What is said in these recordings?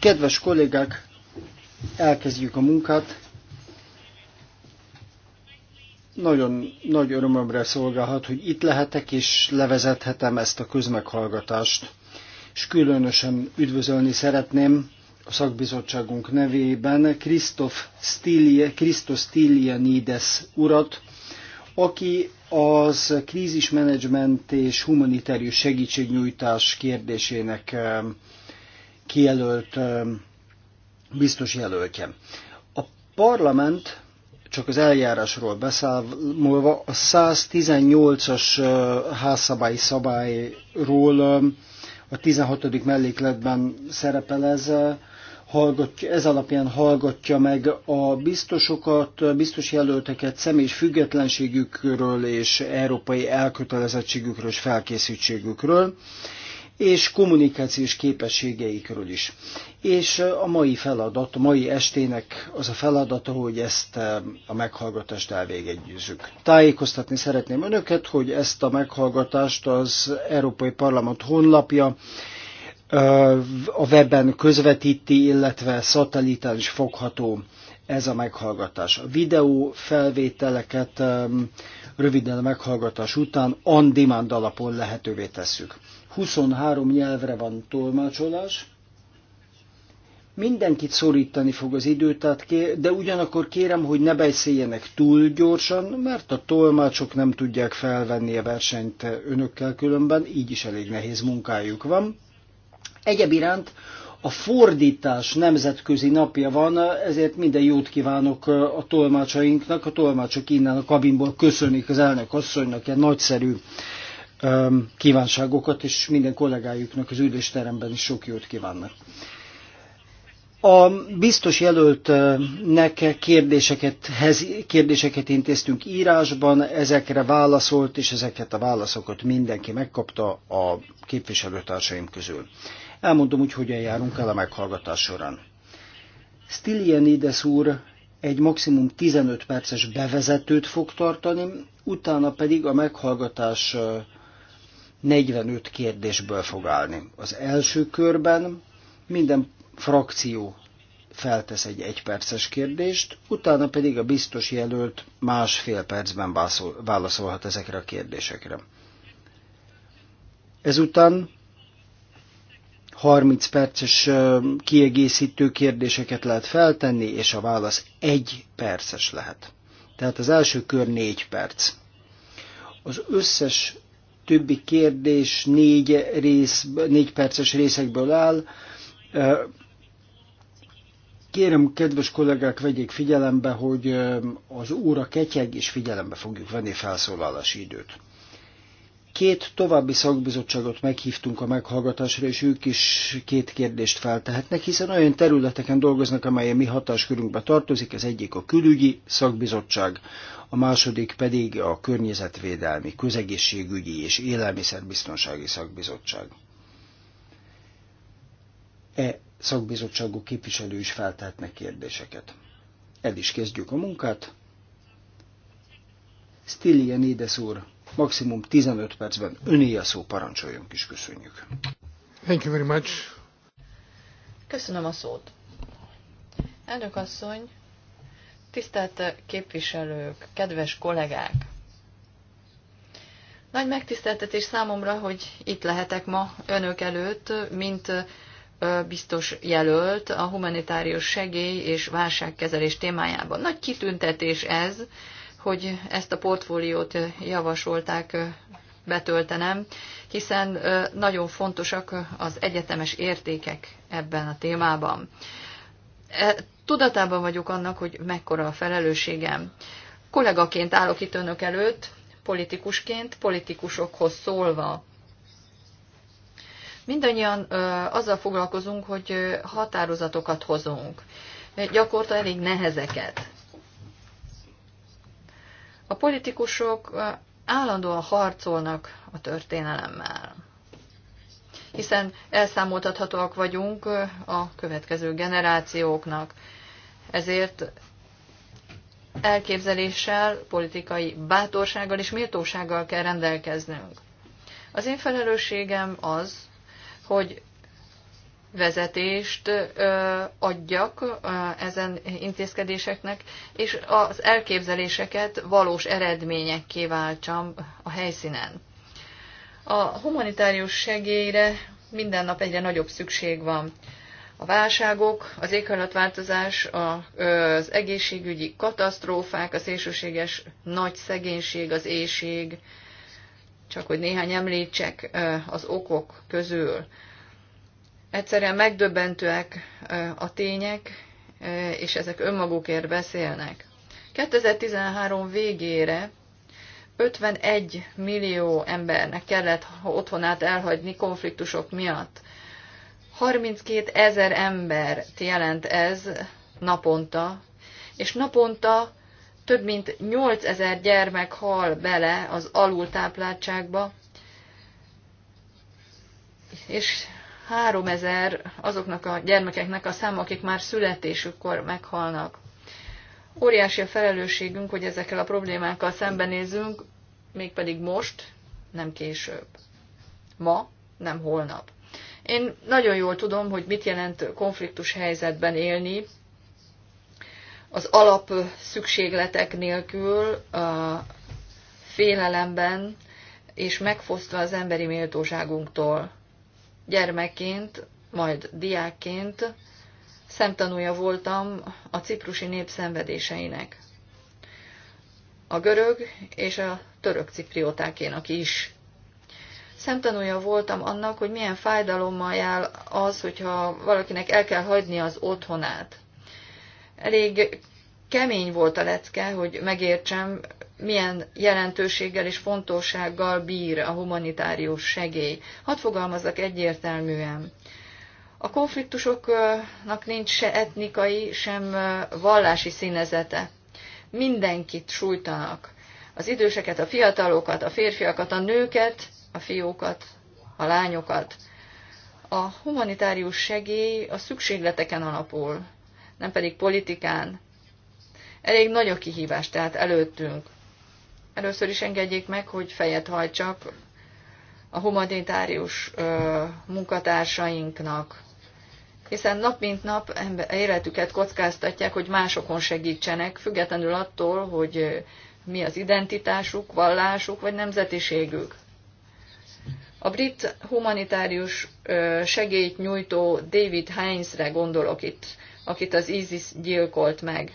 Kedves kollégák, elkezdjük a munkát. Nagyon nagy örömömre szolgálhat, hogy itt lehetek és levezethetem ezt a közmeghallgatást. És különösen üdvözölni szeretném a szakbizottságunk nevében Krisztof Stilie, Krisztos Stilianides urat, aki az krízismenedzsment és humanitárius segítségnyújtás kérdésének eh, kijelölt eh, biztos jelöltje. A parlament csak az eljárásról beszámolva, a 118-as eh, házszabályi szabályról a 16. mellékletben szerepel ez, hallgatja, ez alapján hallgatja meg a biztosokat, biztos jelölteket személyes függetlenségükről és európai elkötelezettségükről és felkészültségükről és kommunikációs képességeikről is. És a mai feladat, a mai estének az a feladata, hogy ezt eh, a meghallgatást elvégezzük. Tájékoztatni szeretném önöket, hogy ezt a meghallgatást az Európai Parlament honlapja a weben közvetíti, illetve szatellitán is fogható ez a meghallgatás. A videó felvételeket röviden a meghallgatás után on demand alapon lehetővé tesszük. 23 nyelvre van tolmácsolás. Mindenkit szorítani fog az idő, tehát kér, de ugyanakkor kérem, hogy ne beszéljenek túl gyorsan, mert a tolmácsok nem tudják felvenni a versenyt önökkel különben, így is elég nehéz munkájuk van. Egyeb iránt a fordítás nemzetközi napja van, ezért minden jót kívánok a tolmácsainknak. A tolmácsok innen a kabinból köszönik az elnök asszonynak ilyen nagyszerű kívánságokat, és minden kollégájuknak az ülésteremben is sok jót kívánnak. A biztos jelöltnek kérdéseket, kérdéseket intéztünk írásban, ezekre válaszolt, és ezeket a válaszokat mindenki megkapta a képviselőtársaim közül. Elmondom úgy, hogyan járunk el a meghallgatás során. Stylianides úr egy maximum 15 perces bevezetőt fog tartani, utána pedig a meghallgatás 45 kérdésből fog állni. Az első körben minden frakció feltesz egy egyperces kérdést, utána pedig a biztos jelölt másfél percben válaszolhat ezekre a kérdésekre. Ezután 30 perces kiegészítő kérdéseket lehet feltenni, és a válasz egy perces lehet. Tehát az első kör négy perc. Az összes többi kérdés négy, rész, négy perces részekből áll. Kérem, kedves kollégák, vegyék figyelembe, hogy az óra ketyeg, és figyelembe fogjuk venni felszólalási időt. Két további szakbizottságot meghívtunk a meghallgatásra, és ők is két kérdést feltehetnek, hiszen olyan területeken dolgoznak, amelyen mi hatáskörünkbe tartozik, az egyik a külügyi szakbizottság, a második pedig a környezetvédelmi, közegészségügyi és élelmiszerbiztonsági szakbizottság. E szakbizottságok képviselő is feltehetnek kérdéseket. El is kezdjük a munkát. Stylianides úr maximum 15 percben öné a szó, parancsoljon is, köszönjük. Thank you very much. Köszönöm a szót. Elnök asszony, tisztelt képviselők, kedves kollégák! Nagy megtiszteltetés számomra, hogy itt lehetek ma önök előtt, mint biztos jelölt a humanitárius segély és válságkezelés témájában. Nagy kitüntetés ez, hogy ezt a portfóliót javasolták betöltenem, hiszen nagyon fontosak az egyetemes értékek ebben a témában. E, tudatában vagyok annak, hogy mekkora a felelősségem. Kollegaként állok itt önök előtt, politikusként, politikusokhoz szólva. Mindannyian azzal foglalkozunk, hogy határozatokat hozunk. Gyakorta elég nehezeket. A politikusok állandóan harcolnak a történelemmel, hiszen elszámoltathatóak vagyunk a következő generációknak. Ezért elképzeléssel, politikai bátorsággal és méltósággal kell rendelkeznünk. Az én felelősségem az, hogy vezetést adjak ezen intézkedéseknek, és az elképzeléseket valós eredmények kiváltsam a helyszínen. A humanitárius segélyre minden nap egyre nagyobb szükség van. A válságok, az éghajlatváltozás, az egészségügyi katasztrófák, a szélsőséges nagy szegénység, az éjség, csak hogy néhány említsek az okok közül. Egyszerűen megdöbbentőek a tények, és ezek önmagukért beszélnek. 2013 végére 51 millió embernek kellett otthonát elhagyni konfliktusok miatt. 32 ezer embert jelent ez naponta, és naponta több mint 8 ezer gyermek hal bele az alultápláltságba, és 3000 azoknak a gyermekeknek a száma, akik már születésükkor meghalnak. Óriási a felelősségünk, hogy ezekkel a problémákkal szembenézünk, mégpedig most, nem később. Ma, nem holnap. Én nagyon jól tudom, hogy mit jelent konfliktus helyzetben élni, az alap szükségletek nélkül, a félelemben, és megfosztva az emberi méltóságunktól gyermekként, majd diákként szemtanúja voltam a ciprusi nép szenvedéseinek. A görög és a török cipriótákénak is. Szemtanúja voltam annak, hogy milyen fájdalommal jár az, hogyha valakinek el kell hagyni az otthonát. Elég kemény volt a lecke, hogy megértsem, milyen jelentőséggel és fontossággal bír a humanitárius segély. Hadd fogalmazzak egyértelműen. A konfliktusoknak nincs se etnikai, sem vallási színezete. Mindenkit sújtanak. Az időseket, a fiatalokat, a férfiakat, a nőket, a fiókat, a lányokat. A humanitárius segély a szükségleteken alapul, nem pedig politikán. Elég nagy a kihívás tehát előttünk. Először is engedjék meg, hogy fejet hajtsak a humanitárius munkatársainknak, hiszen nap mint nap életüket kockáztatják, hogy másokon segítsenek, függetlenül attól, hogy mi az identitásuk, vallásuk vagy nemzetiségük. A brit humanitárius segélyt nyújtó David Heinzre gondolok itt, akit az ISIS gyilkolt meg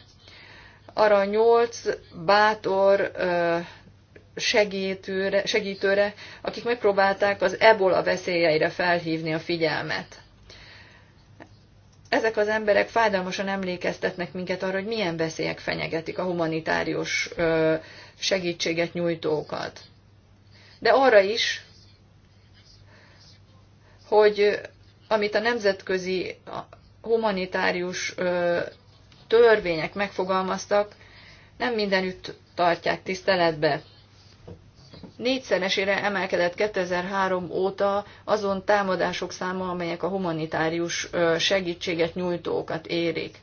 arra a nyolc bátor segítőre, segítőre, akik megpróbálták az ebola veszélyeire felhívni a figyelmet. Ezek az emberek fájdalmasan emlékeztetnek minket arra, hogy milyen veszélyek fenyegetik a humanitárius segítséget nyújtókat. De arra is, hogy amit a nemzetközi humanitárius törvények megfogalmaztak, nem mindenütt tartják tiszteletbe. Négyszeresére emelkedett 2003 óta azon támadások száma, amelyek a humanitárius segítséget nyújtókat érik.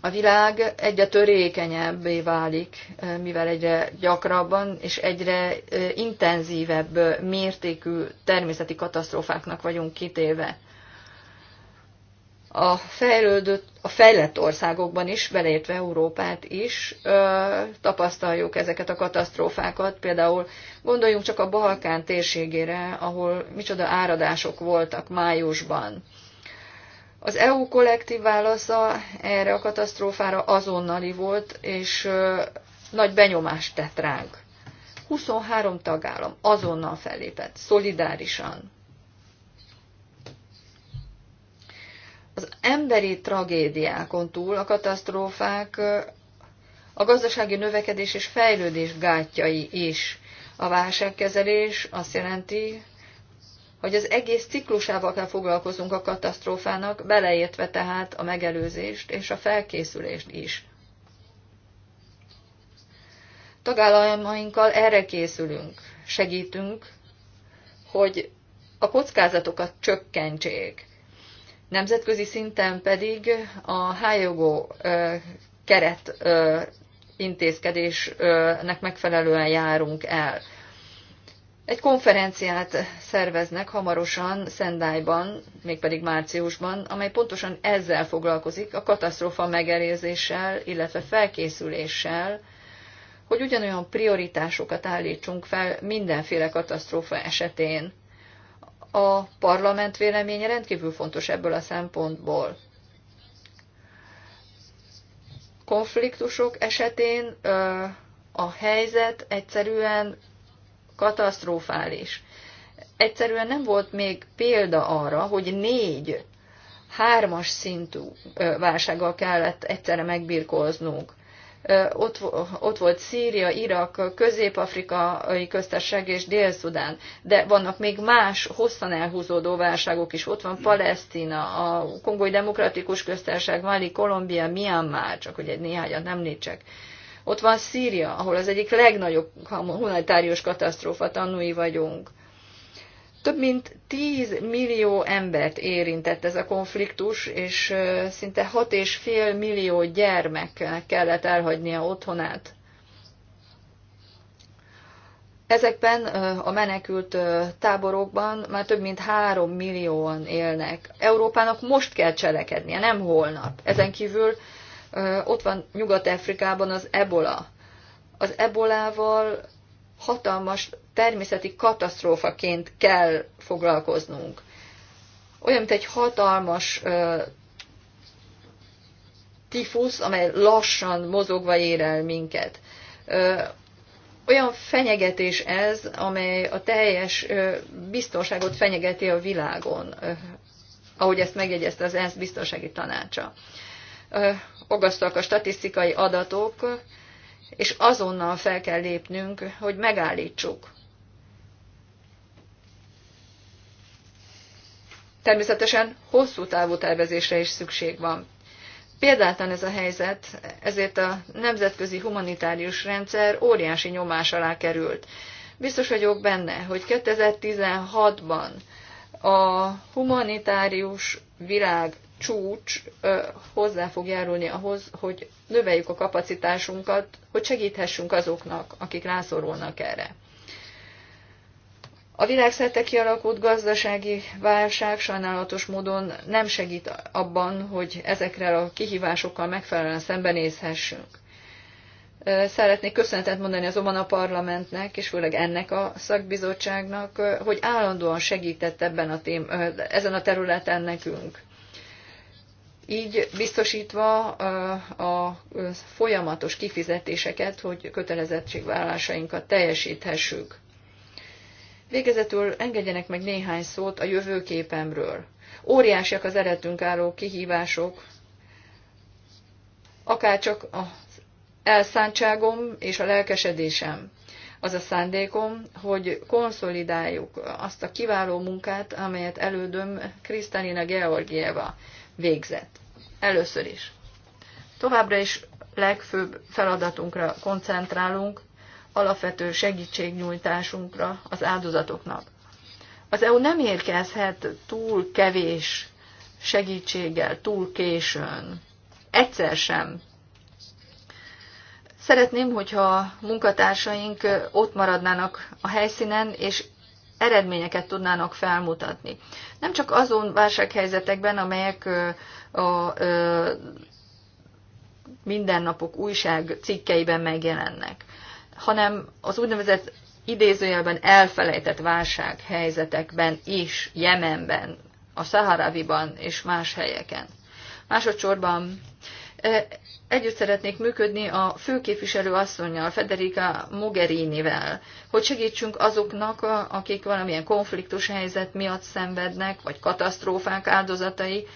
A világ egyre törékenyebbé válik, mivel egyre gyakrabban és egyre intenzívebb mértékű természeti katasztrófáknak vagyunk kitéve a, fejlődött, a fejlett országokban is, beleértve Európát is, tapasztaljuk ezeket a katasztrófákat. Például gondoljunk csak a Balkán térségére, ahol micsoda áradások voltak májusban. Az EU kollektív válasza erre a katasztrófára azonnali volt, és nagy benyomást tett ránk. 23 tagállam azonnal fellépett, szolidárisan, az emberi tragédiákon túl a katasztrófák a gazdasági növekedés és fejlődés gátjai is. A válságkezelés azt jelenti, hogy az egész ciklusával kell foglalkozunk a katasztrófának, beleértve tehát a megelőzést és a felkészülést is. Tagállamainkkal erre készülünk, segítünk, hogy a kockázatokat csökkentsék, Nemzetközi szinten pedig a hájogó keret intézkedésnek megfelelően járunk el. Egy konferenciát szerveznek hamarosan Szendályban, mégpedig márciusban, amely pontosan ezzel foglalkozik, a katasztrófa megelőzéssel, illetve felkészüléssel, hogy ugyanolyan prioritásokat állítsunk fel mindenféle katasztrófa esetén a parlament véleménye rendkívül fontos ebből a szempontból. Konfliktusok esetén a helyzet egyszerűen katasztrofális. Egyszerűen nem volt még példa arra, hogy négy hármas szintű válsággal kellett egyszerre megbirkóznunk ott, ott volt Szíria, Irak, Közép-Afrikai Köztársaság és Dél-Szudán, de vannak még más hosszan elhúzódó válságok is. Ott van Palesztina, a Kongói Demokratikus Köztársaság, Mali, Kolumbia, Myanmar, csak hogy egy néhányat nem említsek. Ott van Szíria, ahol az egyik legnagyobb humanitárius katasztrófa tanúi vagyunk. Több mint 10 millió embert érintett ez a konfliktus, és szinte 6,5 millió gyermek kellett elhagynia otthonát. Ezekben a menekült táborokban már több mint három millióan élnek. Európának most kell cselekednie, nem holnap. Ezen kívül ott van Nyugat-Afrikában az ebola. Az ebolával hatalmas természeti katasztrófaként kell foglalkoznunk. Olyan, mint egy hatalmas tifusz, amely lassan mozogva ér el minket. Olyan fenyegetés ez, amely a teljes biztonságot fenyegeti a világon, ahogy ezt megjegyezte az ENSZ biztonsági tanácsa. Ogasztak a statisztikai adatok, és azonnal fel kell lépnünk, hogy megállítsuk Természetesen hosszú távú tervezésre is szükség van. Példátlan ez a helyzet, ezért a nemzetközi humanitárius rendszer óriási nyomás alá került. Biztos vagyok benne, hogy 2016-ban a humanitárius világ csúcs ö, hozzá fog járulni ahhoz, hogy növeljük a kapacitásunkat, hogy segíthessünk azoknak, akik rászorulnak erre. A világszerte kialakult gazdasági válság sajnálatos módon nem segít abban, hogy ezekre a kihívásokkal megfelelően szembenézhessünk. Szeretnék köszönetet mondani azonban a parlamentnek, és főleg ennek a szakbizottságnak, hogy állandóan segített ebben a tém- ezen a területen nekünk. Így biztosítva a folyamatos kifizetéseket, hogy kötelezettségvállásainkat teljesíthessük. Végezetül engedjenek meg néhány szót a jövőképemről. Óriásiak az eredetünk álló kihívások, akár csak az elszántságom és a lelkesedésem. Az a szándékom, hogy konszolidáljuk azt a kiváló munkát, amelyet elődöm Krisztalina Georgieva végzett. Először is. Továbbra is legfőbb feladatunkra koncentrálunk, alapvető segítségnyújtásunkra az áldozatoknak. Az EU nem érkezhet túl kevés segítséggel, túl későn. Egyszer sem. Szeretném, hogyha munkatársaink ott maradnának a helyszínen, és eredményeket tudnának felmutatni. Nem csak azon válsághelyzetekben, amelyek a mindennapok újság cikkeiben megjelennek hanem az úgynevezett idézőjelben elfelejtett válsághelyzetekben is, Jemenben, a Szaharaviban és más helyeken. Másodszorban e, együtt szeretnék működni a főképviselő asszonynal, Federica Mogherinivel, hogy segítsünk azoknak, akik valamilyen konfliktus helyzet miatt szenvednek, vagy katasztrófák áldozatai,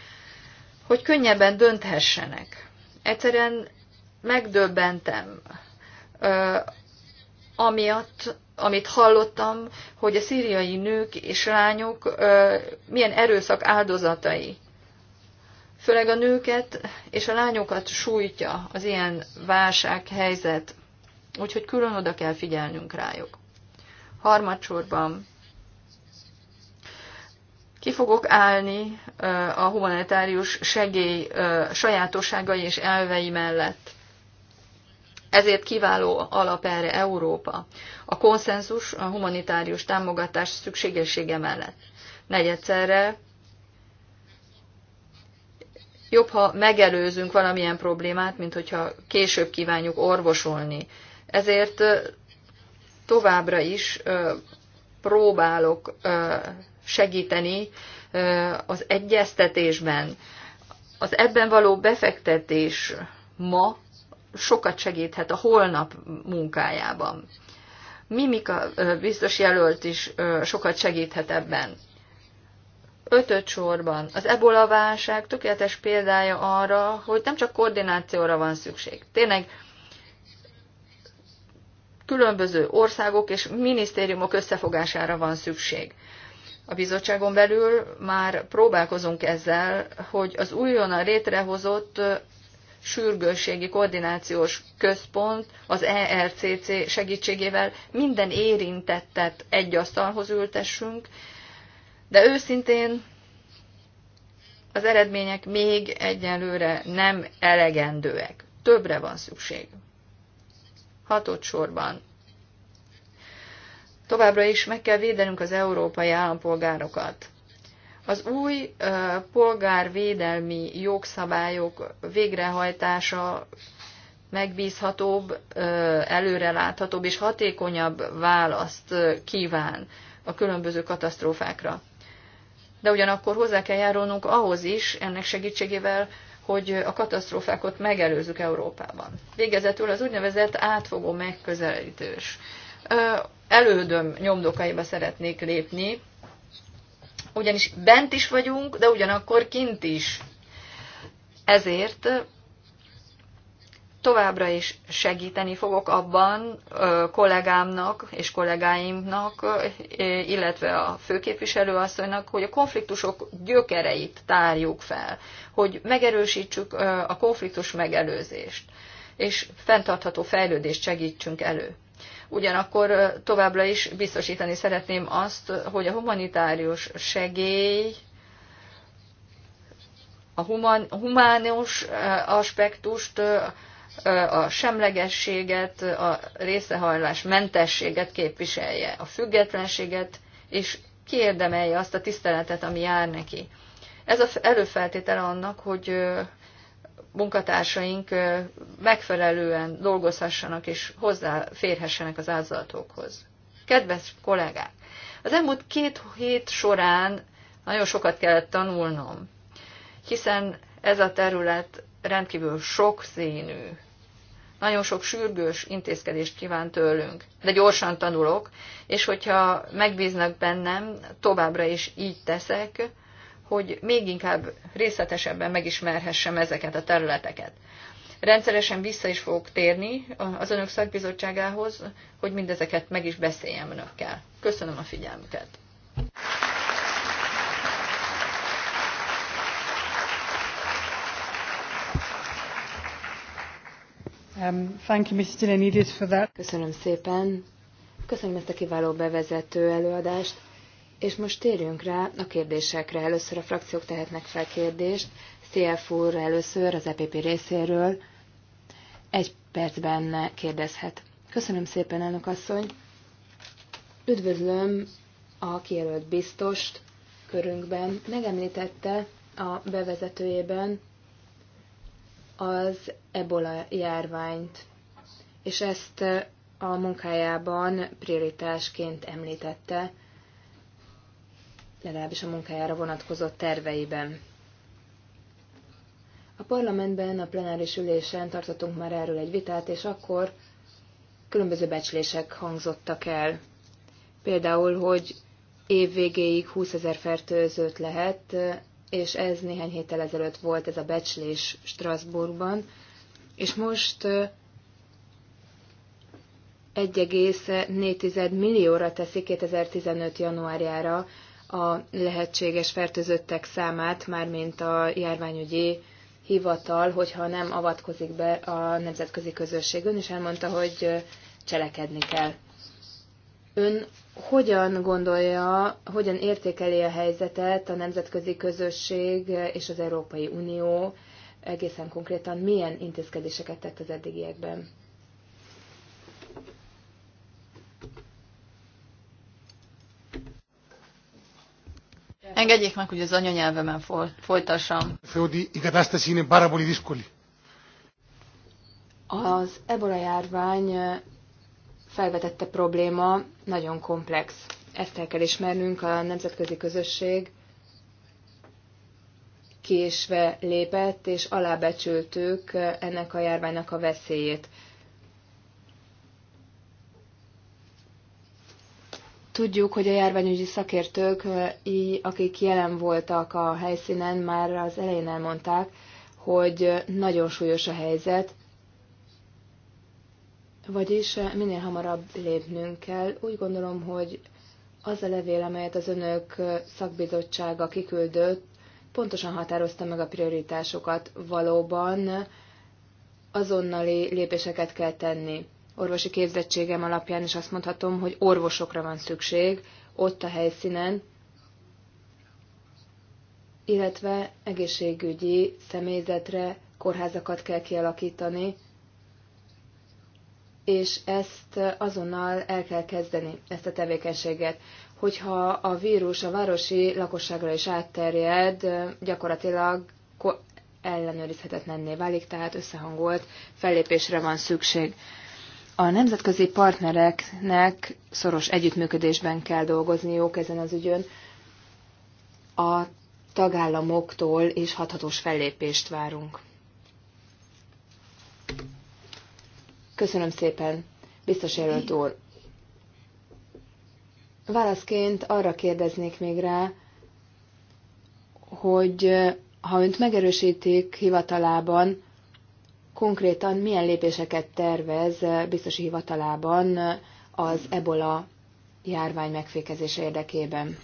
hogy könnyebben dönthessenek. Egyszerűen megdöbbentem amiatt, amit hallottam, hogy a szíriai nők és lányok milyen erőszak áldozatai. Főleg a nőket és a lányokat sújtja az ilyen válsághelyzet, úgyhogy külön oda kell figyelnünk rájuk. Harmadsorban ki fogok állni a humanitárius segély sajátosságai és elvei mellett ezért kiváló alap erre Európa. A konszenzus a humanitárius támogatás szükségessége mellett. Negyedszerre jobb, ha megelőzünk valamilyen problémát, mint hogyha később kívánjuk orvosolni. Ezért továbbra is próbálok segíteni az egyeztetésben. Az ebben való befektetés ma sokat segíthet a holnap munkájában. Mimika biztos jelölt is sokat segíthet ebben. Ötöt sorban az ebola válság tökéletes példája arra, hogy nem csak koordinációra van szükség. Tényleg különböző országok és minisztériumok összefogására van szükség. A bizottságon belül már próbálkozunk ezzel, hogy az újonnan létrehozott sürgősségi koordinációs központ az ERCC segítségével minden érintettet egy asztalhoz ültessünk, de őszintén az eredmények még egyelőre nem elegendőek. Többre van szükség. Hatott sorban. Továbbra is meg kell védenünk az európai állampolgárokat. Az új polgárvédelmi jogszabályok végrehajtása megbízhatóbb, előreláthatóbb és hatékonyabb választ kíván a különböző katasztrófákra. De ugyanakkor hozzá kell járulnunk ahhoz is, ennek segítségével, hogy a katasztrófákat megelőzzük Európában. Végezetül az úgynevezett átfogó megközelítés. Elődöm nyomdokaiba szeretnék lépni, ugyanis bent is vagyunk, de ugyanakkor kint is. Ezért továbbra is segíteni fogok abban kollégámnak és kollégáimnak, illetve a főképviselőasszonynak, hogy a konfliktusok gyökereit tárjuk fel, hogy megerősítsük a konfliktus megelőzést, és fenntartható fejlődést segítsünk elő ugyanakkor továbbra is biztosítani szeretném azt, hogy a humanitárius segély, a human, humánus aspektust, a semlegességet, a részehajlás mentességet képviselje, a függetlenséget, és kiérdemelje azt a tiszteletet, ami jár neki. Ez az előfeltétele annak, hogy munkatársaink megfelelően dolgozhassanak és hozzáférhessenek az áldozatokhoz. Kedves kollégák! Az elmúlt két hét során nagyon sokat kellett tanulnom, hiszen ez a terület rendkívül sokszínű. Nagyon sok sürgős intézkedést kíván tőlünk, de gyorsan tanulok, és hogyha megbíznak bennem, továbbra is így teszek, hogy még inkább részletesebben megismerhessem ezeket a területeket. Rendszeresen vissza is fogok térni az önök szakbizottságához, hogy mindezeket meg is beszéljem önökkel. Köszönöm a figyelmüket! Um, thank you, Mr. Delanidis, for that. Köszönöm szépen. Köszönöm ezt a kiváló bevezető előadást. És most térjünk rá a kérdésekre. Először a frakciók tehetnek fel kérdést. CF úr először az EPP részéről egy percben kérdezhet. Köszönöm szépen, elnök asszony! Üdvözlöm a kijelölt biztost körünkben. Megemlítette a bevezetőjében az ebola járványt, és ezt a munkájában prioritásként említette legalábbis a munkájára vonatkozott terveiben. A parlamentben, a plenáris ülésen tartottunk már erről egy vitát, és akkor különböző becslések hangzottak el. Például, hogy év végéig 20 ezer fertőzőt lehet, és ez néhány héttel ezelőtt volt ez a becslés Strasbourgban, és most 1,4 millióra teszik 2015. januárjára a lehetséges fertőzöttek számát, mármint a járványügyi hivatal, hogyha nem avatkozik be a nemzetközi közösségön, és elmondta, hogy cselekedni kell. Ön hogyan gondolja, hogyan értékeli a helyzetet a nemzetközi közösség és az Európai Unió egészen konkrétan milyen intézkedéseket tett az eddigiekben? Engedjék meg, hogy az anyanyelvemen folytassam. Az ebola járvány felvetette probléma nagyon komplex. Ezt el kell ismernünk, a nemzetközi közösség késve lépett, és alábecsültük ennek a járványnak a veszélyét. Tudjuk, hogy a járványügyi szakértők, akik jelen voltak a helyszínen, már az elején elmondták, hogy nagyon súlyos a helyzet, vagyis minél hamarabb lépnünk kell. Úgy gondolom, hogy az a levél, amelyet az önök szakbizottsága kiküldött, pontosan határozta meg a prioritásokat. Valóban azonnali lépéseket kell tenni orvosi képzettségem alapján is azt mondhatom, hogy orvosokra van szükség ott a helyszínen, illetve egészségügyi személyzetre kórházakat kell kialakítani, és ezt azonnal el kell kezdeni, ezt a tevékenységet. Hogyha a vírus a városi lakosságra is átterjed, gyakorlatilag ellenőrizhetetlenné válik, tehát összehangolt fellépésre van szükség. A nemzetközi partnereknek szoros együttműködésben kell dolgozniuk ezen az ügyön. A tagállamoktól és hathatós fellépést várunk. Köszönöm szépen, biztos jelölt úr. Válaszként arra kérdeznék még rá, hogy ha önt megerősítik hivatalában, konkrétan milyen lépéseket tervez biztosi hivatalában az ebola járvány megfékezése érdekében.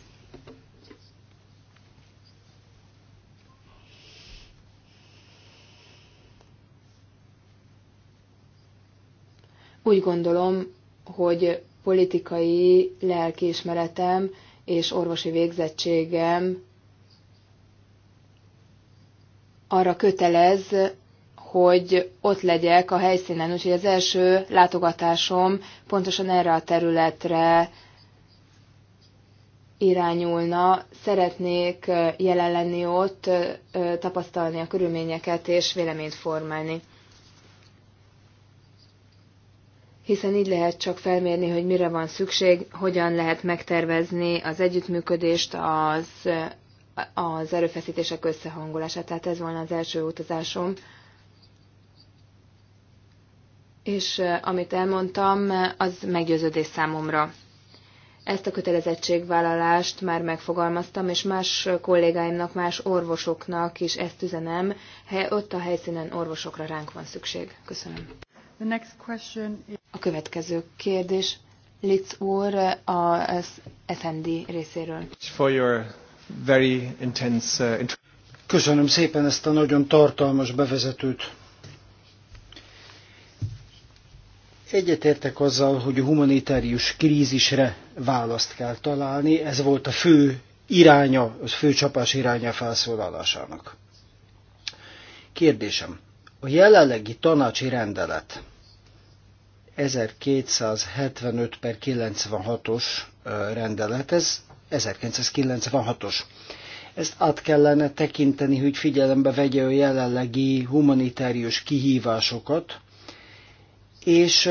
Úgy gondolom, hogy politikai lelkiismeretem és orvosi végzettségem arra kötelez, hogy ott legyek a helyszínen. Úgyhogy az első látogatásom pontosan erre a területre irányulna. Szeretnék jelen lenni ott, tapasztalni a körülményeket és véleményt formálni. Hiszen így lehet csak felmérni, hogy mire van szükség, hogyan lehet megtervezni az együttműködést, az, az erőfeszítések összehangolását. Tehát ez volna az első utazásom és amit elmondtam, az meggyőződés számomra. Ezt a kötelezettségvállalást már megfogalmaztam, és más kollégáimnak, más orvosoknak is ezt üzenem. Hely, ott a helyszínen orvosokra ránk van szükség. Köszönöm. The next question is... A következő kérdés Litz úr az SND részéről. For your very intense, uh, Köszönöm szépen ezt a nagyon tartalmas bevezetőt. Egyetértek azzal, hogy a humanitárius krízisre választ kell találni, ez volt a fő iránya, a fő csapás iránya felszólalásának. Kérdésem, a jelenlegi tanácsi rendelet 1275 per 96-os rendelet, ez 1996-os. Ezt át kellene tekinteni, hogy figyelembe vegye a jelenlegi humanitárius kihívásokat, és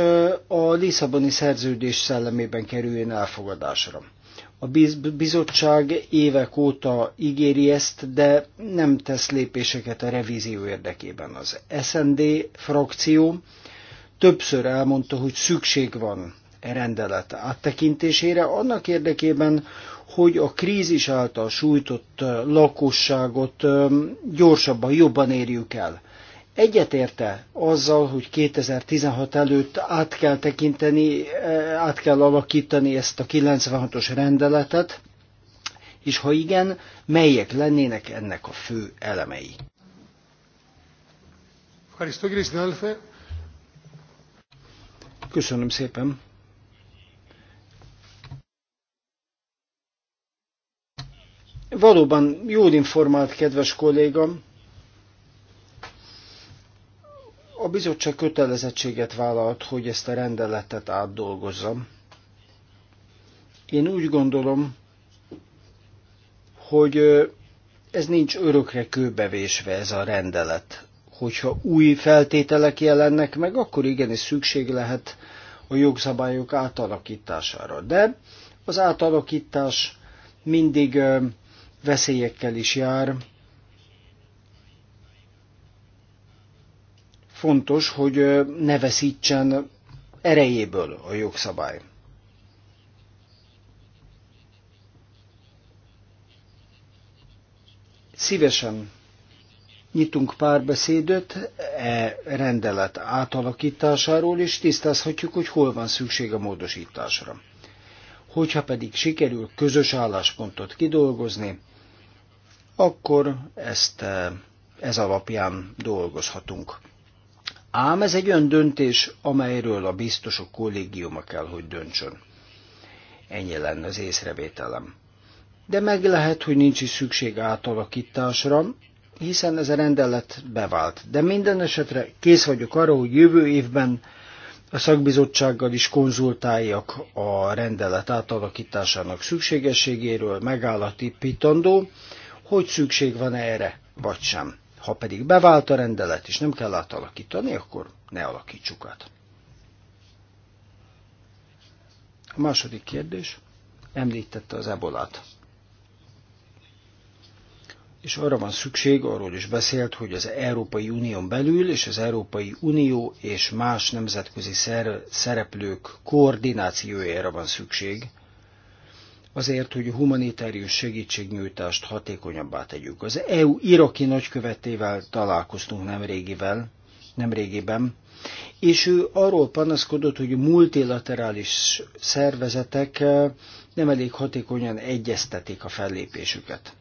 a Lisszaboni szerződés szellemében kerüljön elfogadásra. A bizottság évek óta ígéri ezt, de nem tesz lépéseket a revízió érdekében. Az SND frakció többször elmondta, hogy szükség van e rendelet áttekintésére, annak érdekében, hogy a krízis által sújtott lakosságot gyorsabban, jobban érjük el. Egyetérte azzal, hogy 2016 előtt át kell tekinteni, eh, át kell alakítani ezt a 96-os rendeletet, és ha igen, melyek lennének ennek a fő elemei? Köszönöm szépen. Valóban jól informált, kedves kollégám. A bizottság kötelezettséget vállalt, hogy ezt a rendeletet átdolgozzam. Én úgy gondolom, hogy ez nincs örökre kőbevésve ez a rendelet. Hogyha új feltételek jelennek meg, akkor igenis szükség lehet a jogszabályok átalakítására. De az átalakítás mindig veszélyekkel is jár, fontos, hogy ne veszítsen erejéből a jogszabály. Szívesen nyitunk párbeszédöt e rendelet átalakításáról, és tisztázhatjuk, hogy hol van szükség a módosításra. Hogyha pedig sikerül közös álláspontot kidolgozni, akkor ezt e, ez alapján dolgozhatunk. Ám ez egy olyan döntés, amelyről a biztosok kollégiuma kell, hogy döntsön. Ennyi lenne az észrevételem. De meg lehet, hogy nincs is szükség átalakításra, hiszen ez a rendelet bevált. De minden esetre kész vagyok arra, hogy jövő évben a szakbizottsággal is konzultáljak a rendelet átalakításának szükségességéről, megállapítandó, hogy szükség van -e erre, vagy sem. Ha pedig bevált a rendelet, és nem kell átalakítani, akkor ne alakítsuk át. A második kérdés említette az ebolát. És arra van szükség, arról is beszélt, hogy az Európai Unión belül és az Európai Unió és más nemzetközi szereplők koordinációjára van szükség – azért, hogy a humanitárius segítségnyújtást hatékonyabbá tegyük. Az EU iraki nagykövetével találkoztunk nemrégivel, nemrégiben, és ő arról panaszkodott, hogy a multilaterális szervezetek eh, nem elég hatékonyan egyeztetik a fellépésüket.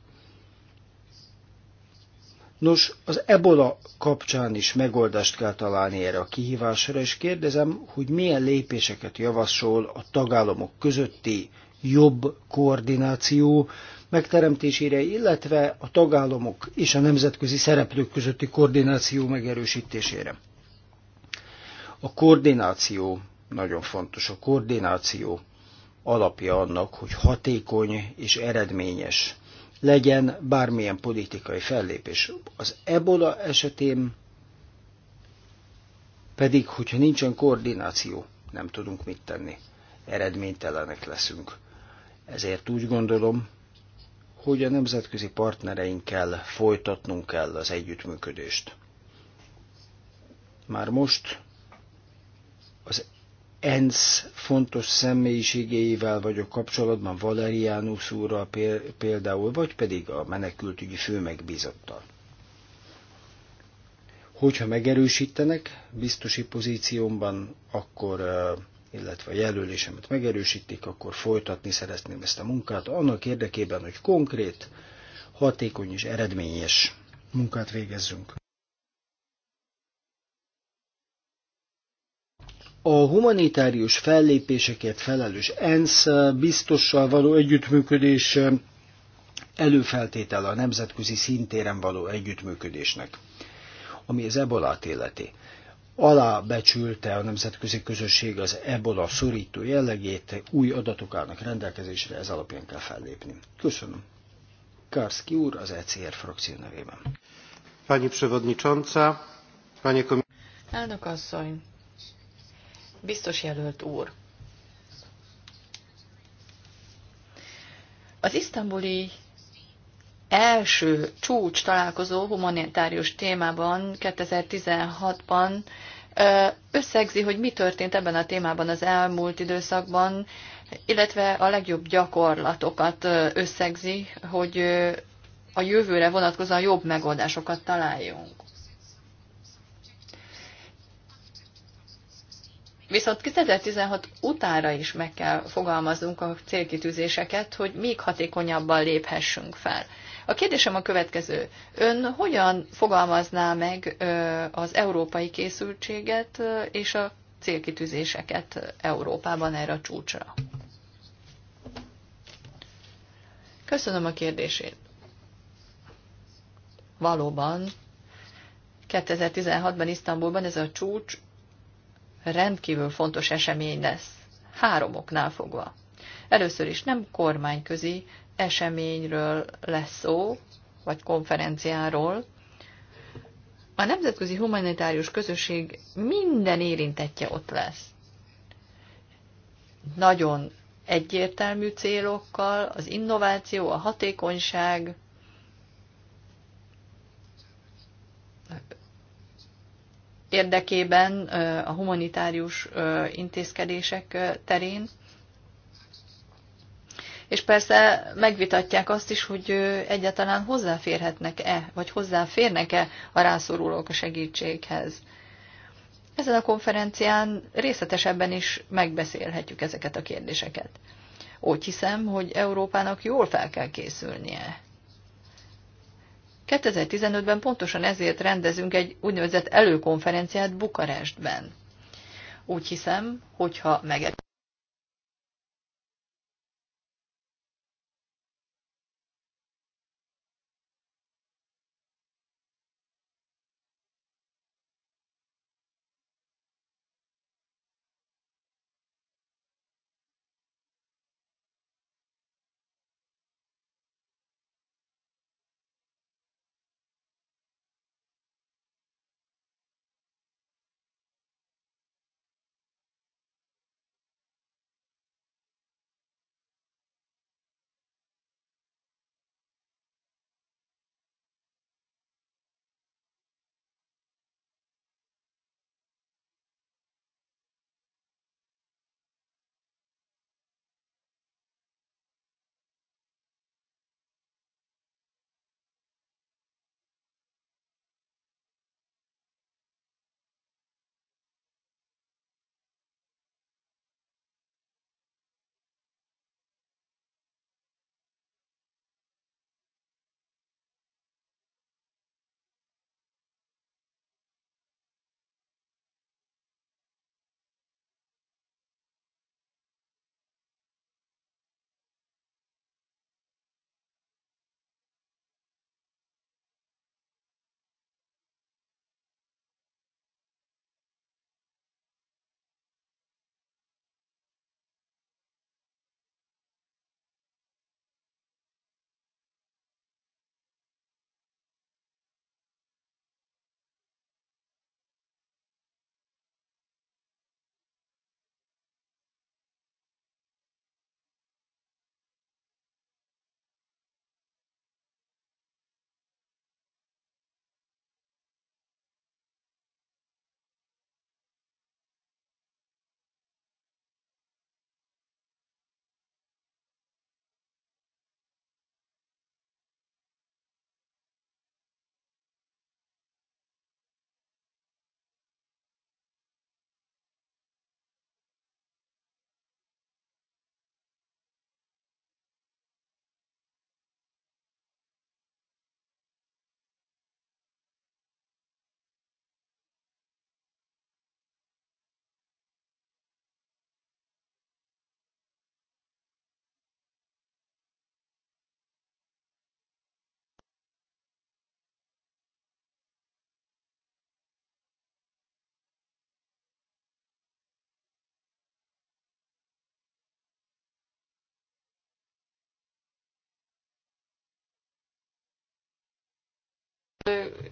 Nos, az ebola kapcsán is megoldást kell találni erre a kihívásra, és kérdezem, hogy milyen lépéseket javasol a tagállamok közötti jobb koordináció megteremtésére, illetve a tagállamok és a nemzetközi szereplők közötti koordináció megerősítésére. A koordináció nagyon fontos. A koordináció alapja annak, hogy hatékony és eredményes legyen bármilyen politikai fellépés. Az ebola esetén pedig, hogyha nincsen koordináció, nem tudunk mit tenni. Eredménytelenek leszünk. Ezért úgy gondolom, hogy a nemzetközi partnereinkkel folytatnunk kell az együttműködést. Már most az ENSZ fontos személyiségeivel vagyok kapcsolatban, Valerianus úrral például, vagy pedig a menekültügyi főmegbízottal. Hogyha megerősítenek biztosi pozíciómban, akkor illetve a jelölésemet megerősítik, akkor folytatni szeretném ezt a munkát, annak érdekében, hogy konkrét, hatékony és eredményes munkát végezzünk. A humanitárius fellépésekért felelős ENSZ biztossal való együttműködés előfeltétele a nemzetközi szintéren való együttműködésnek, ami az ebolát illeti alábecsülte a nemzetközi közösség az ebola szorító jellegét, új adatok állnak rendelkezésre, ez alapján kell fellépni. Köszönöm. Karski úr az ECR frakció nevében. Pani Przewodnicząca, Panie Komis... Elnök asszony, biztos jelölt úr. Az isztambuli első csúcs találkozó humanitárius témában 2016-ban összegzi, hogy mi történt ebben a témában az elmúlt időszakban, illetve a legjobb gyakorlatokat összegzi, hogy a jövőre vonatkozóan jobb megoldásokat találjunk. Viszont 2016 utára is meg kell fogalmaznunk a célkitűzéseket, hogy még hatékonyabban léphessünk fel. A kérdésem a következő. Ön hogyan fogalmazná meg az európai készültséget és a célkitűzéseket Európában erre a csúcsra? Köszönöm a kérdését. Valóban, 2016-ban Isztambulban ez a csúcs rendkívül fontos esemény lesz. Három oknál fogva. Először is nem kormányközi, eseményről lesz szó, vagy konferenciáról. A nemzetközi humanitárius közösség minden érintettje ott lesz. Nagyon egyértelmű célokkal, az innováció, a hatékonyság, érdekében a humanitárius intézkedések terén és persze megvitatják azt is, hogy egyáltalán hozzáférhetnek-e, vagy hozzáférnek-e a rászorulók a segítséghez. Ezen a konferencián részletesebben is megbeszélhetjük ezeket a kérdéseket. Úgy hiszem, hogy Európának jól fel kell készülnie. 2015-ben pontosan ezért rendezünk egy úgynevezett előkonferenciát Bukarestben. Úgy hiszem, hogyha meg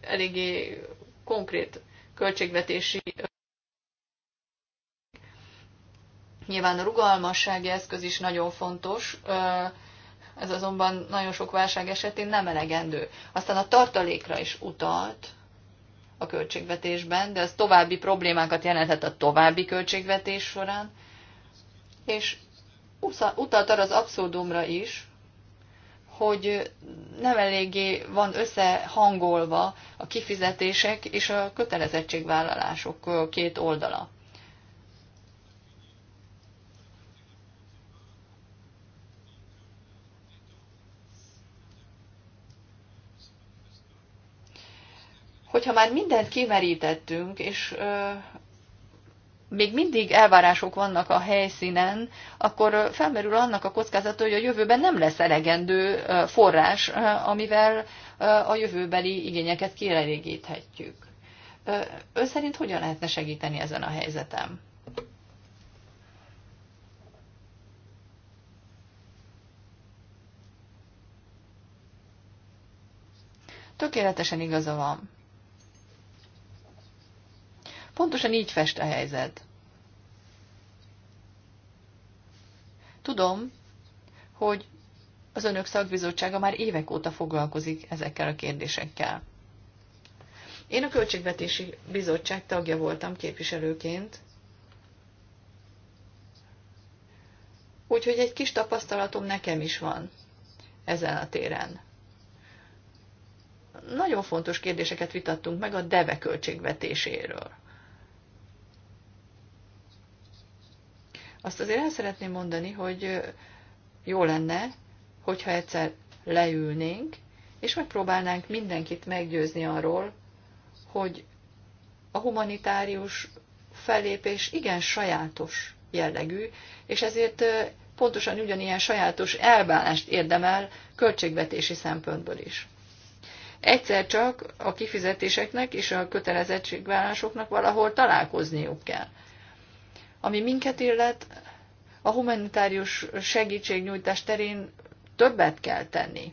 eléggé konkrét költségvetési Nyilván a rugalmassági eszköz is nagyon fontos, ez azonban nagyon sok válság esetén nem elegendő. Aztán a tartalékra is utalt a költségvetésben, de ez további problémákat jelenthet a további költségvetés során, és utalt arra az abszurdumra is, hogy nem eléggé van összehangolva a kifizetések és a kötelezettségvállalások két oldala. hogyha már mindent kimerítettünk, és még mindig elvárások vannak a helyszínen, akkor felmerül annak a kockázata, hogy a jövőben nem lesz elegendő forrás, amivel a jövőbeli igényeket kielégíthetjük. Ön szerint hogyan lehetne segíteni ezen a helyzetem? Tökéletesen igaza van. Pontosan így fest a helyzet. Tudom, hogy az önök szakbizottsága már évek óta foglalkozik ezekkel a kérdésekkel. Én a Költségvetési Bizottság tagja voltam képviselőként, úgyhogy egy kis tapasztalatom nekem is van ezen a téren. Nagyon fontos kérdéseket vitattunk meg a DEVE költségvetéséről. Azt azért el szeretném mondani, hogy jó lenne, hogyha egyszer leülnénk, és megpróbálnánk mindenkit meggyőzni arról, hogy a humanitárius fellépés igen sajátos jellegű, és ezért pontosan ugyanilyen sajátos elbánást érdemel költségvetési szempontból is. Egyszer csak a kifizetéseknek és a kötelezettségvállásoknak valahol találkozniuk kell. Ami minket illet, a humanitárius segítségnyújtás terén többet kell tenni.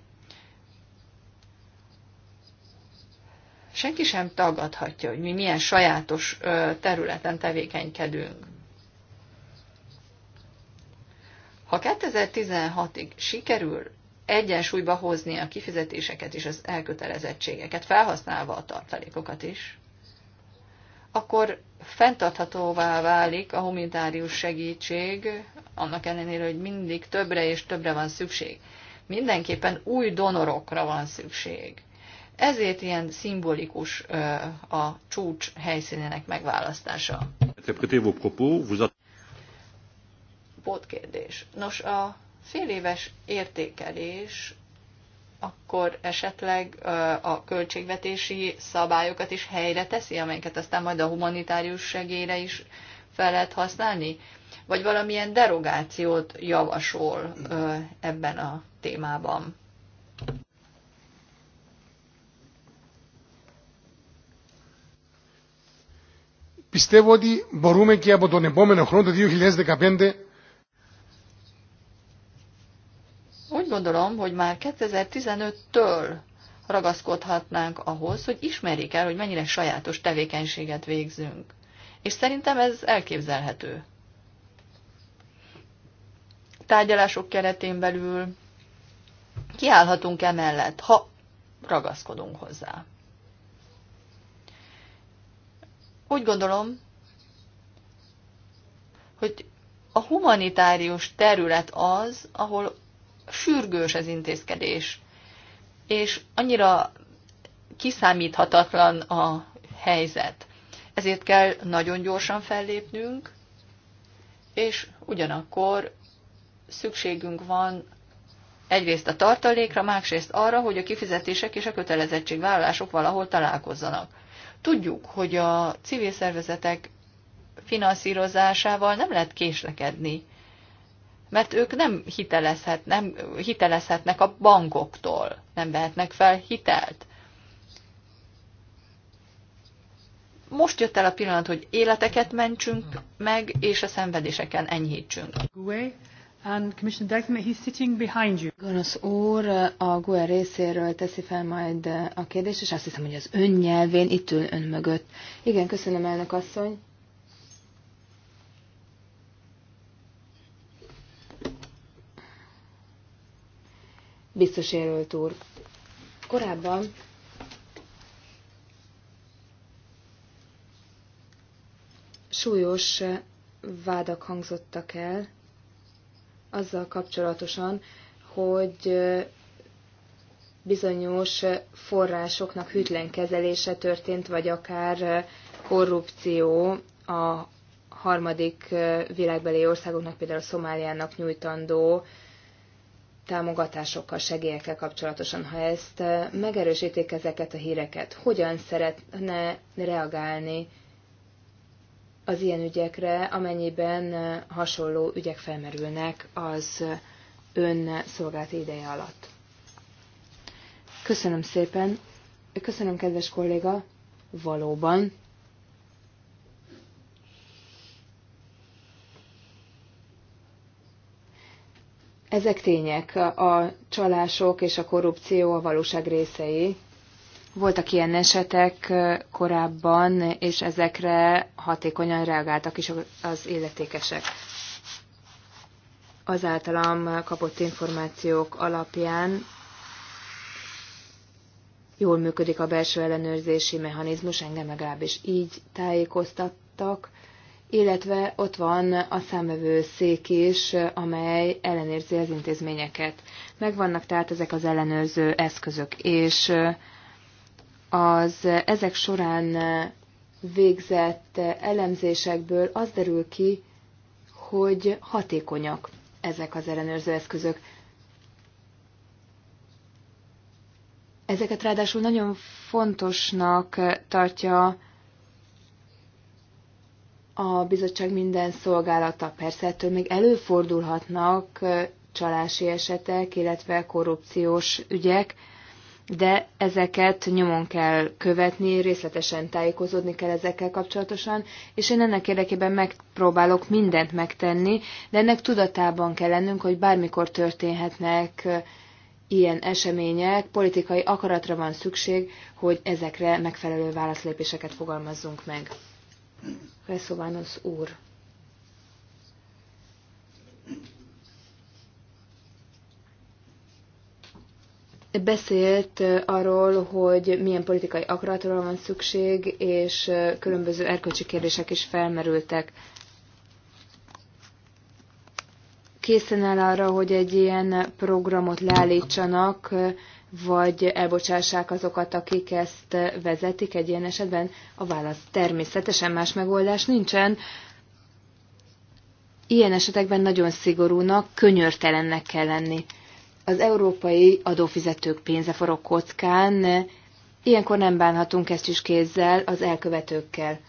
Senki sem tagadhatja, hogy mi milyen sajátos területen tevékenykedünk. Ha 2016-ig sikerül egyensúlyba hozni a kifizetéseket és az elkötelezettségeket, felhasználva a tartalékokat is, akkor fenntarthatóvá válik a humanitárius segítség, annak ellenére, hogy mindig többre és többre van szükség. Mindenképpen új donorokra van szükség. Ezért ilyen szimbolikus a csúcs helyszínének megválasztása. Pótkérdés. Nos, a féléves értékelés akkor esetleg a költségvetési szabályokat is helyre teszi, amelyeket aztán majd a humanitárius segélyre is fel lehet használni? Vagy valamilyen derogációt javasol ebben a témában? Πιστεύω ότι μπορούμε και από τον επόμενο χρόνο, το 2015, úgy gondolom, hogy már 2015-től ragaszkodhatnánk ahhoz, hogy ismerjék el, hogy mennyire sajátos tevékenységet végzünk. És szerintem ez elképzelhető. Tárgyalások keretén belül kiállhatunk emellett, ha ragaszkodunk hozzá. Úgy gondolom, hogy a humanitárius terület az, ahol sürgős az intézkedés, és annyira kiszámíthatatlan a helyzet. Ezért kell nagyon gyorsan fellépnünk, és ugyanakkor szükségünk van egyrészt a tartalékra, másrészt arra, hogy a kifizetések és a kötelezettségvállalások valahol találkozzanak. Tudjuk, hogy a civil szervezetek finanszírozásával nem lehet késlekedni mert ők nem, hitelezhet, nem hitelezhetnek a bankoktól, nem vehetnek fel hitelt. Most jött el a pillanat, hogy életeket mentsünk meg, és a szenvedéseken enyhítsünk. And Commissioner behind you. Gonosz úr a GUE részéről teszi fel majd a kérdést, és azt hiszem, hogy az ön nyelvén itt ül ön mögött. Igen, köszönöm, elnök asszony. biztos jelölt úr. Korábban súlyos vádak hangzottak el azzal kapcsolatosan, hogy bizonyos forrásoknak hűtlen kezelése történt, vagy akár korrupció a harmadik világbeli országoknak, például a Szomáliának nyújtandó támogatásokkal, segélyekkel kapcsolatosan, ha ezt megerősítik ezeket a híreket, hogyan szeretne reagálni az ilyen ügyekre, amennyiben hasonló ügyek felmerülnek az ön szolgált ideje alatt. Köszönöm szépen. Köszönöm, kedves kolléga. Valóban Ezek tények, a csalások és a korrupció a valóság részei. Voltak ilyen esetek korábban, és ezekre hatékonyan reagáltak is az életékesek. Az általam kapott információk alapján jól működik a belső ellenőrzési mechanizmus, engem legalábbis így tájékoztattak, illetve ott van a szék is, amely ellenérzi az intézményeket. Megvannak tehát ezek az ellenőrző eszközök, és az ezek során végzett elemzésekből az derül ki, hogy hatékonyak ezek az ellenőrző eszközök. Ezeket ráadásul nagyon fontosnak tartja a bizottság minden szolgálata. Persze ettől még előfordulhatnak csalási esetek, illetve korrupciós ügyek, de ezeket nyomon kell követni, részletesen tájékozódni kell ezekkel kapcsolatosan, és én ennek érdekében megpróbálok mindent megtenni, de ennek tudatában kell lennünk, hogy bármikor történhetnek ilyen események, politikai akaratra van szükség, hogy ezekre megfelelő válaszlépéseket fogalmazzunk meg az úr. Beszélt eh, arról, hogy milyen politikai akaratról van szükség, és eh, különböző erkölcsi kérdések is felmerültek. Készen áll arra, hogy egy ilyen programot leállítsanak, eh, vagy elbocsássák azokat, akik ezt vezetik egy ilyen esetben? A válasz természetesen más megoldás nincsen. Ilyen esetekben nagyon szigorúnak, könyörtelennek kell lenni. Az európai adófizetők pénze forog kockán, ilyenkor nem bánhatunk ezt is kézzel az elkövetőkkel.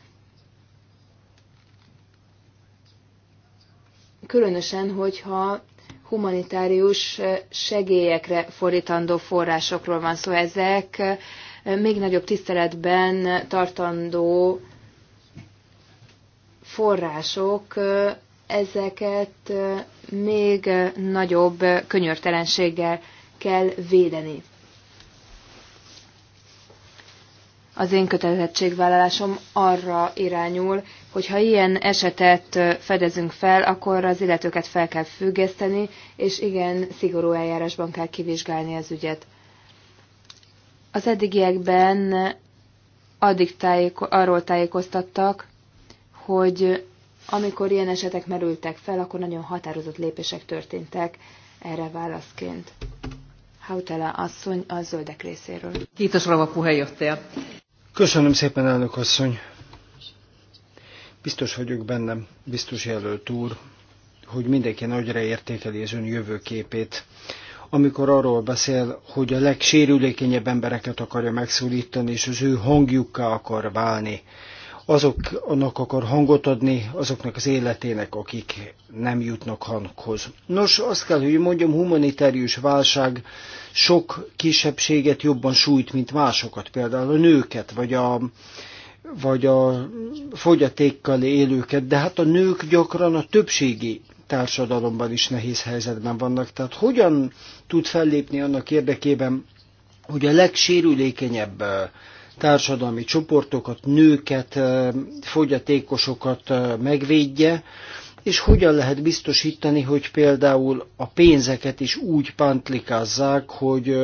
Különösen, hogyha humanitárius segélyekre fordítandó forrásokról van szó. Szóval ezek eh, még nagyobb tiszteletben tartandó források, eh, ezeket eh, még nagyobb könyörtelenséggel kell védeni. az én kötelezettségvállalásom arra irányul, hogy ha ilyen esetet fedezünk fel, akkor az illetőket fel kell függeszteni, és igen, szigorú eljárásban kell kivizsgálni az ügyet. Az eddigiekben addig tájéko- arról tájékoztattak, hogy amikor ilyen esetek merültek fel, akkor nagyon határozott lépések történtek erre válaszként. Hautela asszony a zöldek részéről. Kiitos, Rova puheenjohtaja. Köszönöm szépen, elnök asszony. Biztos vagyok bennem, biztos jelölt úr, hogy mindenki nagyra értékeli az ön jövőképét, amikor arról beszél, hogy a legsérülékenyebb embereket akarja megszólítani, és az ő hangjukkal akar válni azoknak akar hangot adni, azoknak az életének, akik nem jutnak hanghoz. Nos, azt kell, hogy mondjam, humanitárius válság sok kisebbséget jobban sújt, mint másokat, például a nőket, vagy a, vagy a fogyatékkal élőket, de hát a nők gyakran a többségi társadalomban is nehéz helyzetben vannak. Tehát hogyan tud fellépni annak érdekében, hogy a legsérülékenyebb társadalmi csoportokat, nőket, fogyatékosokat megvédje, és hogyan lehet biztosítani, hogy például a pénzeket is úgy pantlikázzák, hogy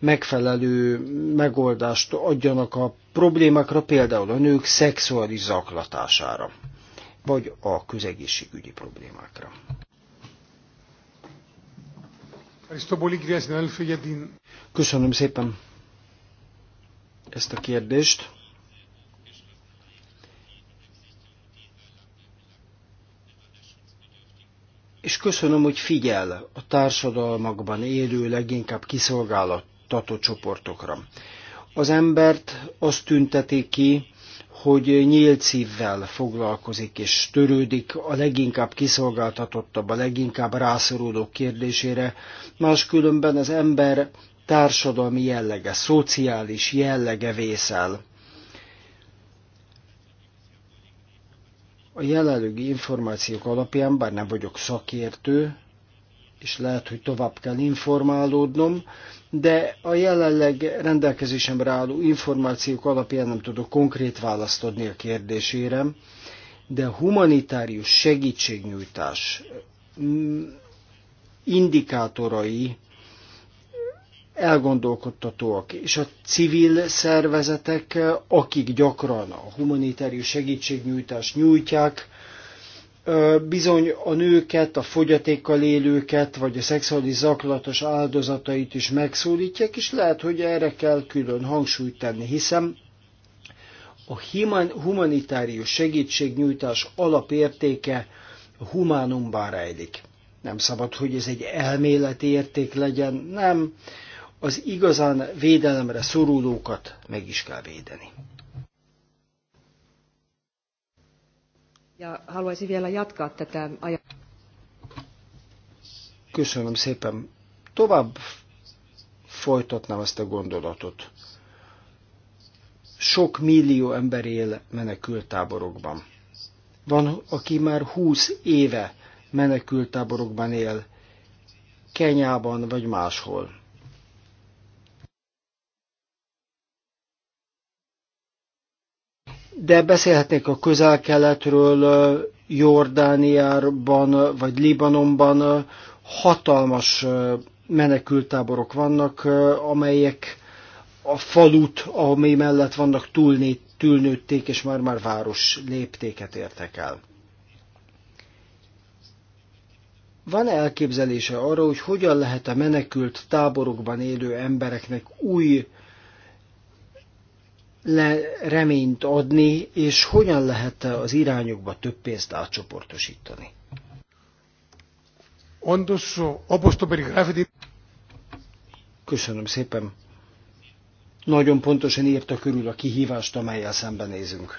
megfelelő megoldást adjanak a problémákra, például a nők szexuális zaklatására, vagy a közegészségügyi problémákra. Köszönöm szépen! ezt a kérdést. És köszönöm, hogy figyel a társadalmakban élő, leginkább kiszolgáltató csoportokra. Az embert azt tünteti ki, hogy nyílt szívvel foglalkozik és törődik a leginkább kiszolgáltatottabb, a leginkább rászorulók kérdésére, máskülönben az ember társadalmi jellege, szociális jellege vészel. A jelenlegi információk alapján, bár nem vagyok szakértő, és lehet, hogy tovább kell informálódnom, de a jelenleg rendelkezésemre álló információk alapján nem tudok konkrét választ adni a kérdésére, de humanitárius segítségnyújtás mm, indikátorai elgondolkodtatóak. És a civil szervezetek, akik gyakran a humanitárius segítségnyújtást nyújtják, bizony a nőket, a fogyatékkal élőket, vagy a szexuális zaklatos áldozatait is megszólítják, és lehet, hogy erre kell külön hangsúlyt tenni, hiszen a humanitárius segítségnyújtás alapértéke a humánumban rejlik. Nem szabad, hogy ez egy elméleti érték legyen, nem, az igazán védelemre szorulókat meg is kell védeni. Ja, haluaisin vielä jatkaa tätä Köszönöm szépen. Tovább folytatnám ezt a gondolatot. Sok millió ember él menekültáborokban. Van, aki már húsz éve menekültáborokban él, Kenyában vagy máshol. de beszélhetnék a közel-keletről, Jordániában vagy Libanonban hatalmas menekültáborok vannak, amelyek a falut, amely mellett vannak, túlnét, túlnőtték, és már-már város léptéket értek el. Van -e elképzelése arra, hogy hogyan lehet a menekült táborokban élő embereknek új uh, le reményt adni, és hogyan lehet az irányokba több pénzt átcsoportosítani? Köszönöm szépen. Nagyon pontosan írta körül a kihívást, amelyel szembenézünk.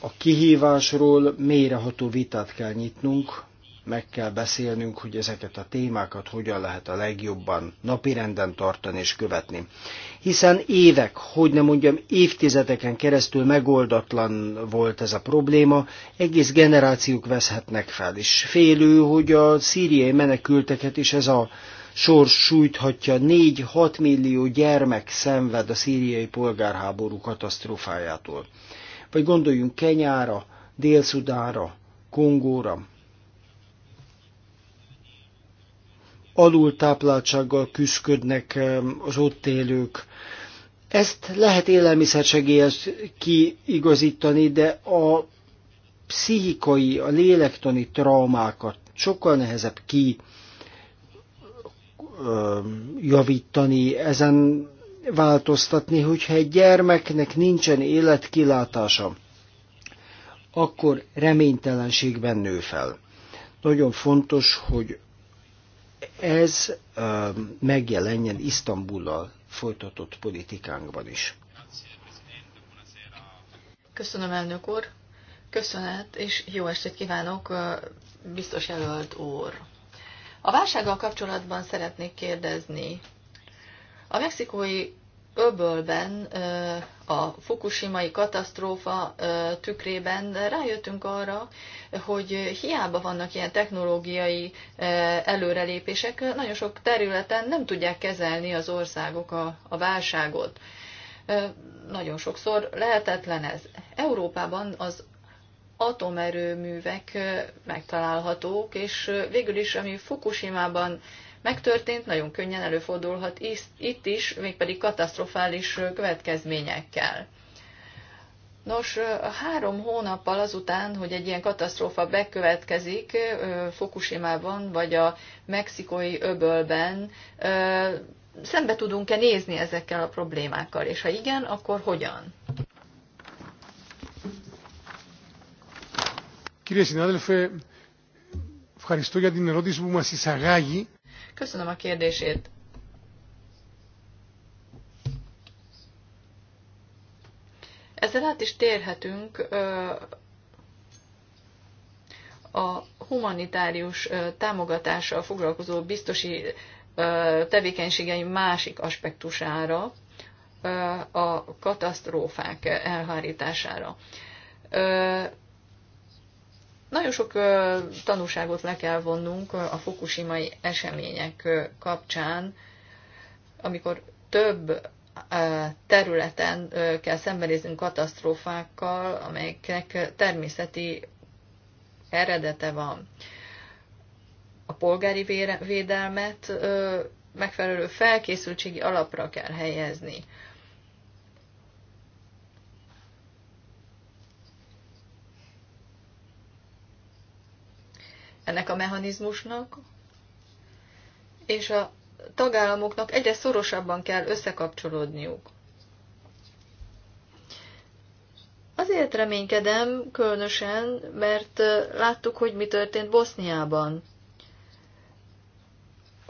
A kihívásról mélyreható vitát kell nyitnunk, meg kell beszélnünk, hogy ezeket a témákat hogyan lehet a legjobban napirenden tartani és követni. Hiszen évek, hogy nem mondjam, évtizedeken keresztül megoldatlan volt ez a probléma, egész generációk veszhetnek fel, és félő, hogy a szíriai menekülteket is ez a sors sújthatja, 4-6 millió gyermek szenved a szíriai polgárháború katasztrófájától. Vagy gondoljunk Kenyára, dél szudára Kongóra, alultápláltsággal küzdködnek az ott élők. Ezt lehet élelmiszersegélyes kiigazítani, de a pszichikai, a lélektani traumákat sokkal nehezebb ki javítani, ezen változtatni, hogyha egy gyermeknek nincsen életkilátása, akkor reménytelenségben nő fel. Nagyon fontos, hogy ez megjelenjen Isztambullal folytatott politikánkban is. Köszönöm, elnök úr. Köszönet, és jó estét kívánok, biztos jelölt úr. A válsággal kapcsolatban szeretnék kérdezni. A mexikói öbölben a fukushimai katasztrófa tükrében rájöttünk arra, hogy hiába vannak ilyen technológiai előrelépések, nagyon sok területen nem tudják kezelni az országok a, a válságot. Nagyon sokszor lehetetlen ez. Európában az atomerőművek megtalálhatók, és végül is, ami Fukushima-ban megtörtént, nagyon könnyen előfordulhat itt is, mégpedig katasztrofális következményekkel. Nos, három hónappal azután, hogy egy ilyen katasztrófa bekövetkezik Fukushima-ban vagy a mexikói öbölben, szembe tudunk-e nézni ezekkel a problémákkal, és ha igen, akkor hogyan? Κύριε συνάδελφε, ευχαριστώ για την ερώτηση που μας Köszönöm a kérdését. Ezzel át is térhetünk a humanitárius támogatással foglalkozó biztosi tevékenységei másik aspektusára, a katasztrófák elhárítására. Nagyon sok tanúságot le kell vonnunk a fukushimai események kapcsán, amikor több területen kell szembenéznünk katasztrófákkal, amelyeknek természeti eredete van. A polgári védelmet megfelelő felkészültségi alapra kell helyezni. ennek a mechanizmusnak, és a tagállamoknak egyre szorosabban kell összekapcsolódniuk. Azért reménykedem különösen, mert láttuk, hogy mi történt Boszniában.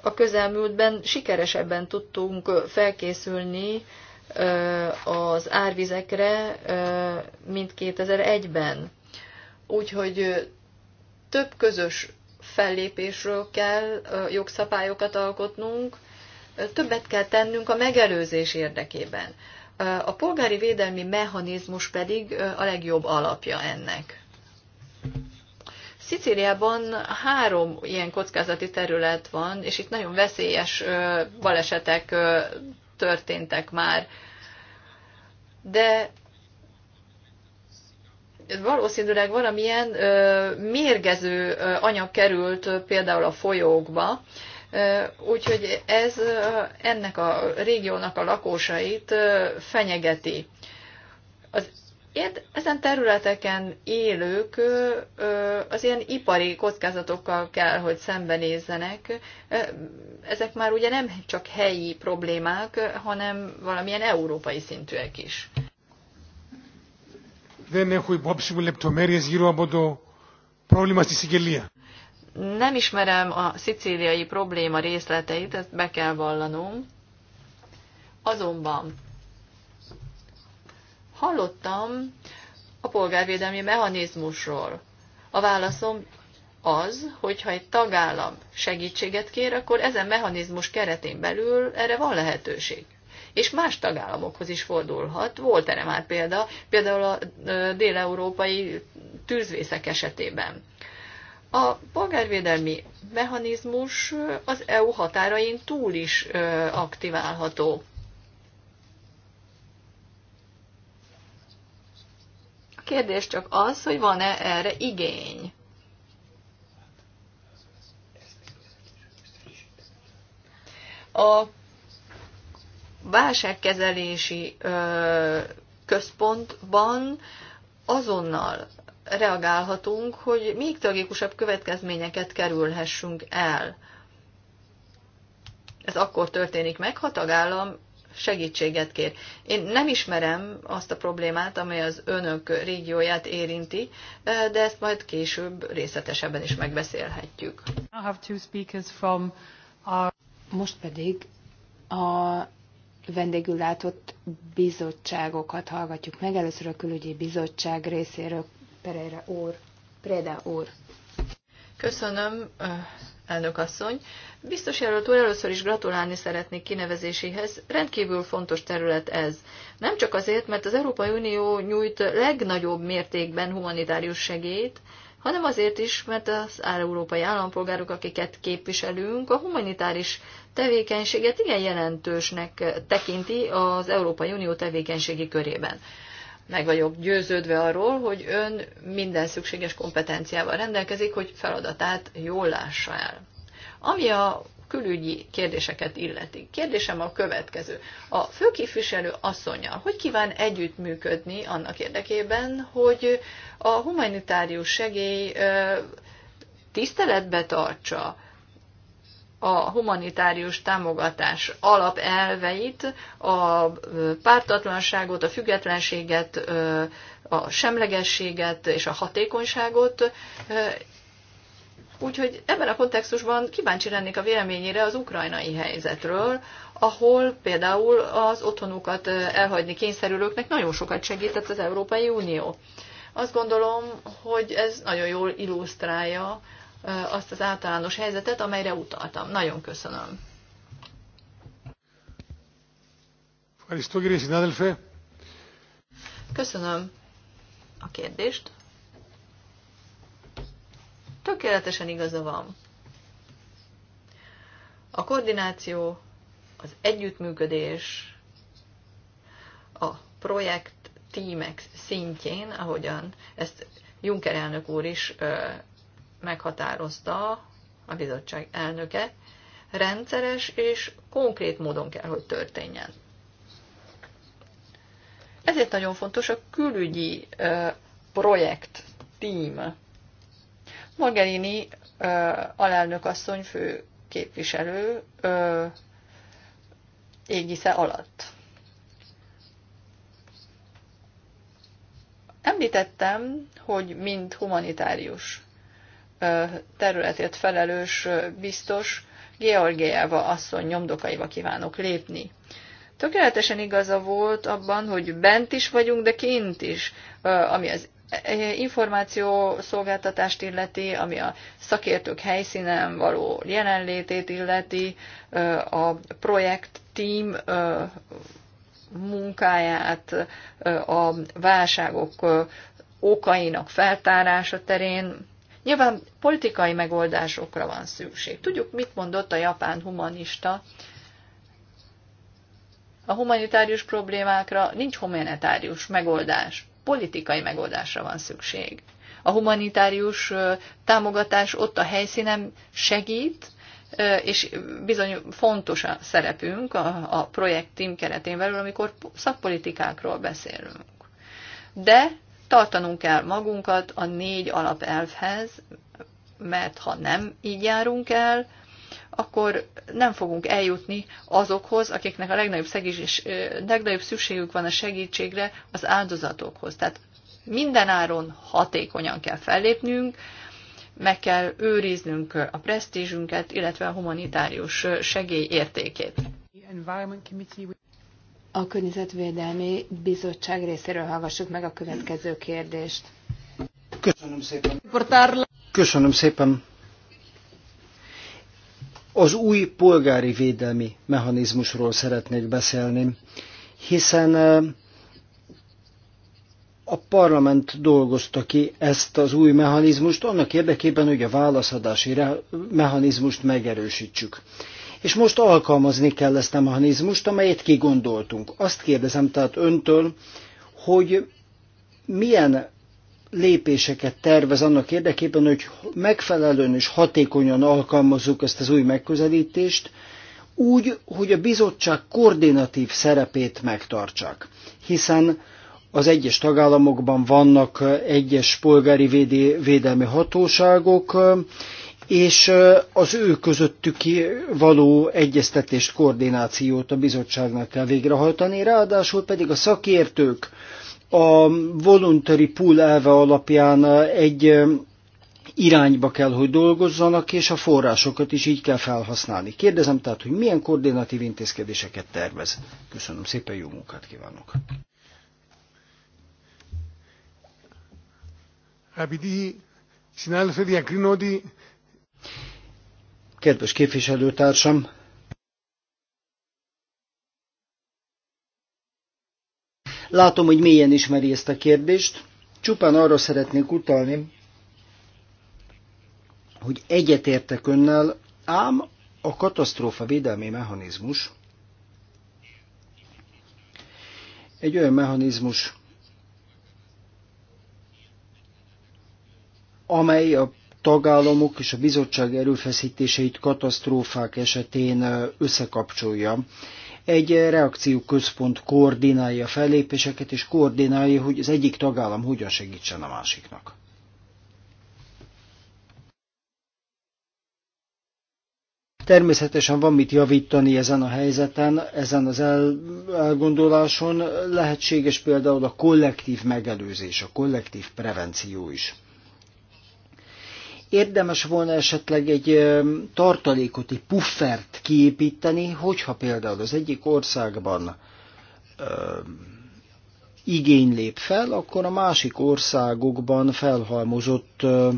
A közelmúltban sikeresebben tudtunk felkészülni az árvizekre, mint 2001-ben. Úgyhogy több közös fellépésről kell jogszabályokat alkotnunk, többet kell tennünk a megelőzés érdekében. A polgári védelmi mechanizmus pedig a legjobb alapja ennek. Szicíliában három ilyen kockázati terület van, és itt nagyon veszélyes balesetek történtek már. De valószínűleg valamilyen mérgező anyag került például a folyókba, úgyhogy ez ennek a régiónak a lakosait fenyegeti. Az ezen területeken élők az ilyen ipari kockázatokkal kell, hogy szembenézzenek. Ezek már ugye nem csak helyi problémák, hanem valamilyen európai szintűek is δεν έχω υπόψη μου λεπτομέρειε γύρω από το πρόβλημα στη Σικελία. Nem ismerem a szicíliai probléma részleteit, ezt be kell vallanom. Azonban hallottam a polgárvédelmi mechanizmusról. A válaszom az, hogyha egy tagállam segítséget kér, akkor ezen mechanizmus keretén belül erre van lehetőség és más tagállamokhoz is fordulhat. Volt erre már példa, például a déleurópai tűzvészek esetében. A polgárvédelmi mechanizmus az EU határain túl is aktiválható. A kérdés csak az, hogy van-e erre igény. A válságkezelési központban azonnal reagálhatunk, hogy még tragikusabb következményeket kerülhessünk el. Ez akkor történik meg, ha tagállam segítséget kér. Én nem ismerem azt a problémát, amely az önök régióját érinti, de ezt majd később részletesebben is megbeszélhetjük. Most pedig a vendégül látott bizottságokat hallgatjuk meg. Először a külügyi bizottság részéről Pereira úr, Preda úr. Köszönöm, elnök asszony. Biztos jelölt úr, először is gratulálni szeretnék kinevezéséhez. Rendkívül fontos terület ez. Nem csak azért, mert az Európai Unió nyújt legnagyobb mértékben humanitárius segélyt, hanem azért is, mert az európai állampolgárok, akiket képviselünk, a humanitáris tevékenységet igen jelentősnek tekinti az Európai Unió tevékenységi körében. Meg vagyok győződve arról, hogy ön minden szükséges kompetenciával rendelkezik, hogy feladatát jól lássa el. Ami a külügyi kérdéseket illeti. Kérdésem a következő. A főképviselő asszonya, hogy kíván együttműködni annak érdekében, hogy a humanitárius segély tiszteletbe tartsa a humanitárius támogatás alapelveit, a pártatlanságot, a függetlenséget, a semlegességet és a hatékonyságot, Úgyhogy ebben a kontextusban kíváncsi lennék a véleményére az ukrajnai helyzetről, ahol például az otthonukat elhagyni kényszerülőknek nagyon sokat segített az Európai Unió. Azt gondolom, hogy ez nagyon jól illusztrálja azt az általános helyzetet, amelyre utaltam. Nagyon köszönöm. Köszönöm a kérdést. Tökéletesen igaza van. A koordináció, az együttműködés, a projekt tímek szintjén, ahogyan ezt Juncker elnök úr is ö, meghatározta, a bizottság elnöke, rendszeres és konkrét módon kell, hogy történjen. Ezért nagyon fontos a külügyi ö, projekt tím Mogherini alelnök asszony fő képviselő égisze alatt. Említettem, hogy mind humanitárius területért felelős biztos Georgieva asszony nyomdokaiba kívánok lépni. Tökéletesen igaza volt abban, hogy bent is vagyunk, de kint is, ami az információszolgáltatást illeti, ami a szakértők helyszínen való jelenlétét illeti, a projekt team munkáját, a válságok okainak feltárása terén. Nyilván politikai megoldásokra van szükség. Tudjuk, mit mondott a japán humanista. A humanitárius problémákra nincs humanitárius megoldás politikai megoldásra van szükség. A humanitárius támogatás ott a helyszínen segít, és bizony fontos a szerepünk a, a projekt team keretén belül, amikor szakpolitikákról beszélünk. De tartanunk kell magunkat a négy alapelvhez, mert ha nem így járunk el, akkor nem fogunk eljutni azokhoz, akiknek a legnagyobb, szegés, legnagyobb szükségük van a segítségre, az áldozatokhoz. Tehát minden áron hatékonyan kell fellépnünk, meg kell őriznünk a presztízsünket, illetve a humanitárius segély értékét. A Környezetvédelmi Bizottság részéről hallgassuk meg a következő kérdést. Köszönöm szépen. Köszönöm szépen az új polgári védelmi mechanizmusról szeretnék beszélni, hiszen a parlament dolgozta ki ezt az új mechanizmust annak érdekében, hogy a válaszadási mechanizmust megerősítsük. És most alkalmazni kell ezt a mechanizmust, amelyet kigondoltunk. Azt kérdezem tehát öntől, hogy milyen lépéseket tervez annak érdekében, hogy megfelelően és hatékonyan alkalmazzuk ezt az új megközelítést, úgy, hogy a bizottság koordinatív szerepét megtartsák. Hiszen az egyes tagállamokban vannak egyes polgári védelmi hatóságok, és az ő közöttük való egyeztetést, koordinációt a bizottságnak kell végrehajtani, ráadásul pedig a szakértők, a voluntary pool elve alapján egy irányba kell, hogy dolgozzanak, és a forrásokat is így kell felhasználni. Kérdezem tehát, hogy milyen koordinatív intézkedéseket tervez. Köszönöm szépen, jó munkát kívánok! Kedves képviselőtársam, Látom, hogy mélyen ismeri ezt a kérdést. Csupán arra szeretnék utalni, hogy egyetértek önnel, ám a katasztrófa védelmi mechanizmus egy olyan mechanizmus, amely a tagállamok és a bizottság erőfeszítéseit katasztrófák esetén összekapcsolja, egy reakcióközpont koordinálja a fellépéseket, és koordinálja, hogy az egyik tagállam hogyan segítsen a másiknak. Természetesen van mit javítani ezen a helyzeten, ezen az elgondoláson. Lehetséges például a kollektív megelőzés, a kollektív prevenció is. Érdemes volna esetleg egy tartalékot, egy puffert kiépíteni, hogyha például az egyik országban ö, igény lép fel, akkor a másik országokban felhalmozott ö,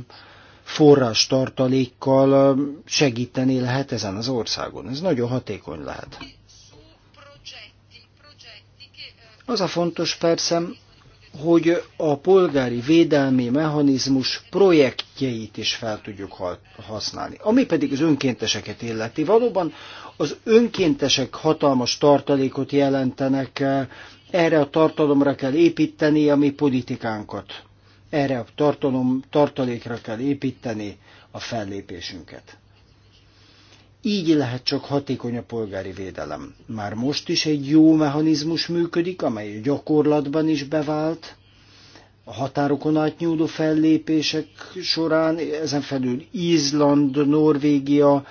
forrás tartalékkal segíteni lehet ezen az országon. Ez nagyon hatékony lehet. Az a fontos persze, hogy a polgári védelmi mechanizmus projektjeit is fel tudjuk használni. Ami pedig az önkénteseket illeti, valóban az önkéntesek hatalmas tartalékot jelentenek, eh, erre a tartalomra kell építeni a mi politikánkat. Erre a tartalom, tartalékra kell építeni a fellépésünket. Így lehet csak hatékony a polgári védelem. Már most is egy jó mechanizmus működik, amely gyakorlatban is bevált. A határokon átnyúló fellépések során, ezen felül Izland, Norvégia,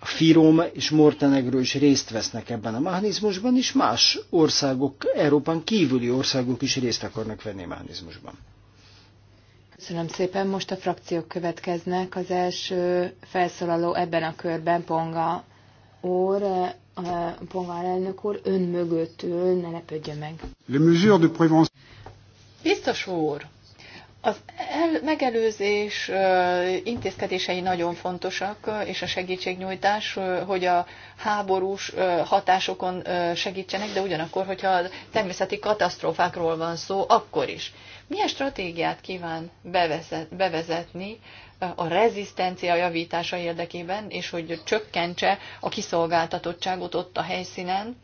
Firom és Mortenegro is részt vesznek ebben a mechanizmusban, és más országok, Európán kívüli országok is részt akarnak venni a mechanizmusban. Köszönöm szépen. Most a frakciók következnek. Az első felszólaló ebben a körben Ponga úr, eh, eh, Ponga elnök úr, ön mögött ül, ne lepődjön meg. Biztos úr, az el, megelőzés intézkedései nagyon fontosak, és a segítségnyújtás, hogy a háborús hatásokon segítsenek, de ugyanakkor, hogyha természeti katasztrófákról van szó, akkor is. Milyen stratégiát kíván bevezetni a rezisztencia javítása érdekében, és hogy csökkentse a kiszolgáltatottságot ott a helyszínen,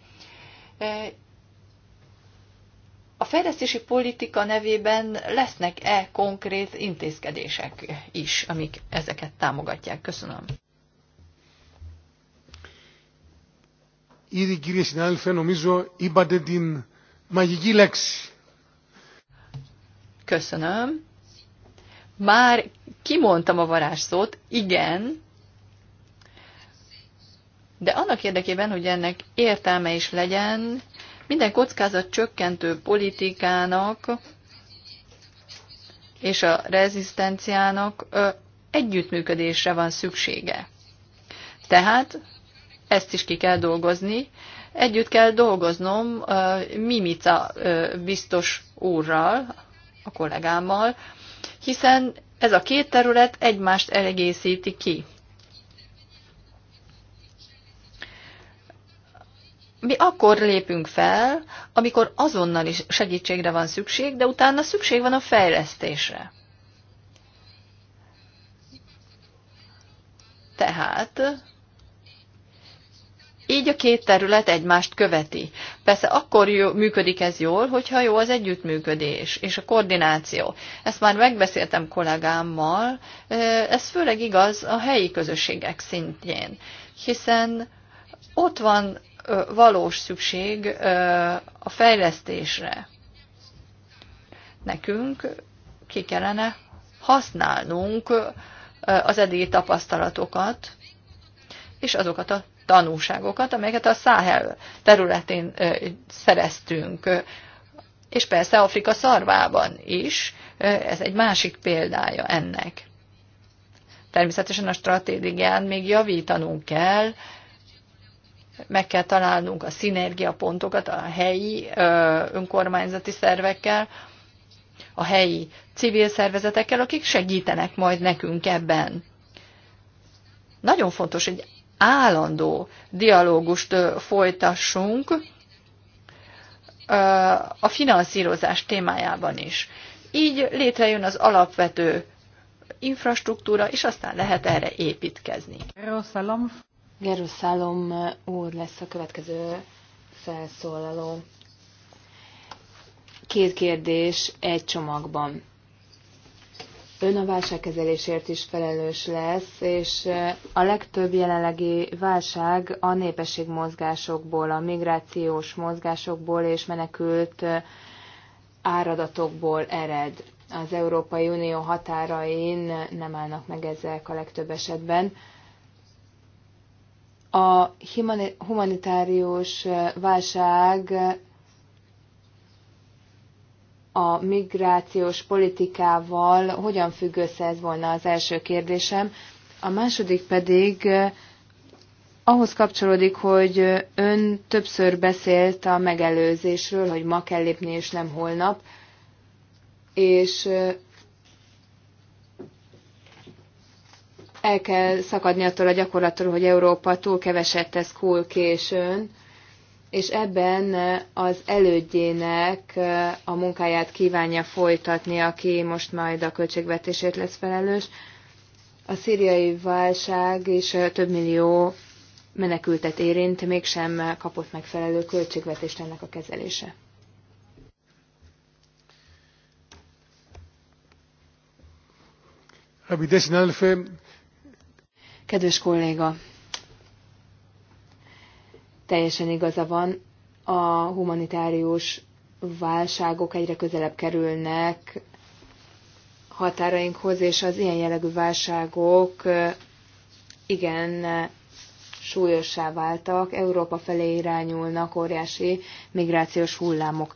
a fejlesztési politika nevében lesznek-e konkrét intézkedések is, amik ezeket támogatják? Köszönöm. Ήδη κύριε συνάδελφε νομίζω είπατε την μαγική λέξη. Köszönöm. Már kimondtam a varázsszót, igen, de annak érdekében, hogy ennek értelme is legyen, minden kockázat csökkentő politikának és a rezisztenciának együttműködésre van szüksége. Tehát ezt is ki kell dolgozni. Együtt kell dolgoznom Mimica biztos úrral, a kollégámmal, hiszen ez a két terület egymást elegészíti ki. mi akkor lépünk fel, amikor azonnal is segítségre van szükség, de utána szükség van a fejlesztésre. Tehát így a két terület egymást követi. Persze akkor jó, működik ez jól, hogyha jó az együttműködés és a koordináció. Ezt már megbeszéltem kollégámmal, eh, ez főleg igaz a helyi közösségek szintjén, hiszen ott van valós szükség a fejlesztésre. Nekünk ki kellene használnunk az eddigi tapasztalatokat, és azokat a tanúságokat, amelyeket a Száhel területén szereztünk, és persze Afrika szarvában is, ez egy másik példája ennek. Természetesen a stratégián még javítanunk kell, meg kell találnunk a szinergiapontokat a helyi önkormányzati szervekkel, a helyi civil szervezetekkel, akik segítenek majd nekünk ebben. Nagyon fontos, hogy állandó dialógust folytassunk a finanszírozás témájában is. Így létrejön az alapvető infrastruktúra, és aztán lehet erre építkezni. Geruszálom úr lesz a következő felszólaló. Két kérdés egy csomagban. Ön a válságkezelésért is felelős lesz, és a legtöbb jelenlegi válság a népességmozgásokból, a migrációs mozgásokból és menekült áradatokból ered. Az Európai Unió határain nem állnak meg ezek a legtöbb esetben. A humanitárius válság a migrációs politikával hogyan függ össze, ez volna az első kérdésem. A második pedig ahhoz kapcsolódik, hogy ön többször beszélt a megelőzésről, hogy ma kell lépni és nem holnap, és el kell szakadni attól a gyakorlattól, hogy Európa túl keveset tesz cool későn, és ebben az elődjének a munkáját kívánja folytatni, aki most majd a költségvetésért lesz felelős. A szíriai válság és több millió menekültet érint, mégsem kapott megfelelő költségvetést ennek a kezelése. Rabbi Alfe. Kedves kolléga, teljesen igaza van, a humanitárius válságok egyre közelebb kerülnek határainkhoz, és az ilyen jellegű válságok igen súlyossá váltak, Európa felé irányulnak óriási migrációs hullámok.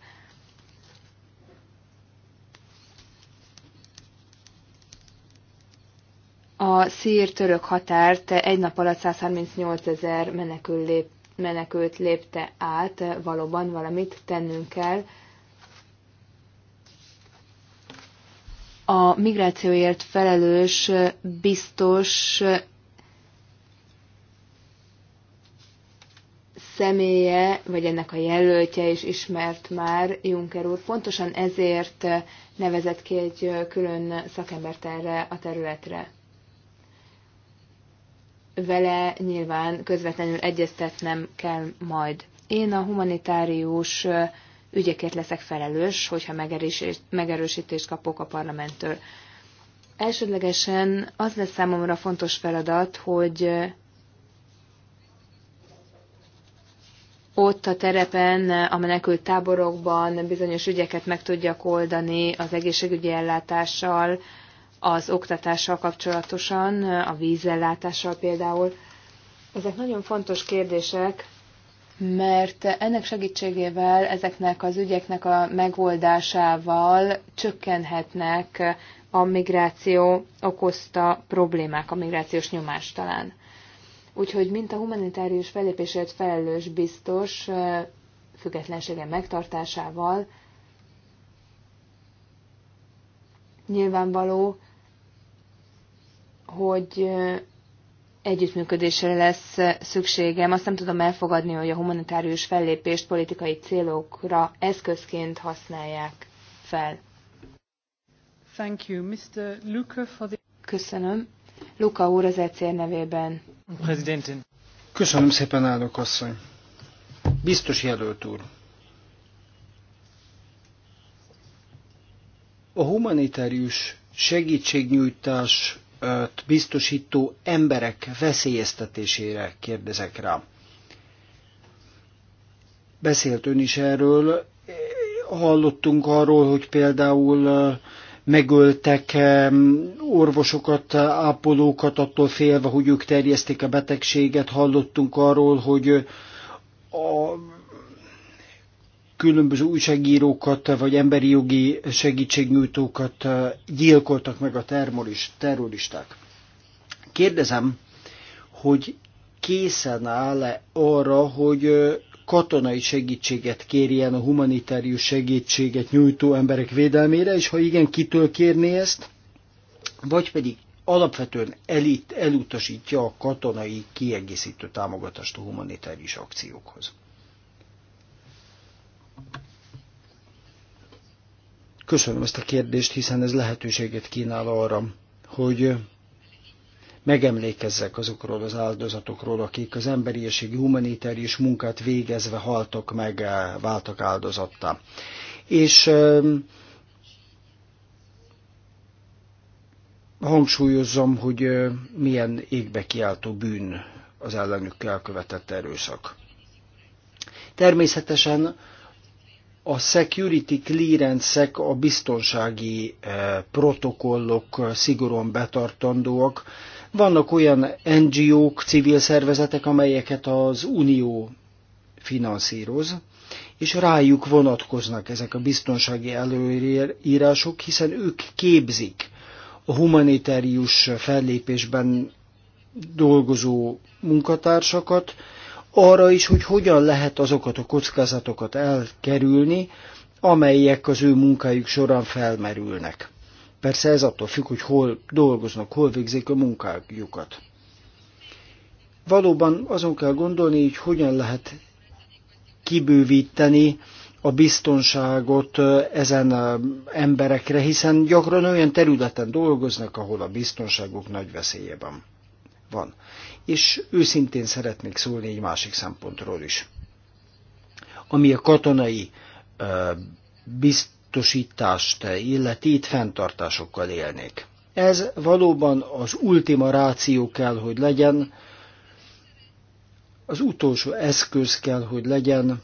a szír-török határt egy nap alatt 138 ezer menekül lép, menekült lépte át, valóban valamit tennünk kell. A migrációért felelős, biztos személye, vagy ennek a jelöltje is ismert már Juncker úr. Pontosan ezért nevezett ki egy külön szakembert erre a területre vele nyilván közvetlenül egyeztetnem kell majd. Én a humanitárius ügyekért leszek felelős, hogyha megerősítést kapok a parlamenttől. Elsődlegesen az lesz számomra fontos feladat, hogy ott a terepen, a menekült táborokban bizonyos ügyeket meg tudjak oldani az egészségügyi ellátással, az oktatással kapcsolatosan, a vízellátással például. Ezek nagyon fontos kérdések, mert ennek segítségével, ezeknek az ügyeknek a megoldásával csökkenhetnek a migráció okozta problémák, a migrációs nyomás talán. Úgyhogy, mint a humanitárius felépésért felelős biztos, függetlensége megtartásával, nyilvánvaló, hogy együttműködésre lesz szükségem. Azt nem tudom elfogadni, hogy a humanitárius fellépést politikai célokra eszközként használják fel. Thank you. Mr. Luca for the... Köszönöm. Luka úr az ECR nevében. Presidentin. Köszönöm szépen, állok asszony. Biztos jelölt úr. A humanitárius segítségnyújtás biztosító emberek veszélyeztetésére kérdezek rá. Beszélt ön is erről, hallottunk arról, hogy például megöltek orvosokat, ápolókat attól félve, hogy ők terjesztik a betegséget. Hallottunk arról, hogy a különböző újságírókat vagy emberi jogi segítségnyújtókat eh, gyilkoltak meg a terroristák. Kérdezem, hogy készen áll-e arra, hogy eh, katonai segítséget kérjen a humanitárius segítséget nyújtó emberek védelmére, és ha igen, kitől kérné ezt, vagy pedig alapvetően elit elutasítja a katonai kiegészítő támogatást a humanitárius akciókhoz. Köszönöm ezt a kérdést, hiszen ez lehetőséget kínál arra, hogy megemlékezzek azokról az áldozatokról, akik az emberiességi humanitárius munkát végezve haltak meg, eh, váltak áldozattá. És hangsúlyozzam, hogy eh, milyen égbe kiáltó bűn az ellenükkel követett erőszak. Természetesen a security clearance a biztonsági eh, protokollok eh, szigorúan betartandóak. Vannak olyan NGO-k, civil szervezetek, amelyeket az Unió finanszíroz, és rájuk vonatkoznak ezek a biztonsági előírások, hiszen ők képzik a humanitárius fellépésben dolgozó munkatársakat, arra is, hogy hogyan lehet azokat a kockázatokat elkerülni, amelyek az ő munkájuk során felmerülnek. Persze ez attól függ, hogy hol dolgoznak, hol végzik a munkájukat. Valóban azon kell gondolni, hogy hogyan lehet kibővíteni a biztonságot ezen emberekre, hiszen gyakran olyan területen dolgoznak, ahol a biztonságuk nagy veszélye van és őszintén szeretnék szólni egy másik szempontról is. Ami a katonai biztosítást illeti, itt fenntartásokkal élnék. Ez valóban az ultima ráció kell, hogy legyen, az utolsó eszköz kell, hogy legyen,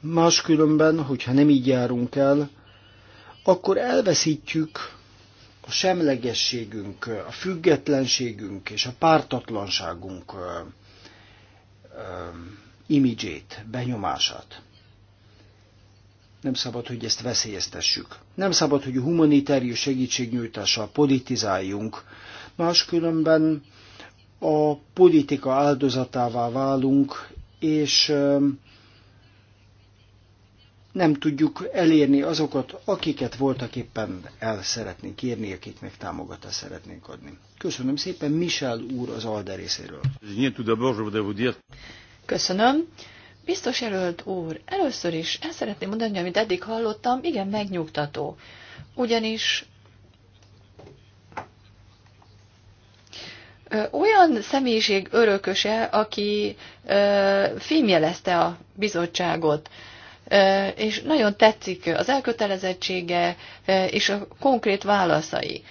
Máskülönben, hogyha nem így járunk el, akkor elveszítjük a semlegességünk, a függetlenségünk és a pártatlanságunk imidzsét, benyomását. Nem szabad, hogy ezt veszélyeztessük. Nem szabad, hogy a humanitárius segítségnyújtással politizáljunk, máskülönben a politika áldozatává válunk, és nem tudjuk elérni azokat, akiket voltak éppen el szeretnénk írni, akiknek támogatást szeretnénk adni. Köszönöm szépen, Michel úr az ALDE részéről. Köszönöm. Biztos jelölt úr, először is el szeretném mondani, amit eddig hallottam, igen megnyugtató. Ugyanis olyan személyiség örököse, aki ö, fémjelezte a bizottságot és nagyon tetszik az elkötelezettsége és a konkrét válaszai.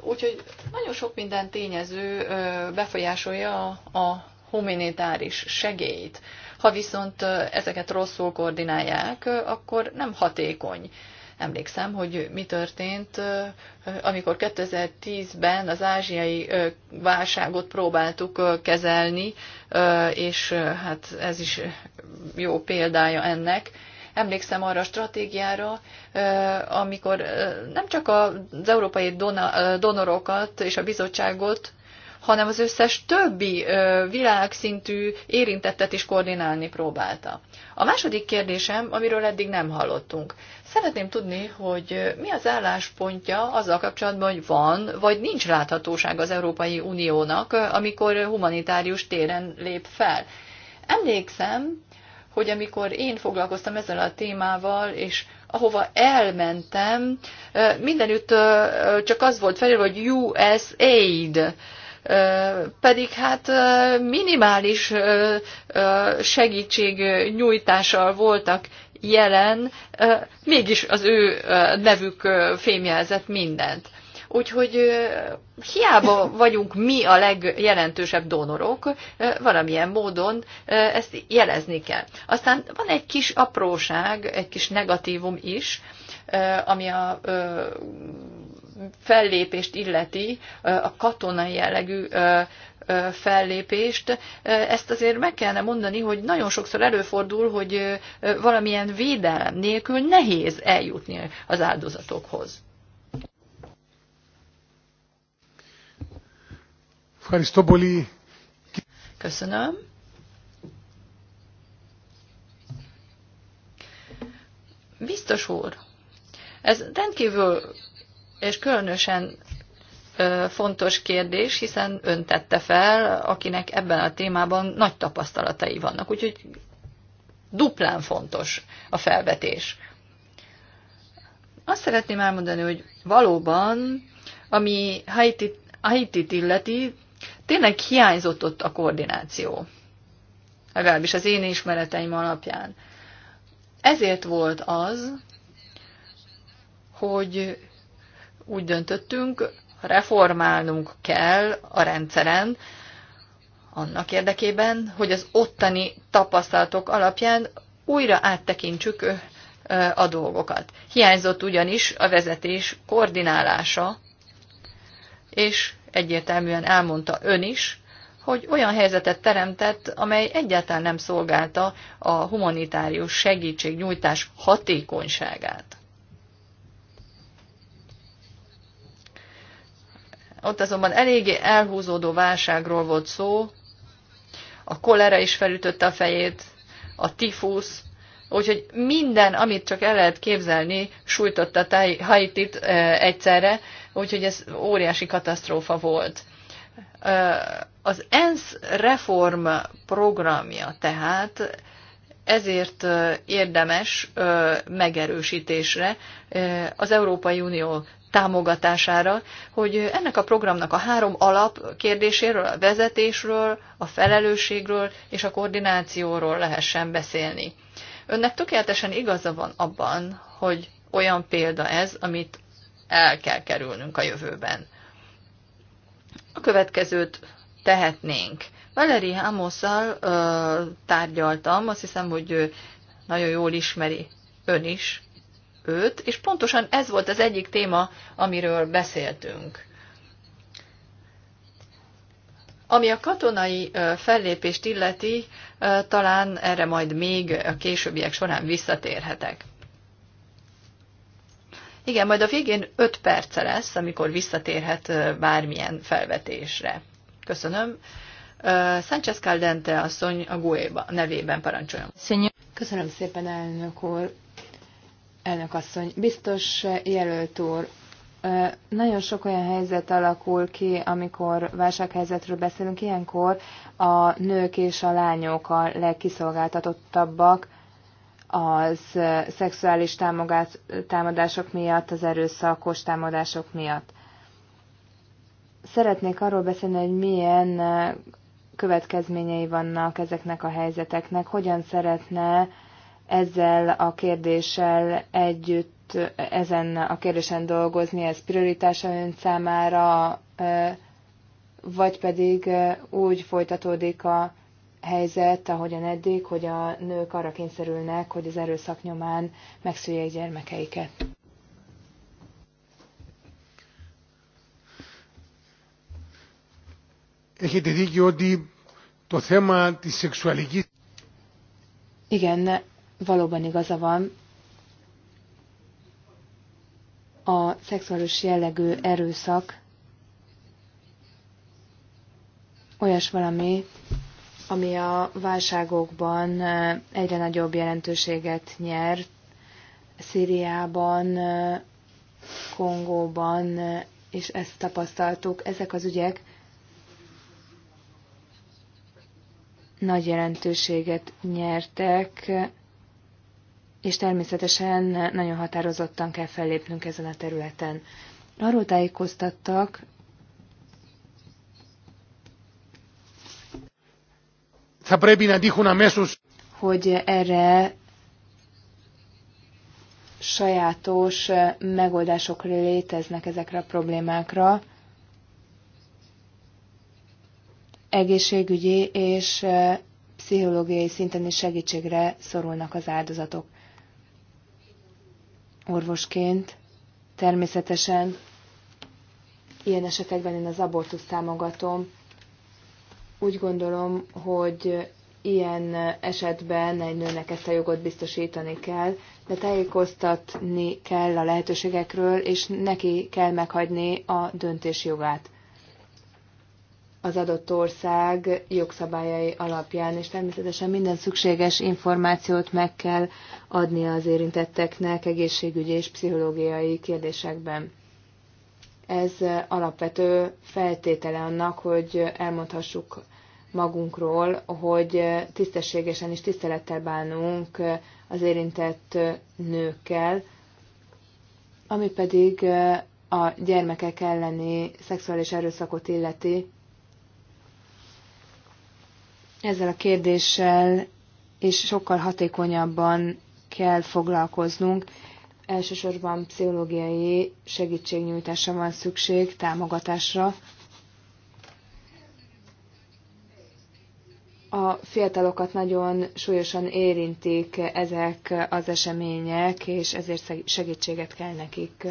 Úgyhogy nagyon sok minden tényező befolyásolja a humanitáris segélyt. Ha viszont ezeket rosszul koordinálják, akkor nem hatékony. Emlékszem, hogy mi történt, amikor 2010-ben az ázsiai válságot próbáltuk kezelni, és hát ez is jó példája ennek emlékszem arra a stratégiára, amikor nem csak az európai donorokat és a bizottságot, hanem az összes többi világszintű érintettet is koordinálni próbálta. A második kérdésem, amiről eddig nem hallottunk. Szeretném tudni, hogy mi az álláspontja azzal kapcsolatban, hogy van vagy nincs láthatóság az Európai Uniónak, amikor humanitárius téren lép fel. Emlékszem, hogy amikor én foglalkoztam ezzel a témával, és ahova elmentem, mindenütt csak az volt felül, hogy USAID pedig hát minimális segítségnyújtással voltak jelen, mégis az ő nevük fémjelzett mindent. Úgyhogy hiába vagyunk mi a legjelentősebb donorok, valamilyen módon ezt jelezni kell. Aztán van egy kis apróság, egy kis negatívum is, ami a fellépést illeti, a katonai jellegű fellépést. Ezt azért meg kellene mondani, hogy nagyon sokszor előfordul, hogy valamilyen védelem nélkül nehéz eljutni az áldozatokhoz. Köszönöm. Biztos úr, ez rendkívül és különösen fontos kérdés, hiszen ön tette fel, akinek ebben a témában nagy tapasztalatai vannak, úgyhogy duplán fontos a felvetés. Azt szeretném elmondani, hogy valóban, ami Haitit, Haitit illeti, tényleg hiányzott ott a koordináció. Legalábbis az én ismereteim alapján. Ezért volt az, hogy úgy döntöttünk, reformálnunk kell a rendszeren, annak érdekében, hogy az ottani tapasztalatok alapján újra áttekintsük a dolgokat. Hiányzott ugyanis a vezetés koordinálása, és egyértelműen elmondta ön is, hogy olyan helyzetet teremtett, amely egyáltalán nem szolgálta a humanitárius segítségnyújtás hatékonyságát. Ott azonban eléggé elhúzódó válságról volt szó, a kolera is felütötte a fejét, a tifusz, úgyhogy minden, amit csak el lehet képzelni, sújtotta Haitit egyszerre, úgyhogy ez óriási katasztrófa volt. Az ENSZ reform programja tehát ezért érdemes megerősítésre az Európai Unió támogatására, hogy ennek a programnak a három alap kérdéséről, a vezetésről, a felelősségről és a koordinációról lehessen beszélni. Önnek tökéletesen igaza van abban, hogy olyan példa ez, amit el kell kerülnünk a jövőben. A következőt tehetnénk. Valeri Hamosszal tárgyaltam, azt hiszem, hogy nagyon jól ismeri ön is őt, és pontosan ez volt az egyik téma, amiről beszéltünk. Ami a katonai fellépést illeti, talán erre majd még a későbbiek során visszatérhetek. Igen, majd a végén 5 perce lesz, amikor visszatérhet bármilyen felvetésre. Köszönöm. Sánchez Caldente asszony a GUE nevében parancsoljon. Köszönöm szépen, elnök úr. Elnök asszony, biztos jelölt úr, nagyon sok olyan helyzet alakul ki, amikor válsághelyzetről beszélünk, ilyenkor a nők és a lányok a legkiszolgáltatottabbak az szexuális támadások miatt, az erőszakos támadások miatt. Szeretnék arról beszélni, hogy milyen következményei vannak ezeknek a helyzeteknek, hogyan szeretne ezzel a kérdéssel együtt, ezen a kérdésen dolgozni, ez prioritása ön számára, vagy pedig úgy folytatódik a helyzet, ahogyan eddig, hogy a nők arra kényszerülnek, hogy az erőszak nyomán megszüljék gyermekeiket. Έχετε δίκιο ότι το θέμα της σεξουαλικής... Igen, valóban igaza van. A szexuális jellegű erőszak olyas valami, ami a válságokban eh, egyre nagyobb jelentőséget nyert. Szíriában, eh, Kongóban, eh, és ezt tapasztaltuk. Ezek az ügyek nagy jelentőséget nyertek, és természetesen nagyon határozottan kell fellépnünk ezen a területen. Arról tájékoztattak, hogy erre sajátos megoldások léteznek ezekre a problémákra, egészségügyi és pszichológiai szinten is segítségre szorulnak az áldozatok. Orvosként természetesen ilyen esetekben én az abortus támogatom. Úgy gondolom, hogy ilyen esetben egy nőnek ezt a jogot biztosítani kell, de tájékoztatni kell a lehetőségekről, és neki kell meghagyni a döntés jogát az adott ország jogszabályai alapján, és természetesen minden szükséges információt meg kell adni az érintetteknek egészségügyi és pszichológiai kérdésekben. Ez alapvető feltétele annak, hogy elmondhassuk magunkról, hogy tisztességesen és tisztelettel bánunk az érintett nőkkel, ami pedig a gyermekek elleni szexuális erőszakot illeti, ezzel a kérdéssel és sokkal hatékonyabban kell foglalkoznunk. Elsősorban pszichológiai segítségnyújtásra van szükség, támogatásra. A fiatalokat nagyon súlyosan érintik ezek az események, és ezért segítséget kell nekik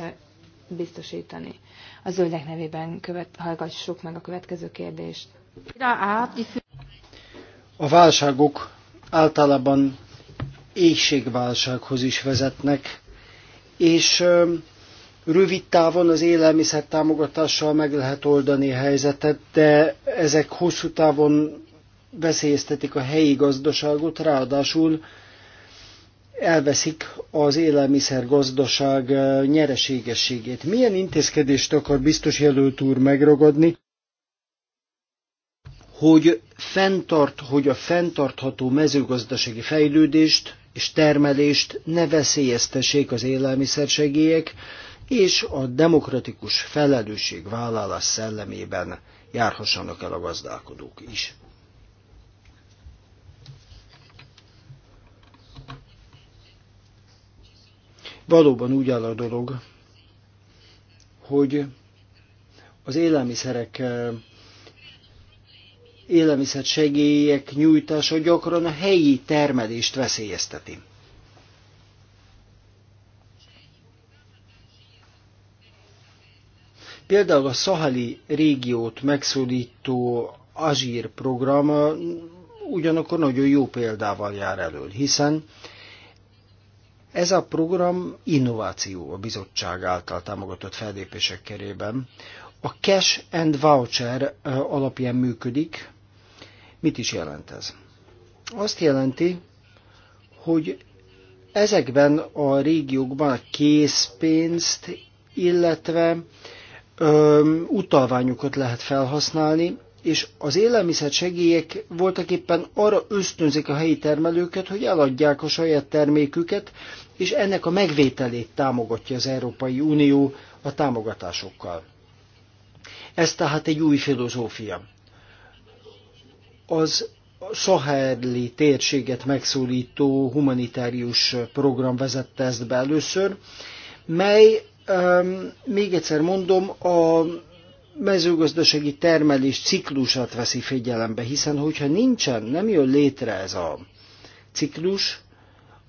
biztosítani. A zöldek nevében követ, hallgassuk meg a következő kérdést. A válságok általában éjségválsághoz is vezetnek, és rövid távon az élelmiszer támogatással meg lehet oldani a helyzetet, de ezek hosszú távon veszélyeztetik a helyi gazdaságot, ráadásul elveszik az gazdaság nyereségességét. Milyen intézkedést akar biztos jelölt úr megragadni, hogy, fenntart, hogy a fenntartható mezőgazdasági fejlődést és termelést ne veszélyeztessék az élelmiszersegélyek, és a demokratikus vállalás szellemében járhassanak el a gazdálkodók is. Valóban úgy áll a dolog, hogy az élelmiszerek eh, élelmiszersegélyek nyújtása gyakran a helyi termelést veszélyezteti. Például a Szahali régiót megszólító Azsír program ugyanakkor nagyon jó példával jár elől, hiszen ez a program innováció a bizottság által támogatott fellépések kerében. A cash and voucher alapján működik, Mit is jelent ez? Azt jelenti, hogy ezekben a régiókban a készpénzt, illetve ö, utalványokat lehet felhasználni, és az élelmiszer segélyek voltak éppen arra ösztönzik a helyi termelőket, hogy eladják a saját terméküket, és ennek a megvételét támogatja az Európai Unió a támogatásokkal. Ez tehát egy új filozófia az Szaháli térséget megszólító humanitárius program vezette ezt be először, mely, még egyszer mondom, a mezőgazdasági termelés ciklusát veszi figyelembe, hiszen hogyha nincsen, nem jön létre ez a ciklus,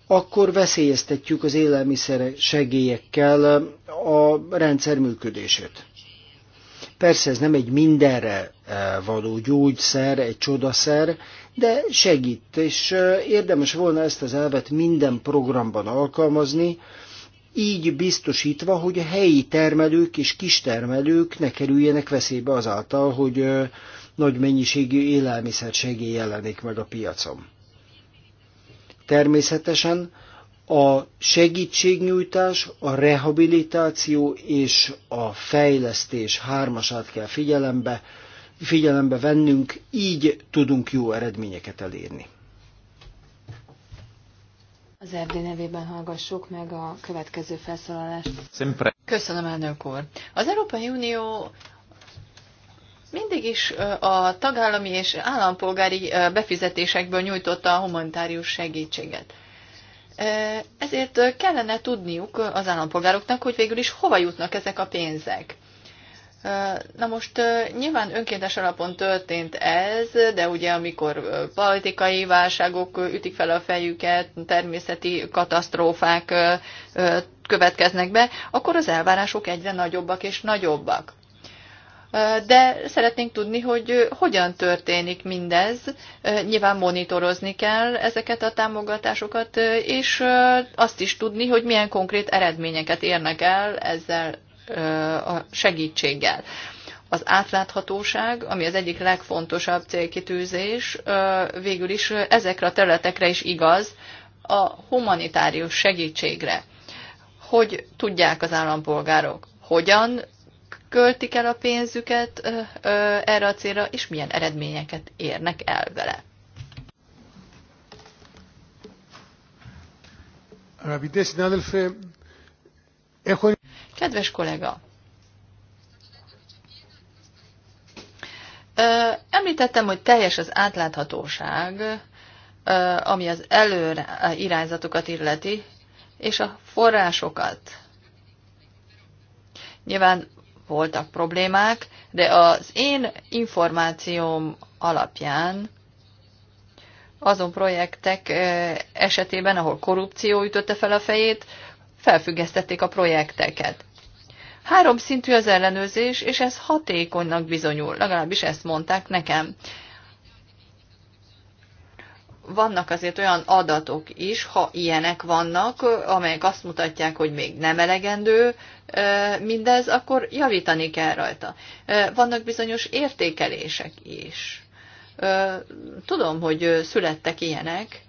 akkor veszélyeztetjük az élelmiszer segélyekkel a rendszer működését. Persze ez nem egy mindenre eh, való gyógyszer, egy csodaszer, de segít, és eh, érdemes volna ezt az elvet minden programban alkalmazni, így biztosítva, hogy a helyi termelők és kistermelők ne kerüljenek veszélybe azáltal, hogy eh, nagy mennyiségű élelmiszer segély jelenik meg a piacon. Természetesen a segítségnyújtás, a rehabilitáció és a fejlesztés hármasát kell figyelembe, figyelembe vennünk, így tudunk jó eredményeket elérni. Az RD nevében hallgassuk meg a következő felszólalást. Köszönöm, elnök úr. Az Európai Unió mindig is a tagállami és állampolgári befizetésekből nyújtotta a humanitárius segítséget. Ezért kellene tudniuk az állampolgároknak, hogy végül is hova jutnak ezek a pénzek. Na most nyilván önkéntes alapon történt ez, de ugye amikor politikai válságok ütik fel a fejüket, természeti katasztrófák következnek be, akkor az elvárások egyre nagyobbak és nagyobbak de szeretnénk tudni, hogy hogyan történik mindez. Nyilván monitorozni kell ezeket a támogatásokat, és azt is tudni, hogy milyen konkrét eredményeket érnek el ezzel a segítséggel. Az átláthatóság, ami az egyik legfontosabb célkitűzés, végül is ezekre a területekre is igaz, a humanitárius segítségre. Hogy tudják az állampolgárok, hogyan költik el a pénzüket ö, ö, erre a célra, és milyen eredményeket érnek el vele. Kedves kollega! Említettem, hogy teljes az átláthatóság, ami az előre irányzatokat illeti, és a forrásokat. Nyilván voltak problémák, de az én információm alapján azon projektek esetében, ahol korrupció ütötte fel a fejét, felfüggesztették a projekteket. Három szintű az ellenőrzés, és ez hatékonynak bizonyul, legalábbis ezt mondták nekem vannak azért olyan adatok is, ha ilyenek vannak, amelyek azt mutatják, hogy még nem elegendő mindez, akkor javítani kell rajta. Vannak bizonyos értékelések is. Tudom, hogy születtek ilyenek,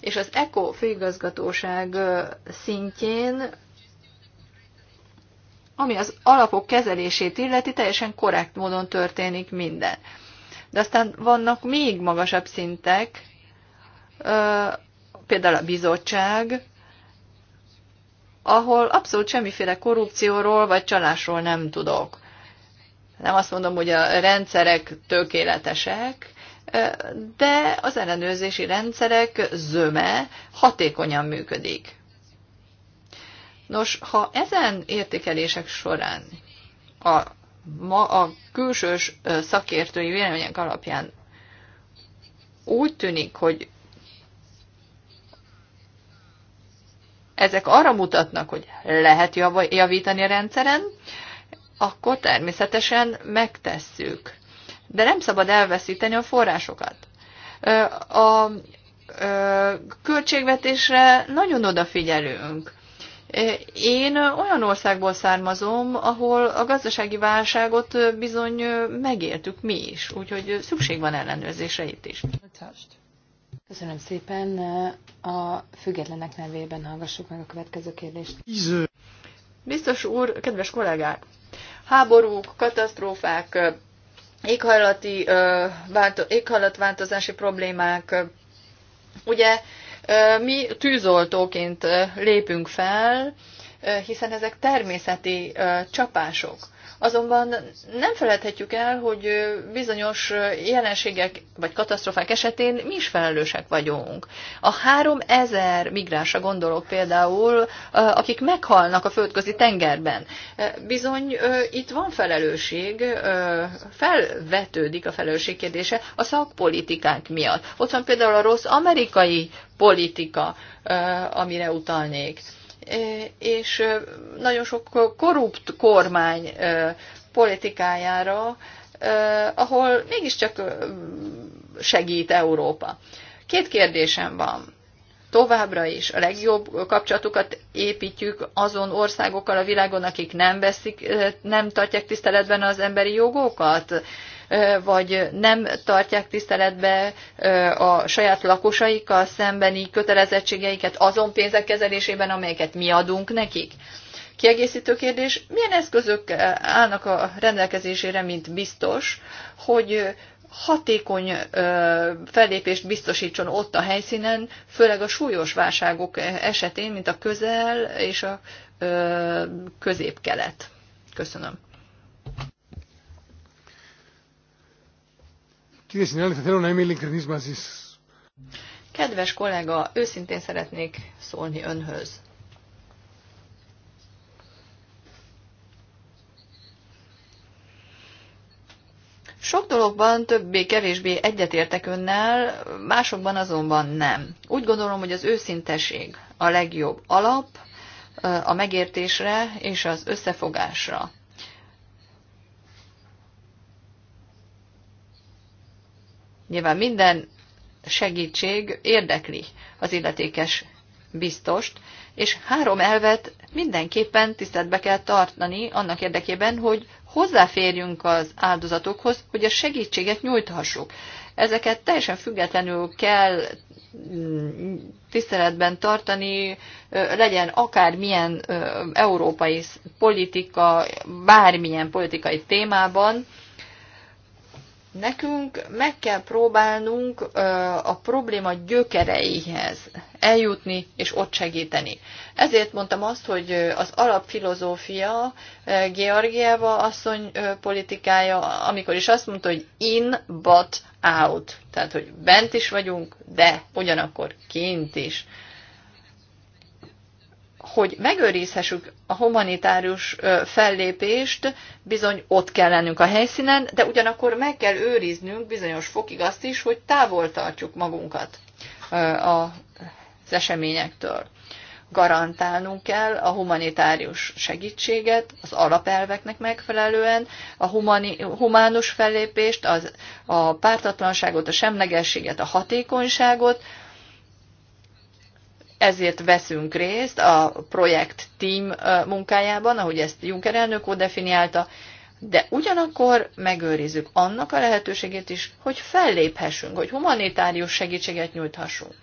és az ECO főigazgatóság szintjén, ami az alapok kezelését illeti, teljesen korrekt módon történik minden. De aztán vannak még magasabb szintek, például a bizottság, ahol abszolút semmiféle korrupcióról vagy csalásról nem tudok. Nem azt mondom, hogy a rendszerek tökéletesek, de az ellenőrzési rendszerek zöme hatékonyan működik. Nos, ha ezen értékelések során a, ma a külsős szakértői vélemények alapján úgy tűnik, hogy ezek arra mutatnak, hogy lehet javítani a rendszeren, akkor természetesen megtesszük. De nem szabad elveszíteni a forrásokat. A költségvetésre nagyon odafigyelünk. Én olyan országból származom, ahol a gazdasági válságot bizony megéltük mi is, úgyhogy szükség van ellenőrzésre itt is. Attached. Köszönöm szépen. A függetlenek nevében hallgassuk meg a következő kérdést. Biztos úr, kedves kollégák! Háborúk, katasztrófák, éghajlati, válto, éghajlatváltozási problémák. Ugye mi tűzoltóként lépünk fel, hiszen ezek természeti csapások. Azonban nem felejthetjük el, hogy bizonyos jelenségek vagy katasztrofák esetén mi is felelősek vagyunk. A 3000 migránsra gondolok például, akik meghalnak a földközi tengerben. Bizony itt van felelősség, felvetődik a felelősség kérdése a szakpolitikák miatt. Ott van például a rossz amerikai politika, amire utalnék és nagyon sok korrupt kormány politikájára, ahol mégiscsak segít Európa. Két kérdésem van. Továbbra is a legjobb kapcsolatokat építjük azon országokkal a világon, akik nem, veszik, nem tartják tiszteletben az emberi jogokat, vagy nem tartják tiszteletbe a saját lakosaikkal szembeni kötelezettségeiket azon pénzek kezelésében, amelyeket mi adunk nekik. Kiegészítő kérdés, milyen eszközök állnak a rendelkezésére, mint biztos, hogy hatékony fellépést biztosítson ott a helyszínen, főleg a súlyos válságok esetén, mint a közel és a Középkelet. Köszönöm. Kedves kollega, őszintén szeretnék szólni önhöz. Sok dologban többé-kevésbé egyetértek önnel, másokban azonban nem. Úgy gondolom, hogy az őszinteség a legjobb alap a megértésre és az összefogásra. Nyilván minden segítség érdekli az illetékes biztost, és három elvet mindenképpen tiszteletbe kell tartani annak érdekében, hogy hozzáférjünk az áldozatokhoz, hogy a segítséget nyújthassuk. Ezeket teljesen függetlenül kell mm, tiszteletben tartani, legyen akármilyen európai politika, bármilyen politikai témában, Nekünk meg kell próbálnunk a probléma gyökereihez eljutni és ott segíteni. Ezért mondtam azt, hogy az alapfilozófia Georgieva asszony politikája, amikor is azt mondta, hogy in, but out. Tehát, hogy bent is vagyunk, de ugyanakkor kint is hogy megőrizhessük a humanitárius fellépést, bizony ott kell lennünk a helyszínen, de ugyanakkor meg kell őriznünk bizonyos fokig azt is, hogy távol tartjuk magunkat az eseményektől. Garantálnunk kell a humanitárius segítséget az alapelveknek megfelelően, a humani, humánus fellépést, az, a pártatlanságot, a semlegességet, a hatékonyságot, ezért veszünk részt a projekt team munkájában, ahogy ezt Juncker elnök úr definiálta, de ugyanakkor megőrizzük annak a lehetőségét is, hogy felléphessünk, hogy humanitárius segítséget nyújthassunk.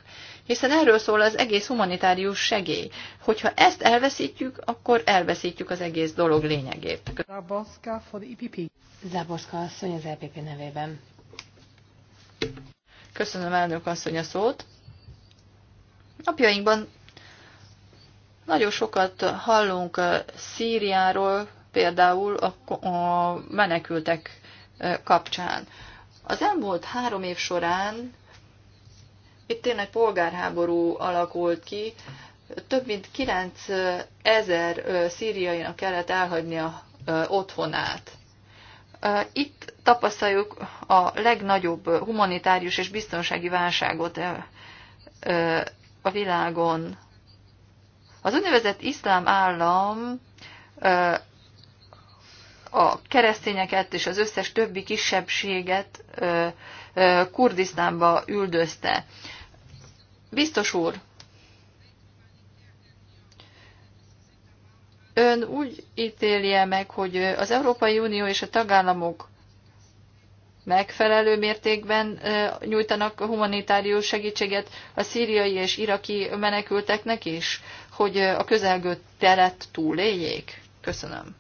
Hiszen erről szól az egész humanitárius segély. Hogyha ezt elveszítjük, akkor elveszítjük az egész dolog lényegét. Zaboska for the EPP. Zaboska, asszony az EPP nevében. Köszönöm elnök asszony a szót. Napjainkban nagyon sokat hallunk Szíriáról, például a menekültek kapcsán. Az elmúlt három év során itt tényleg polgárháború alakult ki, több mint 9 ezer szíriainak kellett elhagynia otthonát. Itt tapasztaljuk a legnagyobb humanitárius és biztonsági válságot a világon. Az úgynevezett iszlám állam a keresztényeket és az összes többi kisebbséget Kurdisztánba üldözte. Biztos úr, ön úgy ítélje meg, hogy az Európai Unió és a tagállamok megfelelő mértékben nyújtanak humanitárius segítséget a szíriai és iraki menekülteknek is, hogy a közelgő teret túléljék? Köszönöm.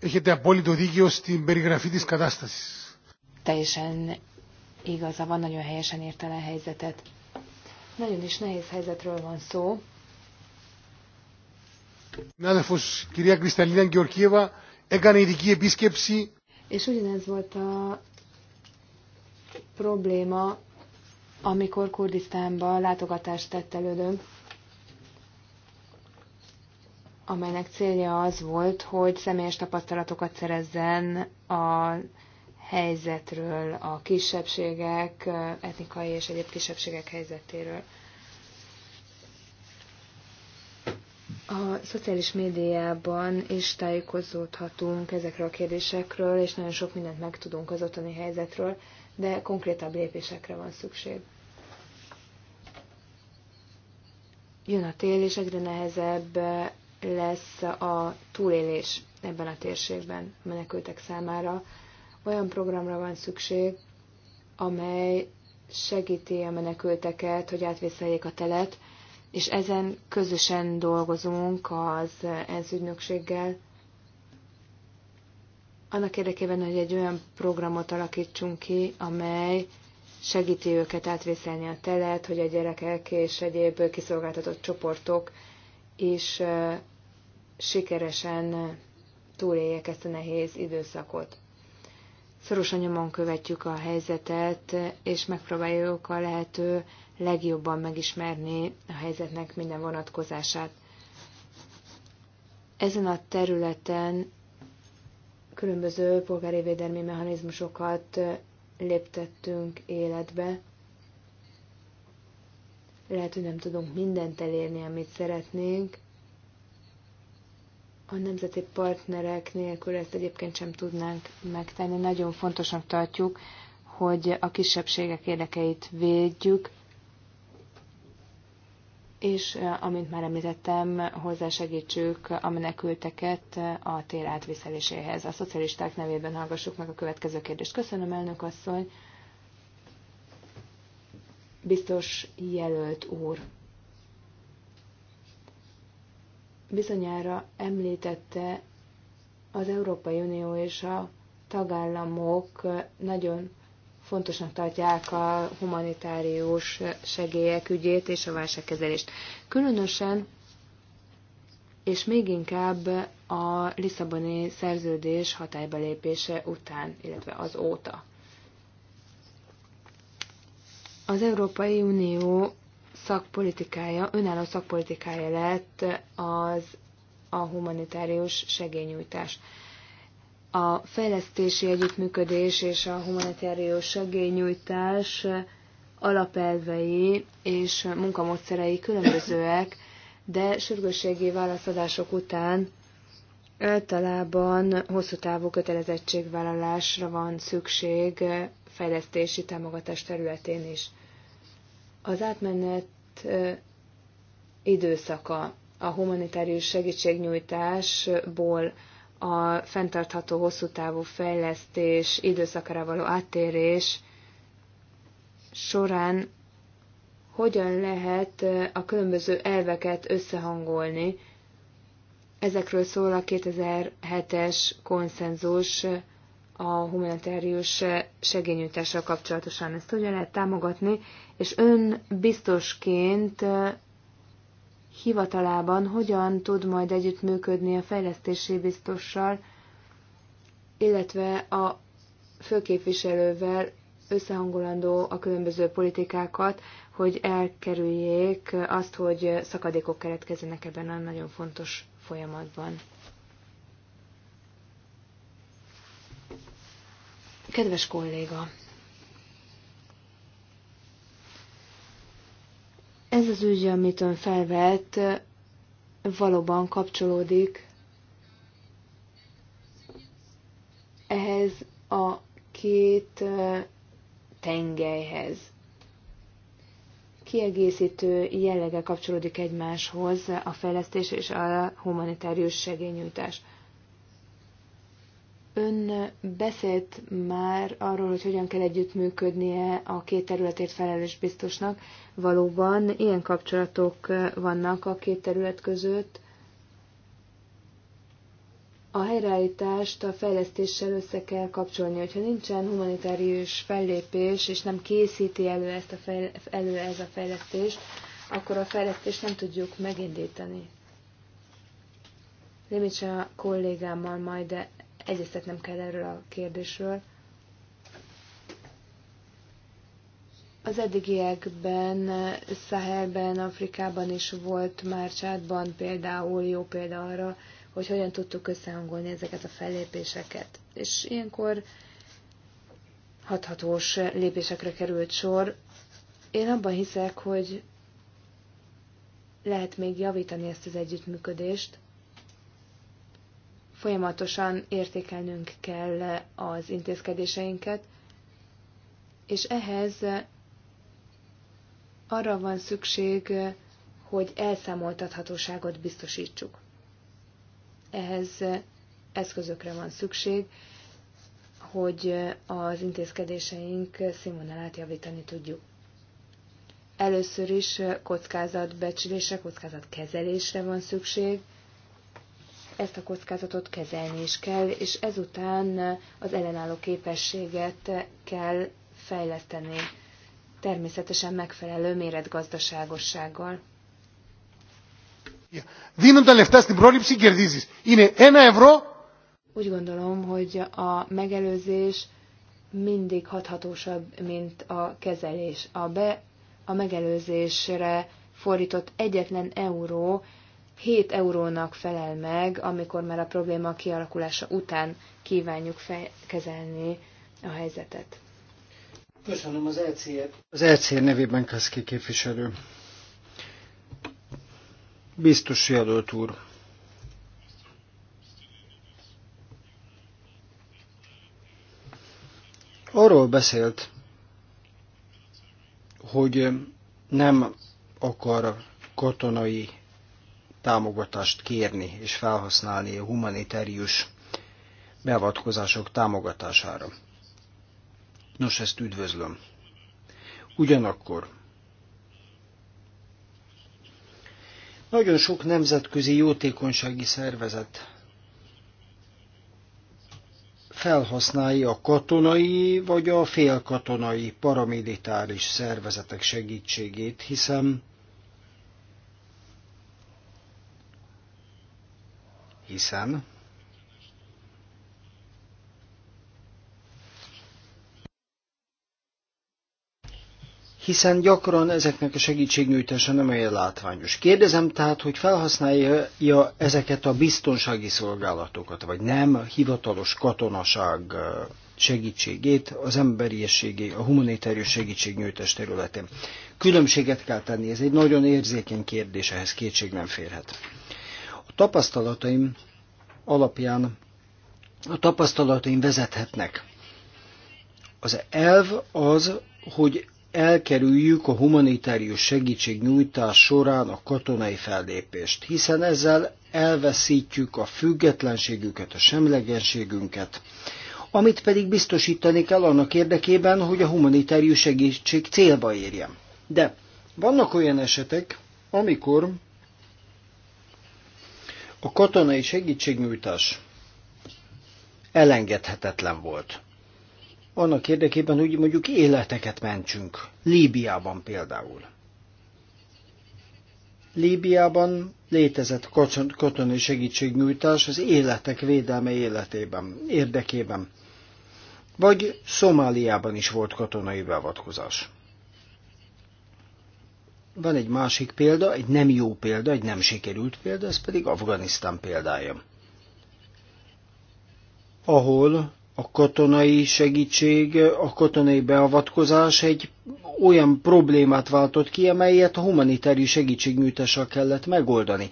Έχετε απόλυτο δίκιο στην περιγραφή της κατάστασης. Teljesen igaza van, nagyon helyesen érte a helyzetet. Nagyon is nehéz helyzetről van szó. Συνάδελφος κυρία Κρυσταλίνα Γεωργίευα έκανε ειδική Biszképszi. És ugyanez volt a probléma, amikor Kurdisztánba látogatást tett elődöm, amelynek célja az volt, hogy személyes tapasztalatokat szerezzen a helyzetről, a kisebbségek, etnikai és egyéb kisebbségek helyzetéről. A szociális médiában is tájékozódhatunk ezekről a kérdésekről, és nagyon sok mindent megtudunk az otthoni helyzetről, de konkrétabb lépésekre van szükség. Jön a tél, és egyre nehezebb lesz a túlélés ebben a térségben a menekültek számára, olyan programra van szükség, amely segíti a menekülteket, hogy átvészeljék a telet, és ezen közösen dolgozunk az ENSZ ügynökséggel, annak érdekében, hogy egy olyan programot alakítsunk ki, amely segíti őket átvészelni a telet, hogy a gyerekek és egyéb kiszolgáltatott csoportok is sikeresen túléljék ezt a nehéz időszakot. Szorosan nyomon követjük a helyzetet, és megpróbáljuk a lehető legjobban megismerni a helyzetnek minden vonatkozását. Ezen a területen különböző polgári védelmi mechanizmusokat léptettünk életbe. Lehet, hogy nem tudunk mindent elérni, amit szeretnénk, a nemzeti partnerek nélkül ezt egyébként sem tudnánk megtenni. Nagyon fontosnak tartjuk, hogy a kisebbségek érdekeit védjük, és amint már említettem, hozzásegítsük a menekülteket a tér átviseléséhez. A szocialisták nevében hallgassuk meg a következő kérdést. Köszönöm, elnök asszony. Biztos jelölt úr. Bizonyára említette az Európai Unió és a tagállamok nagyon fontosnak tartják a humanitárius segélyek ügyét és a válságkezelést. Különösen és még inkább a Lisszaboni szerződés hatályba lépése után, illetve az óta. Az Európai Unió szakpolitikája, önálló szakpolitikája lett az a humanitárius segélynyújtás. A fejlesztési együttműködés és a humanitárius segélynyújtás alapelvei és munkamódszerei különbözőek, de sürgősségi válaszadások után általában hosszú távú kötelezettségvállalásra van szükség fejlesztési támogatás területén is. Az átmenet időszaka a humanitárius segítségnyújtásból a fenntartható hosszú távú fejlesztés időszakára való áttérés során hogyan lehet a különböző elveket összehangolni. Ezekről szól a 2007-es konszenzus a humanitárius segényújtással kapcsolatosan. Ezt hogyan lehet támogatni, és ön biztosként hivatalában hogyan tud majd együttműködni a fejlesztési biztossal, illetve a főképviselővel összehangolandó a különböző politikákat, hogy elkerüljék azt, hogy szakadékok keletkezzenek ebben a nagyon fontos folyamatban. Kedves kolléga! Ez az ügy, amit ön felvett, valóban kapcsolódik ehhez a két tengelyhez. Kiegészítő jellege kapcsolódik egymáshoz a fejlesztés és a humanitárius segényújtás. Ön beszélt már arról, hogy hogyan kell együttműködnie a két területért felelős biztosnak. Valóban ilyen kapcsolatok vannak a két terület között. A helyreállítást a fejlesztéssel össze kell kapcsolni. Hogyha nincsen humanitárius fellépés, és nem készíti elő, ezt a fejl- elő ez a fejlesztést, akkor a fejlesztést nem tudjuk megindítani. Limicsa kollégámmal majd egyeztetnem kell erről a kérdésről. Az eddigiekben, Szahelben, Afrikában is volt már csátban például jó példa arra, hogy hogyan tudtuk összehangolni ezeket a fellépéseket. És ilyenkor hathatós lépésekre került sor. Én abban hiszek, hogy lehet még javítani ezt az együttműködést, Folyamatosan értékelnünk kell az intézkedéseinket, és ehhez arra van szükség, hogy elszámoltathatóságot biztosítsuk. Ehhez eszközökre van szükség, hogy az intézkedéseink színvonalát javítani tudjuk. Először is kockázatbecsülésre, kockázatkezelésre van szükség, ezt a kockázatot kezelni is kell, és ezután az ellenálló képességet kell fejleszteni, természetesen megfelelő méretgazdaságossággal. Δίνοντα λεφτά στην πρόληψη κερδίζει. Είναι ένα ευρώ. Úgy gondolom, hogy a megelőzés mindig hathatósabb, mint a kezelés. A, be, a megelőzésre fordított egyetlen euró 7 eurónak felel meg, amikor már a probléma kialakulása után kívánjuk kezelni a helyzetet. Köszönöm az ECR. Az ECR nevében Kaszki képviselő. Biztos jelölt úr. Arról beszélt, hogy nem akar katonai támogatást kérni és felhasználni a humanitárius beavatkozások támogatására. Nos, ezt üdvözlöm. Ugyanakkor nagyon sok nemzetközi jótékonysági szervezet felhasználja a katonai vagy a félkatonai paramilitáris szervezetek segítségét, hiszen hiszen hiszen gyakran ezeknek a segítségnyújtása nem olyan látványos. Kérdezem tehát, hogy felhasználja ezeket a biztonsági szolgálatokat, vagy nem hivatalos katonaság segítségét az emberiességé, a humanitárius segítségnyújtás területén. Különbséget kell tenni, ez egy nagyon érzékeny kérdés, ehhez kétség nem férhet tapasztalataim alapján a tapasztalataim vezethetnek. Az elv az, hogy elkerüljük a humanitárius segítségnyújtás során a katonai fellépést, hiszen ezzel elveszítjük a függetlenségüket, a semlegenségünket, amit pedig biztosítani kell annak érdekében, hogy a humanitárius segítség célba érjen. De vannak olyan esetek, amikor a katonai segítségnyújtás elengedhetetlen volt. Annak érdekében, hogy mondjuk életeket mentsünk. Líbiában például. Líbiában létezett katonai segítségnyújtás az életek védelme életében, érdekében. Vagy Szomáliában is volt katonai beavatkozás. Van egy másik példa, egy nem jó példa, egy nem sikerült példa, ez pedig Afganisztán példája. Ahol a katonai segítség, a katonai beavatkozás egy olyan problémát váltott ki, amelyet a humanitárius segítségnyújtással kellett megoldani.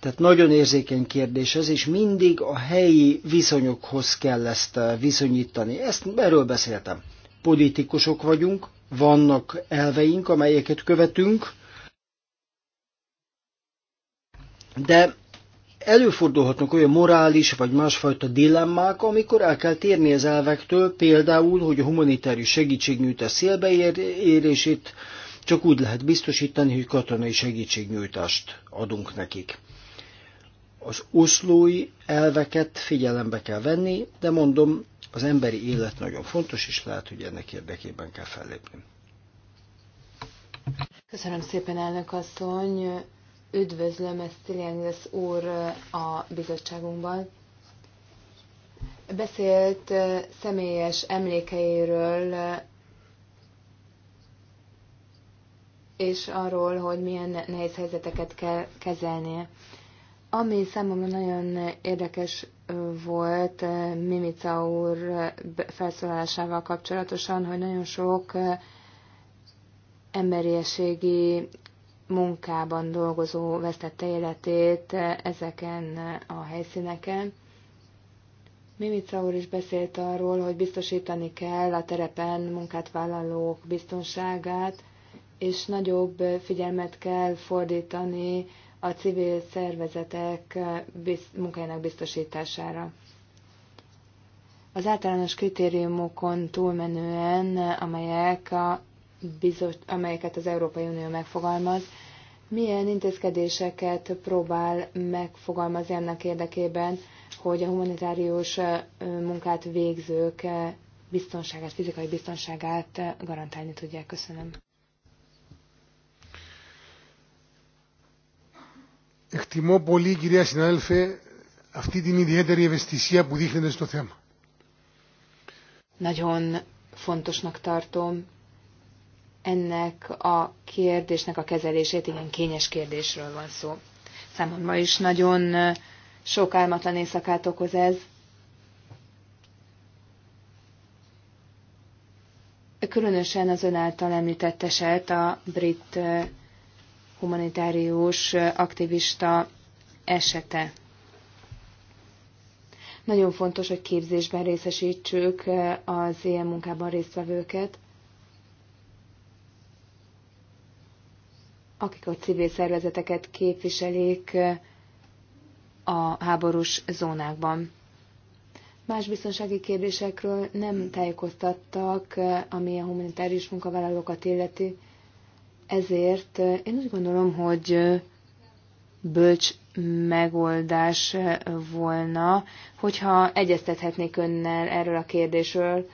Tehát nagyon érzékeny kérdés ez, és mindig a helyi viszonyokhoz kell ezt eh, viszonyítani. Ezt erről beszéltem. Politikusok vagyunk, vannak elveink, amelyeket követünk, De előfordulhatnak olyan morális vagy másfajta dilemmák, amikor el kell térni az elvektől, például, hogy a humanitárius segítségnyújtás szélbeérését csak úgy lehet biztosítani, hogy katonai segítségnyújtást adunk nekik. Az oszlói elveket figyelembe kell venni, de mondom, az emberi élet nagyon fontos, és lehet, hogy ennek érdekében kell fellépni. Köszönöm szépen, elnök asszony. Üdvözlöm ezt Szilianius úr a bizottságunkban. Beszélt személyes emlékeiről, és arról, hogy milyen nehéz helyzeteket kell kezelnie. Ami számomra nagyon érdekes volt Mimica úr felszólalásával kapcsolatosan, hogy nagyon sok emberieségi munkában dolgozó vesztette életét ezeken a helyszíneken. Mimitra úr is beszélt arról, hogy biztosítani kell a terepen munkát vállalók biztonságát, és nagyobb figyelmet kell fordítani a civil szervezetek munkájának biztosítására. Az általános kritériumokon túlmenően, amelyek a bizot, amelyeket az Európai Unió megfogalmaz, milyen intézkedéseket próbál megfogalmazni annak érdekében, hogy a humanitárius munkát végzők biztonságát, fizikai biztonságát garantálni tudják. Köszönöm. Εκτιμώ πολύ, κυρία συνάδελφε, αυτή την ιδιαίτερη ευαισθησία που δείχνετε στο θέμα. Nagyon fontosnak tartom ennek a kérdésnek a kezelését, igen, kényes kérdésről van szó. Számomra is nagyon sok álmatlan éjszakát okoz ez. Különösen az ön által említett eset, a brit humanitárius aktivista esete. Nagyon fontos, hogy képzésben részesítsük az ilyen munkában résztvevőket. akik a civil szervezeteket képviselik a háborús zónákban. Más biztonsági kérdésekről nem tájékoztattak, ami a humanitárius munkavállalókat illeti. Ezért én úgy gondolom, hogy bölcs megoldás volna, hogyha egyeztethetnék önnel erről a kérdésről,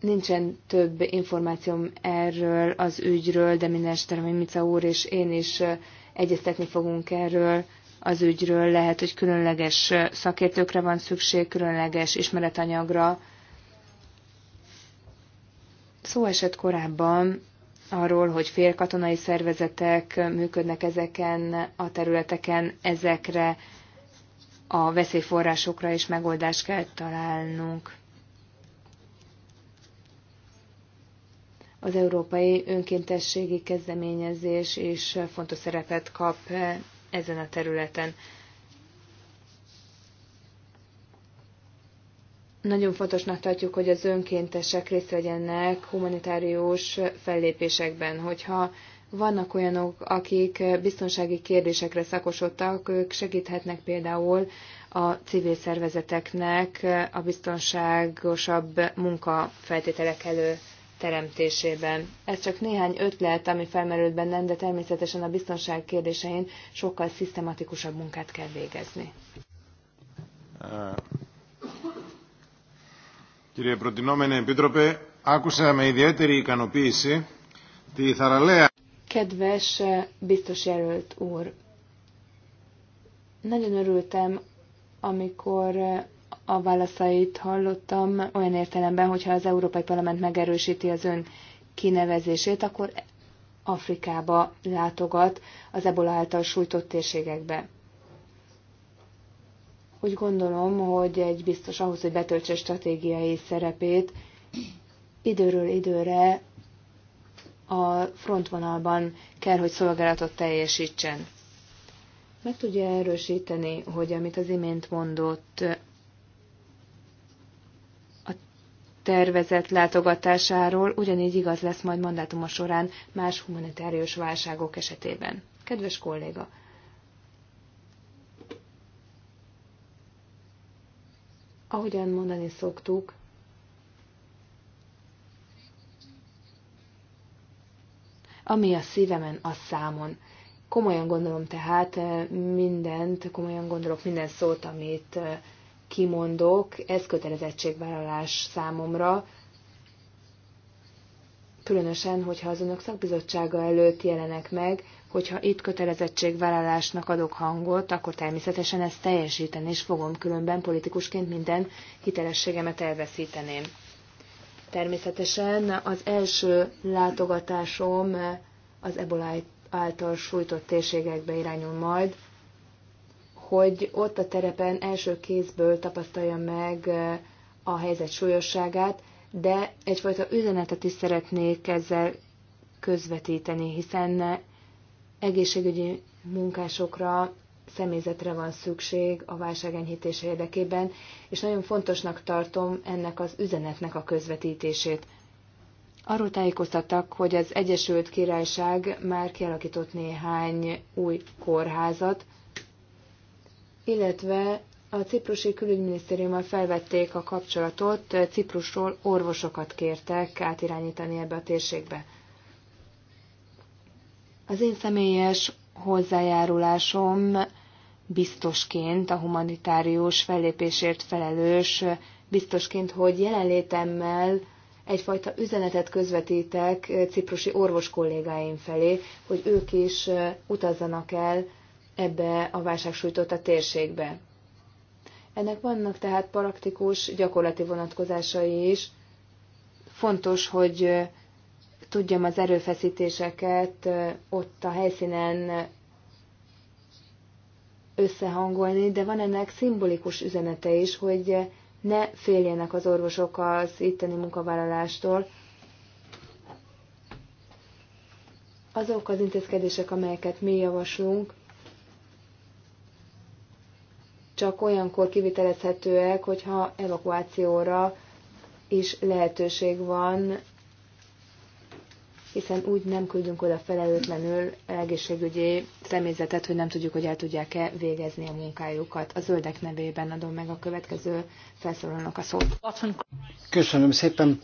Nincsen több információm erről az ügyről, de minden esetre Mica úr és én is egyeztetni fogunk erről az ügyről. Lehet, hogy különleges szakértőkre van szükség, különleges ismeretanyagra. Szó esett korábban arról, hogy félkatonai szervezetek működnek ezeken a területeken, ezekre a veszélyforrásokra is megoldást kell találnunk. az európai önkéntességi kezdeményezés is fontos szerepet kap eh, ezen a területen. Nagyon fontosnak tartjuk, hogy az önkéntesek részt vegyenek humanitárius fellépésekben. Hogyha vannak olyanok, akik biztonsági kérdésekre szakosodtak, ők segíthetnek például a civil szervezeteknek a biztonságosabb munkafeltételek elő teremtésében. Ez csak néhány ötlet, ami felmerült bennem, de természetesen a biztonság kérdésein sokkal szisztematikusabb munkát kell végezni. Eh, Κύριε Προτινόμενε Επίτροπε, άκουσα με ιδιαίτερη ικανοποίηση τη θαραλέα... Kedves eh, biztos jelölt úr, nagyon örültem, amikor eh, a válaszait hallottam olyan értelemben, hogyha az Európai Parlament megerősíti az ön kinevezését, akkor Afrikába látogat az ebola által sújtott térségekbe. Úgy gondolom, hogy egy biztos ahhoz, hogy betöltse stratégiai szerepét, időről időre a frontvonalban kell, hogy szolgálatot teljesítsen. Meg tudja erősíteni, hogy amit az imént mondott, tervezett látogatásáról, ugyanígy igaz lesz majd mandátuma során más humanitárius válságok esetében. Kedves kolléga! Ahogyan mondani szoktuk, ami a szívemen, a számon. Komolyan gondolom tehát eh, mindent, komolyan gondolok minden szót, amit eh, kimondok, ez kötelezettségvállalás számomra, különösen, hogyha az önök szakbizottsága előtt jelenek meg, hogyha itt kötelezettségvállalásnak adok hangot, akkor természetesen ezt teljesíteni és fogom, különben politikusként minden hitelességemet elveszíteném. Természetesen az első látogatásom az ebola által sújtott térségekbe irányul majd, hogy ott a terepen első kézből tapasztalja meg a helyzet súlyosságát, de egyfajta üzenetet is szeretnék ezzel közvetíteni, hiszen egészségügyi munkásokra, személyzetre van szükség a válság enyhítése érdekében, és nagyon fontosnak tartom ennek az üzenetnek a közvetítését. Arról tájékoztattak, hogy az Egyesült Királyság már kialakított néhány új kórházat, illetve a ciprusi külügyminisztériummal felvették a kapcsolatot, Ciprusról orvosokat kértek átirányítani ebbe a térségbe. Az én személyes hozzájárulásom biztosként, a humanitárius fellépésért felelős biztosként, hogy jelenlétemmel egyfajta üzenetet közvetítek ciprusi orvos kollégáim felé, hogy ők is utazzanak el ebbe a válság a térségbe. Ennek vannak tehát praktikus, gyakorlati vonatkozásai is. Fontos, hogy tudjam az erőfeszítéseket ott a helyszínen összehangolni, de van ennek szimbolikus üzenete is, hogy ne féljenek az orvosok az itteni munkavállalástól. Azok az intézkedések, amelyeket mi javaslunk, csak olyankor kivitelezhetőek, hogyha evakuációra is lehetőség van, hiszen úgy nem küldünk oda felelőtlenül egészségügyi személyzetet, hogy nem tudjuk, hogy el tudják-e végezni a munkájukat. A zöldek nevében adom meg a következő felszólalónak a szót. Köszönöm szépen.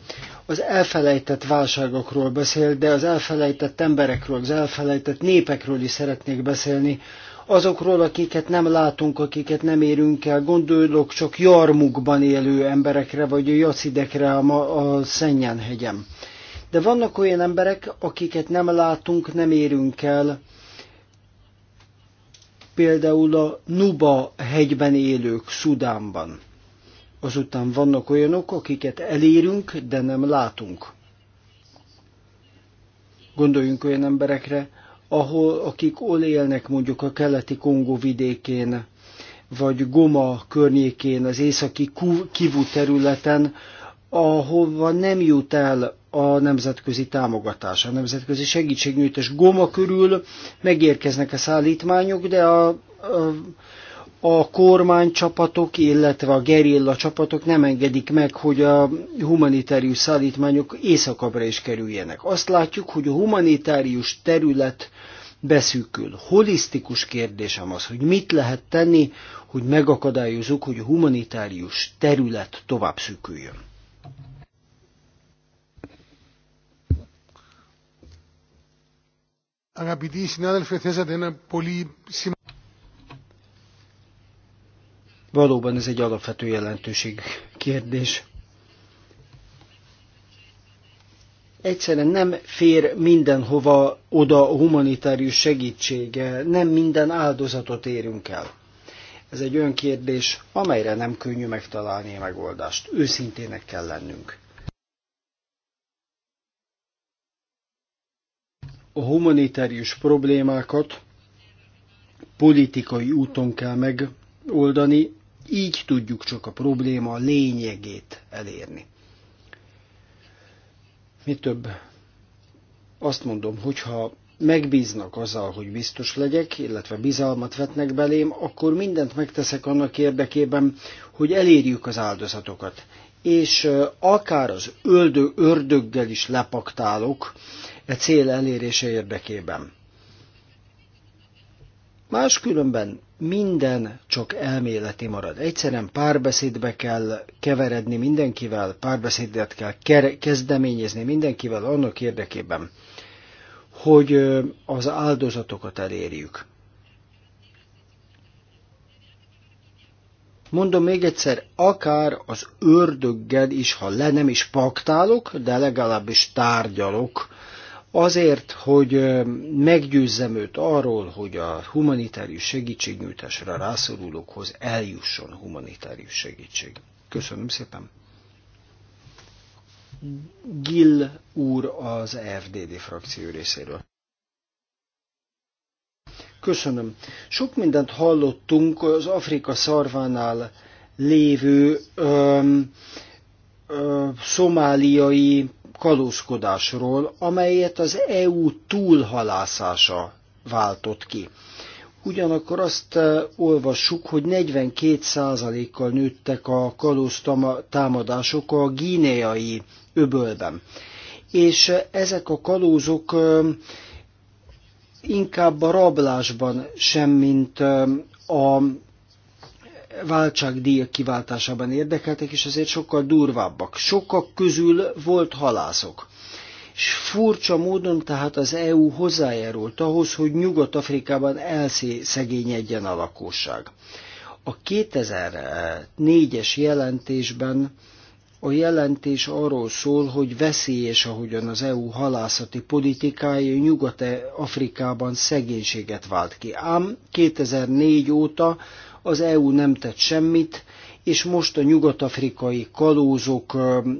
Az elfelejtett válságokról beszél, de az elfelejtett emberekről, az elfelejtett népekről is szeretnék beszélni, azokról, akiket nem látunk, akiket nem érünk el, gondolok csak jarmukban élő emberekre, vagy a jacidekre a, a Szennyánhegyen. De vannak olyan emberek, akiket nem látunk, nem érünk el, például a Nuba hegyben élők Szudánban. Azután vannak olyanok, akiket elérünk, de nem látunk. Gondoljunk olyan emberekre, ahol, akik élnek mondjuk a keleti Kongó vidékén, vagy Goma környékén, az északi Kivu területen, ahova nem jut el a nemzetközi támogatás, a nemzetközi segítségnyújtás. Goma körül megérkeznek a szállítmányok, de a, a a kormánycsapatok, illetve a gerilla csapatok nem engedik meg, hogy a humanitárius szállítmányok északabbra is kerüljenek. Azt látjuk, hogy a humanitárius terület beszűkül. Holisztikus kérdésem az, hogy mit lehet tenni, hogy megakadályozzuk, hogy a humanitárius terület tovább szűküljön. Αγαπητοί συνάδελφοι, θέσατε ένα πολύ σημαντικό Valóban ez egy alapvető jelentőség kérdés. Egyszerűen nem fér mindenhova oda a humanitárius segítsége, nem minden áldozatot érünk el. Ez egy olyan kérdés, amelyre nem könnyű megtalálni a megoldást. Őszintének kell lennünk. A humanitárius problémákat politikai úton kell megoldani, így tudjuk csak a probléma lényegét elérni. Mi több, azt mondom, hogyha megbíznak azzal, hogy biztos legyek, illetve bizalmat vetnek belém, akkor mindent megteszek annak érdekében, hogy elérjük az áldozatokat. És akár az öldő, ördöggel is lepaktálok e cél elérése érdekében. Máskülönben minden csak elméleti marad. Egyszerűen párbeszédbe kell keveredni mindenkivel, párbeszédet kell kezdeményezni mindenkivel annak érdekében, hogy az áldozatokat elérjük. Mondom még egyszer, akár az ördöggel is, ha le nem is paktálok, de legalábbis tárgyalok, azért, hogy meggyőzzem őt arról, hogy a humanitárius segítségnyújtásra rászorulókhoz eljusson humanitárius segítség. Köszönöm szépen. Gill úr az FDD frakció részéről. Köszönöm. Sok mindent hallottunk az Afrika szarvánál lévő öm, ö, szomáliai kalózkodásról, amelyet az EU túlhalászása váltott ki. Ugyanakkor azt e, olvassuk, hogy 42%-kal nőttek a kalóz támadások a gíneai öbölben. És e, ezek a kalózok e, inkább a rablásban sem, mint a váltságdíjak kiváltásában érdekeltek, és ezért sokkal durvábbak. Sokak közül volt halászok. És furcsa módon tehát az EU hozzájárult ahhoz, hogy Nyugat-Afrikában elszegényedjen a lakosság. A 2004-es jelentésben a jelentés arról szól, hogy veszélyes, ahogyan az EU halászati politikája Nyugat-Afrikában szegénységet vált ki. Ám 2004 óta az EU nem tett semmit, és most a nyugat-afrikai kalózok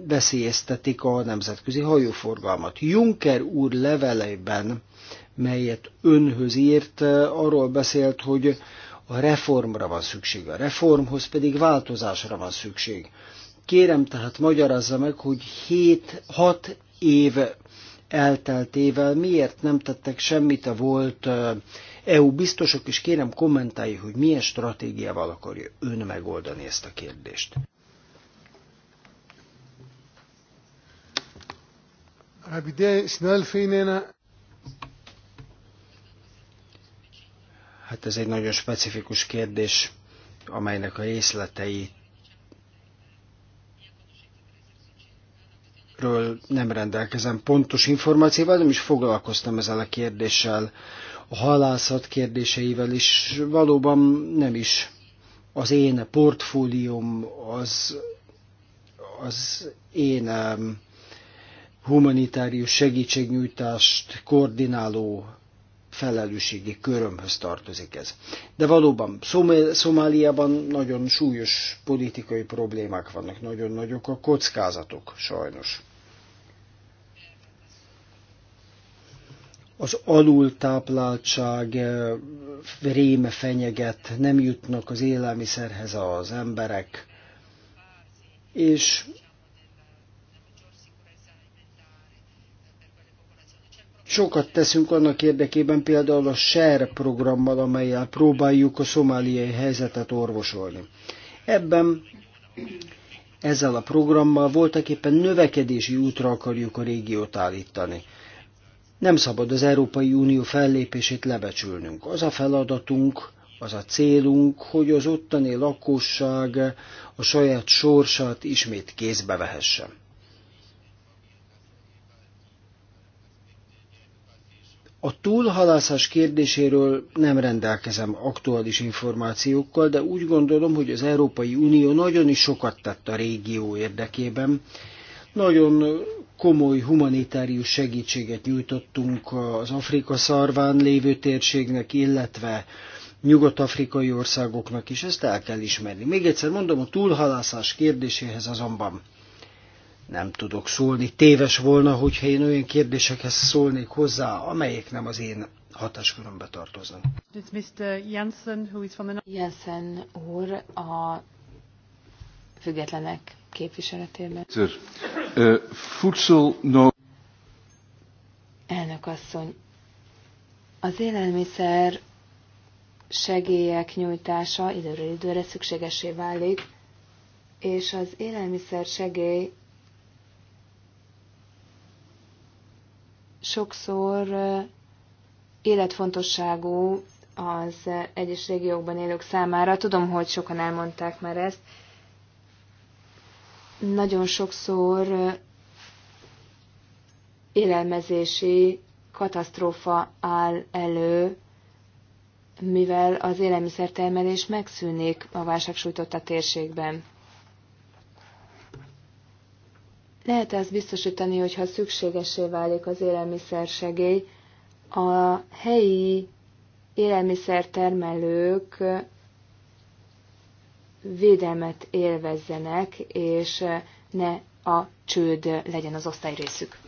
veszélyeztetik a nemzetközi hajóforgalmat. Juncker úr leveleiben melyet önhöz írt, arról beszélt, hogy a reformra van szükség, a reformhoz pedig változásra van szükség. Kérem tehát magyarázza meg, hogy 7-6 év elteltével miért nem tettek semmit a volt EU biztosok is kérem kommentálja, hogy milyen stratégiával akarja ön megoldani ezt a kérdést. Hát ez egy nagyon specifikus kérdés, amelynek a részletei ről nem rendelkezem pontos információval, nem is foglalkoztam ezzel a kérdéssel a halászat kérdéseivel, és valóban nem is az én portfólium, az, az én humanitárius segítségnyújtást koordináló felelősségi körömhöz tartozik ez. De valóban, Szomáliában nagyon súlyos politikai problémák vannak, nagyon nagyok a kockázatok, sajnos. az alultápláltság eh, réme fenyeget, nem jutnak az élelmiszerhez az emberek, és sokat teszünk annak érdekében, például a SHARE programmal, amelyel próbáljuk a szomáliai helyzetet orvosolni. Ebben ezzel a programmal voltak éppen növekedési útra akarjuk a régiót állítani. Nem szabad az Európai Unió fellépését lebecsülnünk. Az a feladatunk, az a célunk, hogy az ottani lakosság a saját sorsát ismét kézbe vehesse. A túlhalászás kérdéséről nem rendelkezem aktuális információkkal, de úgy gondolom, hogy az Európai Unió nagyon is sokat tett a régió érdekében. Nagyon komoly humanitárius segítséget nyújtottunk az Afrika szarván lévő térségnek, illetve nyugat-afrikai országoknak is, ezt el kell ismerni. Még egyszer mondom, a túlhalászás kérdéséhez azonban nem tudok szólni. Téves volna, hogyha én olyan kérdésekhez szólnék hozzá, amelyek nem az én hatáskörömbe tartoznak. Jensen, the... Jensen úr a függetlenek képviseletében. Sir. Eh, Elnök asszony, az élelmiszer segélyek nyújtása időről időre szükségesé válik, és az élelmiszer segély sokszor eh, életfontosságú az egyes régiókban élők számára. Tudom, hogy sokan elmondták már ezt, nagyon sokszor élelmezési katasztrófa áll elő, mivel az élelmiszertermelés megszűnik a válság sújtotta térségben. Lehet ezt biztosítani, hogyha szükségesé válik az élelmiszersegély, a helyi élelmiszertermelők védelmet élvezzenek, és ne a csőd legyen az osztály részük.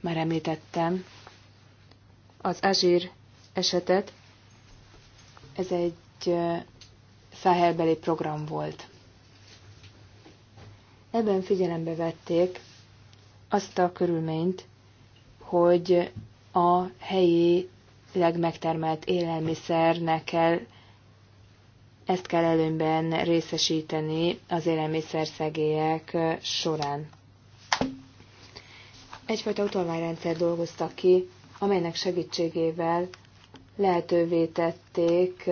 Már említettem az Azsír esetet. Ez egy száhelbeli program volt. Ebben figyelembe vették azt a körülményt, hogy a helyi megtermelt élelmiszernek kell, ezt kell előnyben részesíteni az élelmiszer szegélyek során. Egyfajta utalványrendszer dolgoztak ki, amelynek segítségével lehetővé tették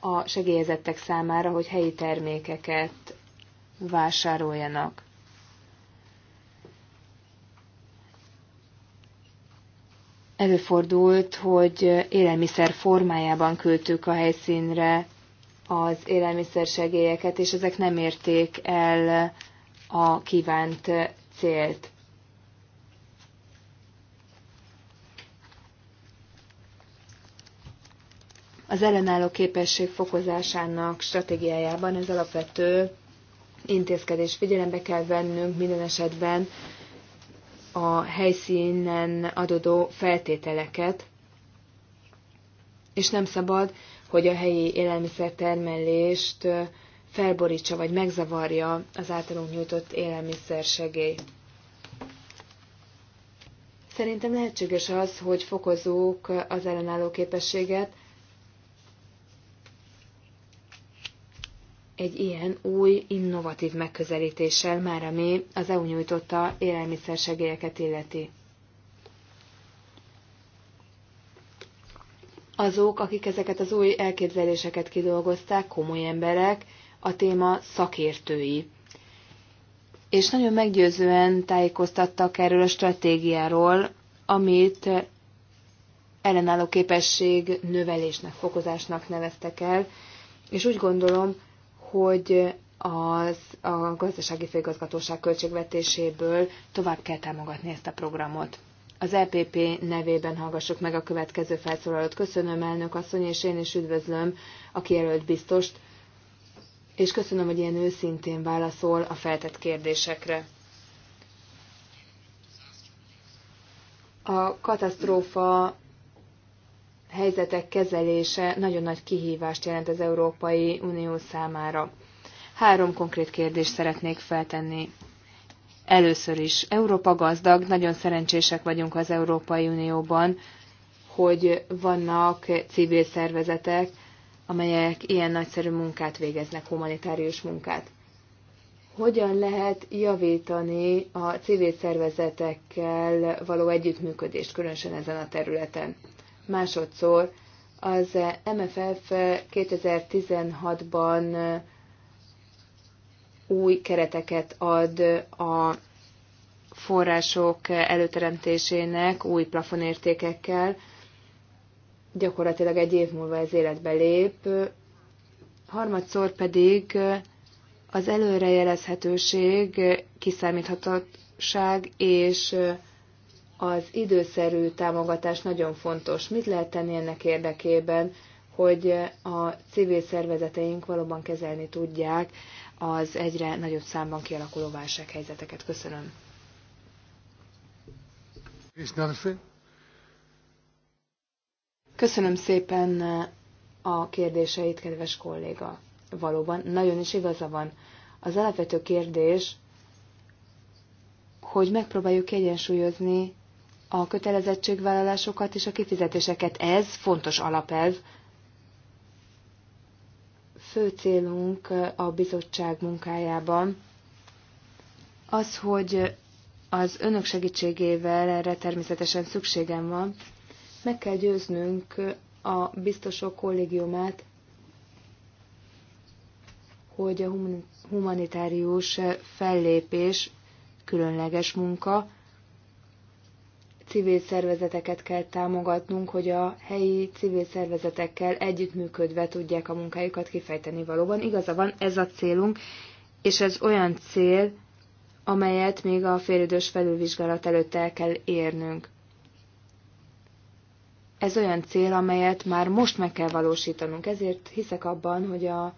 a segélyezettek számára, hogy helyi termékeket vásároljanak. előfordult, hogy élelmiszer formájában küldtük a helyszínre az élelmiszersegélyeket, és ezek nem érték el a kívánt célt. Az ellenálló képesség fokozásának stratégiájában ez alapvető intézkedés figyelembe kell vennünk minden esetben a helyszínen adódó feltételeket, és nem szabad, hogy a helyi élelmiszertermelést felborítsa vagy megzavarja az általunk nyújtott segély. Szerintem lehetséges az, hogy fokozzuk az ellenálló képességet, egy ilyen új, innovatív megközelítéssel már, ami az EU nyújtotta élelmiszersegélyeket illeti. Azok, akik ezeket az új elképzeléseket kidolgozták, komoly emberek, a téma szakértői. És nagyon meggyőzően tájékoztattak erről a stratégiáról, amit ellenálló képesség növelésnek, fokozásnak neveztek el, és úgy gondolom, hogy az, a gazdasági főigazgatóság költségvetéséből tovább kell támogatni ezt a programot. Az EPP nevében hallgassuk meg a következő felszólalót. Köszönöm, elnök asszony, és én is üdvözlöm a kijelölt biztost, és köszönöm, hogy ilyen őszintén válaszol a feltett kérdésekre. A katasztrófa helyzetek kezelése nagyon nagy kihívást jelent az Európai Unió számára. Három konkrét kérdést szeretnék feltenni. Először is, Európa gazdag, nagyon szerencsések vagyunk az Európai Unióban, hogy vannak civil szervezetek, amelyek ilyen nagyszerű munkát végeznek, humanitárius munkát. Hogyan lehet javítani a civil szervezetekkel való együttműködést, különösen ezen a területen? Másodszor az MFF 2016-ban új kereteket ad a források előteremtésének új plafonértékekkel. Gyakorlatilag egy év múlva ez életbe lép. Harmadszor pedig az előrejelezhetőség, kiszámíthatóság és az időszerű támogatás nagyon fontos. Mit lehet tenni ennek érdekében, hogy a civil szervezeteink valóban kezelni tudják az egyre nagyobb számban kialakuló válsághelyzeteket? Köszönöm. Köszönöm szépen a kérdéseit, kedves kolléga. Valóban, nagyon is igaza van. Az alapvető kérdés, hogy megpróbáljuk egyensúlyozni a kötelezettségvállalásokat és a kifizetéseket. Ez fontos alapelv. Fő célunk a bizottság munkájában az, hogy az önök segítségével erre természetesen szükségem van, meg kell győznünk a biztosok kollégiumát, hogy a humanitárius fellépés különleges munka, civil szervezeteket kell támogatnunk, hogy a helyi civil szervezetekkel együttműködve tudják a munkájukat kifejteni valóban. Igaza van, ez a célunk, és ez olyan cél, amelyet még a félidős felülvizsgálat előtt el kell érnünk. Ez olyan cél, amelyet már most meg kell valósítanunk, ezért hiszek abban, hogy a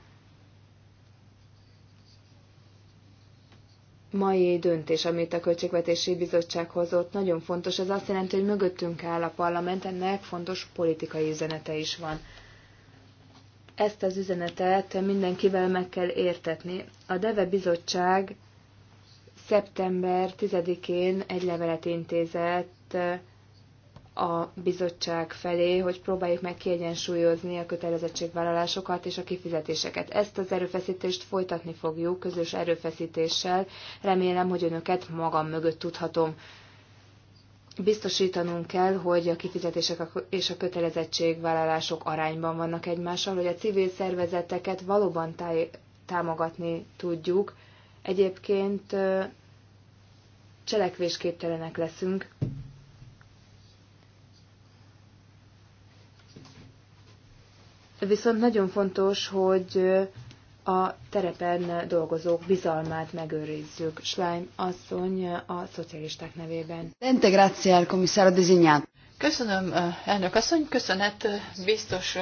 mai döntés, amit a Költségvetési Bizottság hozott, nagyon fontos. Ez azt jelenti, hogy mögöttünk áll a parlament, ennek fontos politikai üzenete is van. Ezt az üzenetet mindenkivel meg kell értetni. A DEVE Bizottság szeptember 10-én egy levelet intézett a bizottság felé, hogy próbáljuk meg kiegyensúlyozni a kötelezettségvállalásokat és a kifizetéseket. Ezt az erőfeszítést folytatni fogjuk közös erőfeszítéssel. Remélem, hogy önöket magam mögött tudhatom. Biztosítanunk kell, hogy a kifizetések és a kötelezettségvállalások arányban vannak egymással, hogy a civil szervezeteket valóban táj- támogatni tudjuk. Egyébként cselekvésképtelenek leszünk, Viszont nagyon fontos, hogy a terepen dolgozók bizalmát megőrizzük. Schlein asszony a szocialisták nevében. Integráciál komisszára dizinyát. Köszönöm, elnök asszony, köszönet biztos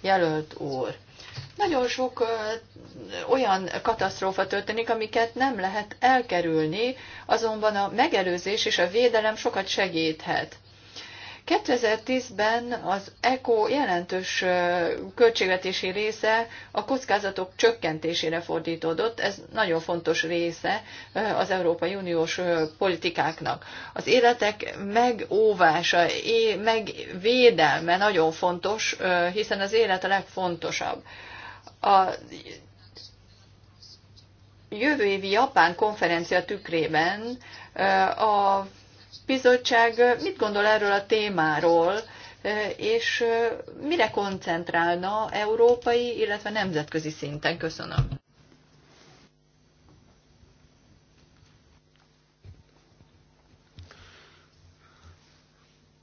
jelölt úr. Nagyon sok olyan katasztrófa történik, amiket nem lehet elkerülni, azonban a megelőzés és a védelem sokat segíthet. 2010-ben az ECO jelentős költségvetési része a kockázatok csökkentésére fordítódott. Ez nagyon fontos része az Európai Uniós politikáknak. Az életek megóvása, megvédelme nagyon fontos, hiszen az élet a legfontosabb. A jövő évi Japán konferencia tükrében a bizottság mit gondol erről a témáról, és mire koncentrálna európai, illetve nemzetközi szinten? Köszönöm.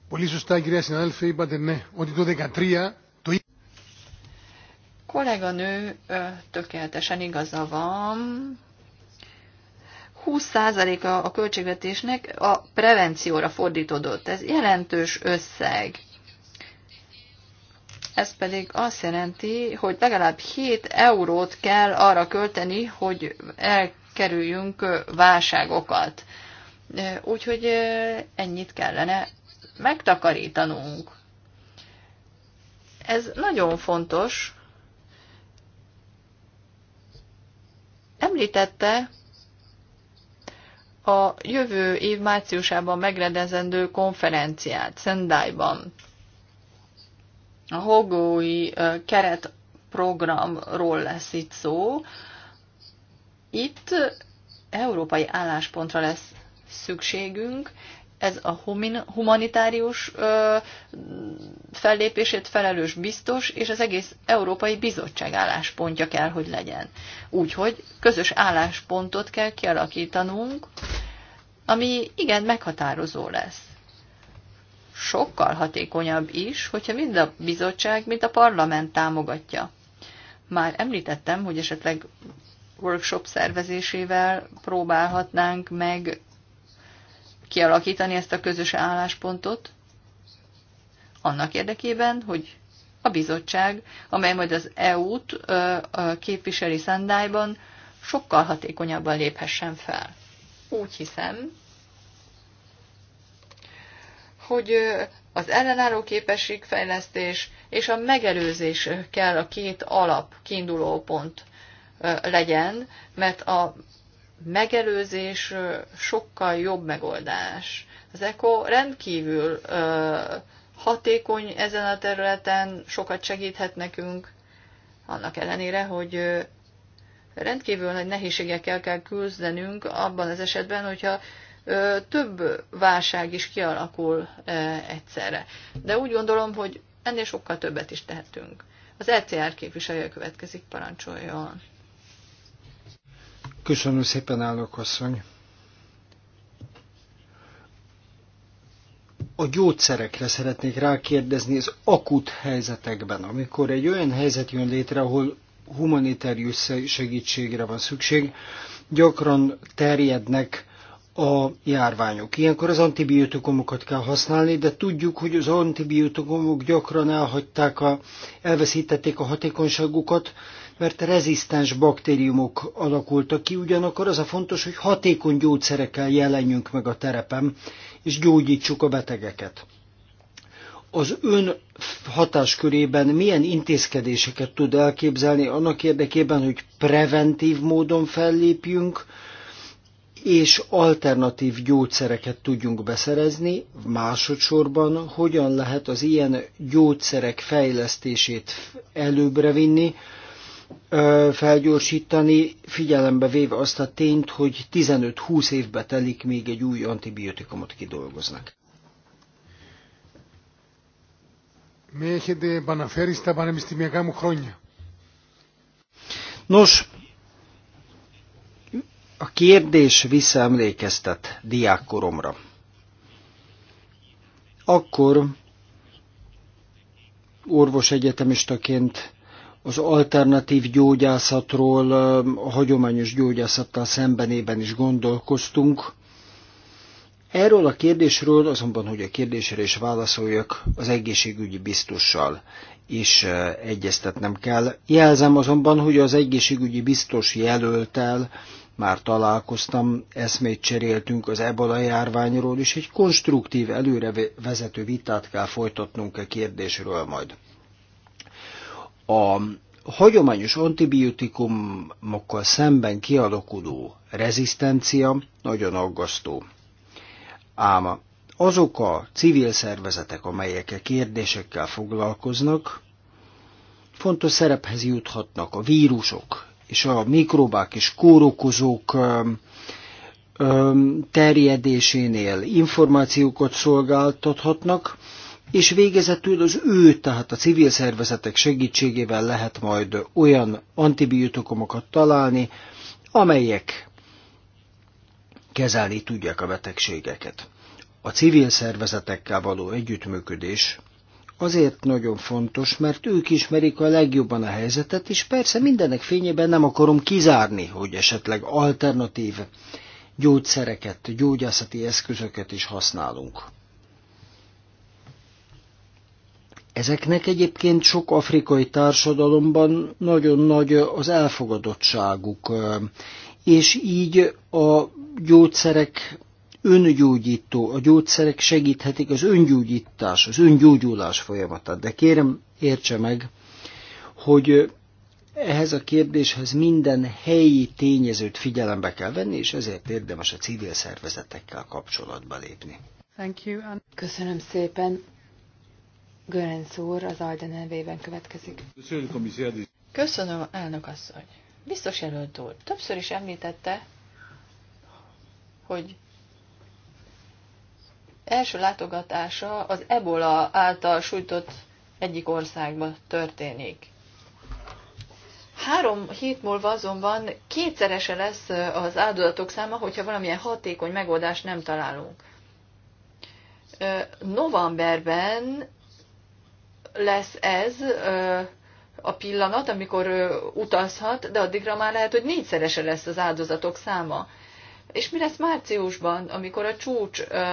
Πολύ σωστά κυρία συνάδελφε είπατε ναι, ότι το 2013 το Kolléganő tökéletesen igaza van, 20%-a a költségvetésnek a prevencióra fordítódott. Ez jelentős összeg. Ez pedig azt jelenti, hogy legalább 7 eurót kell arra költeni, hogy elkerüljünk válságokat. Úgyhogy ennyit kellene megtakarítanunk. Ez nagyon fontos. Említette, a jövő év márciusában megrendezendő konferenciát Szendályban. A Hogói keretprogramról lesz itt szó. Itt európai álláspontra lesz szükségünk, ez a humanitárius fellépését felelős biztos, és az egész Európai Bizottság álláspontja kell, hogy legyen. Úgyhogy közös álláspontot kell kialakítanunk, ami igen meghatározó lesz. Sokkal hatékonyabb is, hogyha mind a bizottság, mint a parlament támogatja. Már említettem, hogy esetleg workshop szervezésével próbálhatnánk meg kialakítani ezt a közös álláspontot, annak érdekében, hogy a bizottság, amely majd az EU-t képviseli Szendályban, sokkal hatékonyabban léphessen fel. Úgy hiszem, hogy az ellenálló képességfejlesztés és a megelőzés kell a két alap kiinduló pont legyen, mert a megelőzés sokkal jobb megoldás. Az ECO rendkívül hatékony ezen a területen, sokat segíthet nekünk, annak ellenére, hogy rendkívül nagy nehézségekkel kell küzdenünk abban az esetben, hogyha több válság is kialakul egyszerre. De úgy gondolom, hogy ennél sokkal többet is tehetünk. Az ECR képviselője következik, parancsoljon. Köszönöm szépen, állok asszony. A gyógyszerekre szeretnék rákérdezni az akut helyzetekben, amikor egy olyan helyzet jön létre, ahol humanitárius segítségre van szükség, gyakran terjednek a járványok. Ilyenkor az antibiotikumokat kell használni, de tudjuk, hogy az antibiotikumok gyakran elhagyták a, elveszítették a hatékonyságukat, mert rezisztens baktériumok alakultak ki, ugyanakkor az a fontos, hogy hatékony gyógyszerekkel jelenjünk meg a terepen, és gyógyítsuk a betegeket. Az ön hatáskörében milyen intézkedéseket tud elképzelni annak érdekében, hogy preventív módon fellépjünk, és alternatív gyógyszereket tudjunk beszerezni, másodszorban hogyan lehet az ilyen gyógyszerek fejlesztését előbbre vinni, felgyorsítani, figyelembe véve azt a tényt, hogy 15-20 évbe telik, még egy új antibiotikumot kidolgoznak. Nos, a kérdés visszaemlékeztet diákkoromra. Akkor orvos egyetemistaként az alternatív gyógyászatról, a hagyományos gyógyászattal szembenében is gondolkoztunk. Erről a kérdésről azonban, hogy a kérdésre is válaszoljak, az egészségügyi biztossal is egyeztetnem kell. Jelzem azonban, hogy az egészségügyi biztos jelöltel már találkoztam, eszmét cseréltünk az ebola járványról, és egy konstruktív előrevezető vitát kell folytatnunk a e kérdésről majd. A hagyományos antibiotikumokkal szemben kialakuló rezisztencia nagyon aggasztó. Ám azok a civil szervezetek, amelyek a e kérdésekkel foglalkoznak, fontos szerephez juthatnak a vírusok és a mikrobák és kórokozók terjedésénél információkat szolgáltathatnak, és végezetül az ő, tehát a civil szervezetek segítségével lehet majd olyan antibiotikumokat találni, amelyek kezelni tudják a betegségeket. A civil szervezetekkel való együttműködés azért nagyon fontos, mert ők ismerik a legjobban a helyzetet, és persze mindenek fényében nem akarom kizárni, hogy esetleg alternatív gyógyszereket, gyógyászati eszközöket is használunk. Ezeknek egyébként sok afrikai társadalomban nagyon nagy az elfogadottságuk, és így a gyógyszerek öngyógyító, a gyógyszerek segíthetik az öngyógyítás, az öngyógyulás folyamatát. De kérem, értse meg, hogy ehhez a kérdéshez minden helyi tényezőt figyelembe kell venni, és ezért érdemes a civil szervezetekkel kapcsolatba lépni. Thank you. Köszönöm szépen. Görenc úr az Alde nevében következik. Köszönöm, elnök asszony. Biztos jelölt úr, többször is említette, hogy első látogatása az ebola által sújtott egyik országba történik. Három hét múlva azonban kétszerese lesz az áldozatok száma, hogyha valamilyen hatékony megoldást nem találunk. Novemberben lesz ez a pillanat, amikor utazhat, de addigra már lehet, hogy négyszerese lesz az áldozatok száma. És mi lesz márciusban, amikor a csúcs ö,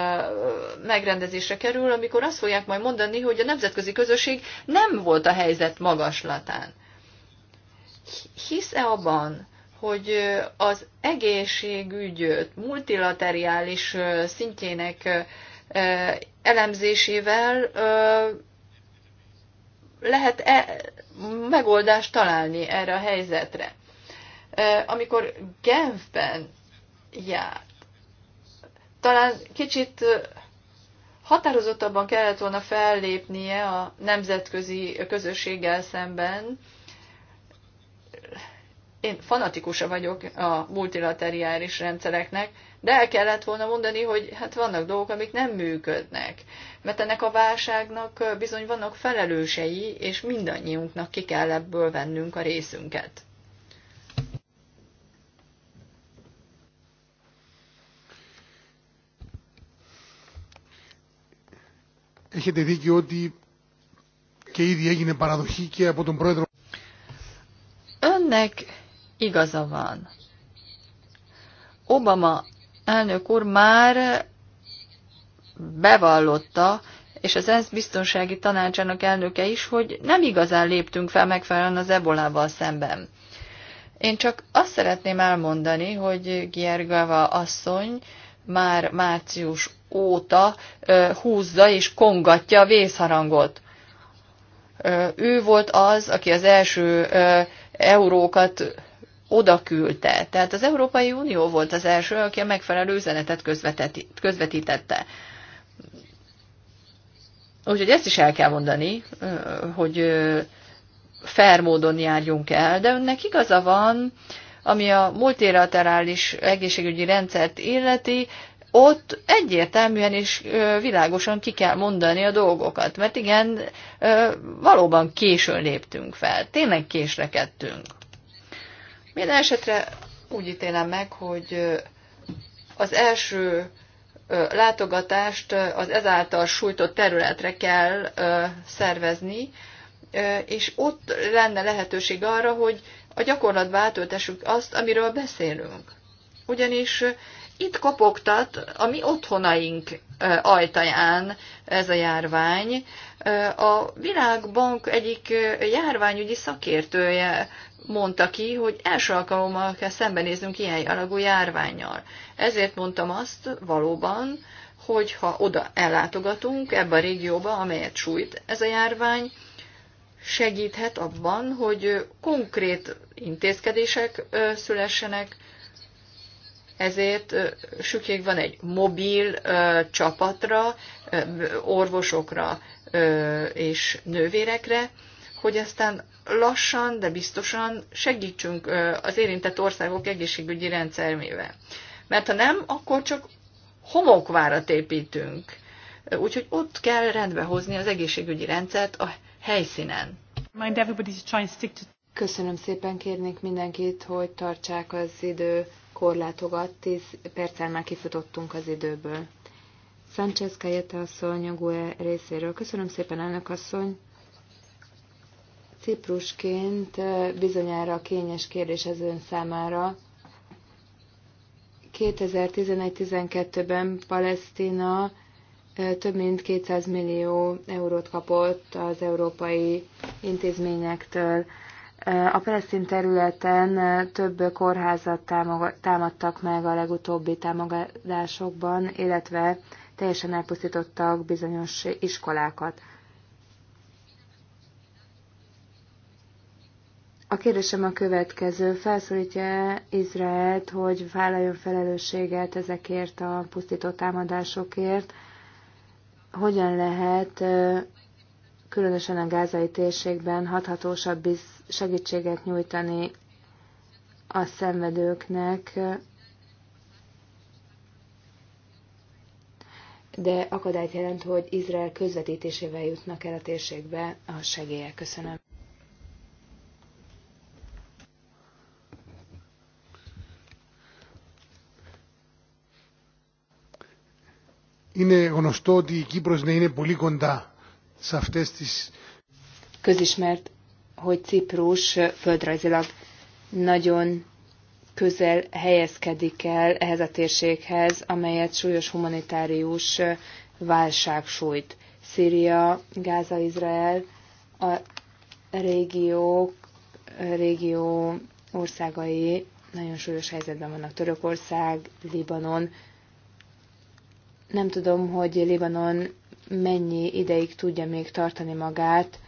megrendezésre kerül, amikor azt fogják majd mondani, hogy a nemzetközi közösség nem volt a helyzet magaslatán? Hisz-e abban, hogy az egészségügyöt multilateriális szintjének elemzésével lehet-e megoldást találni erre a helyzetre. Amikor Genfben járt, talán kicsit határozottabban kellett volna fellépnie a nemzetközi közösséggel szemben, én fanatikusa vagyok a multilateriális rendszereknek, de el kellett volna mondani, hogy hát vannak dolgok, amik nem működnek. Mert ennek a válságnak bizony vannak felelősei, és mindannyiunknak ki kell ebből vennünk a részünket. Έχετε δίκιο ότι και ήδη έγινε παραδοχή και από τον πρόεδρο. Önnek igaza van. Obama elnök úr már bevallotta, és az ENSZ biztonsági tanácsának elnöke is, hogy nem igazán léptünk fel megfelelően az ebolával szemben. Én csak azt szeretném elmondani, hogy Giergava asszony már március óta húzza és kongatja a vészharangot. Ő volt az, aki az első eurókat oda küldte. Tehát az Európai Unió volt az első, aki a megfelelő üzenetet közvetítette. Úgyhogy ezt is el kell mondani, hogy fair módon járjunk el, de önnek igaza van, ami a multilaterális egészségügyi rendszert illeti, ott egyértelműen és világosan ki kell mondani a dolgokat, mert igen, valóban későn léptünk fel, tényleg késlekedtünk. Minden esetre úgy ítélem meg, hogy az első látogatást az ezáltal sújtott területre kell szervezni, és ott lenne lehetőség arra, hogy a gyakorlatba átöltessük azt, amiről beszélünk. Ugyanis itt kopogtat a mi otthonaink ajtaján ez a járvány. A Világbank egyik járványügyi szakértője mondta ki, hogy első alkalommal kell szembenéznünk ilyen jellegű járványjal. Ezért mondtam azt valóban, hogy ha oda ellátogatunk ebbe a régióba, amelyet sújt ez a járvány, segíthet abban, hogy konkrét intézkedések szülessenek, ezért szükség van egy mobil csapatra, orvosokra és nővérekre, hogy aztán lassan, de biztosan segítsünk az érintett országok egészségügyi rendszermével. Mert ha nem, akkor csak homokvárat építünk. Úgyhogy ott kell rendbe hozni az egészségügyi rendszert a helyszínen. Köszönöm szépen, kérnék mindenkit, hogy tartsák az idő korlátogat. Tíz perccel már kifutottunk az időből. Sánchez Cayeta asszony a GUE részéről. Köszönöm szépen, elnök asszony. Ciprusként bizonyára kényes kérdés ez ön számára. 2011-12-ben Palesztina több mint 200 millió eurót kapott az európai intézményektől. A palesztin területen több kórházat támadtak meg a legutóbbi támogatásokban, illetve teljesen elpusztítottak bizonyos iskolákat. A kérdésem a következő. Felszólítja Izraelt, hogy vállaljon felelősséget ezekért a pusztító támadásokért? Hogyan lehet különösen a gázai térségben hathatósabb segítséget nyújtani a szenvedőknek, de akadályt jelent, hogy Izrael közvetítésével jutnak el a térségbe a segélyek. Köszönöm. Είναι γνωστό ότι η Κύπρος να είναι πολύ κοντά σε αυτές τις... Közismert, hogy Ciprus földrajzilag nagyon közel helyezkedik el ehhez a térséghez, amelyet súlyos humanitárius válság sújt. Szíria, Gáza, Izrael, a régiók, régió országai nagyon súlyos helyzetben vannak. Törökország, Libanon, nem tudom, hogy Libanon mennyi ideig tudja még tartani magát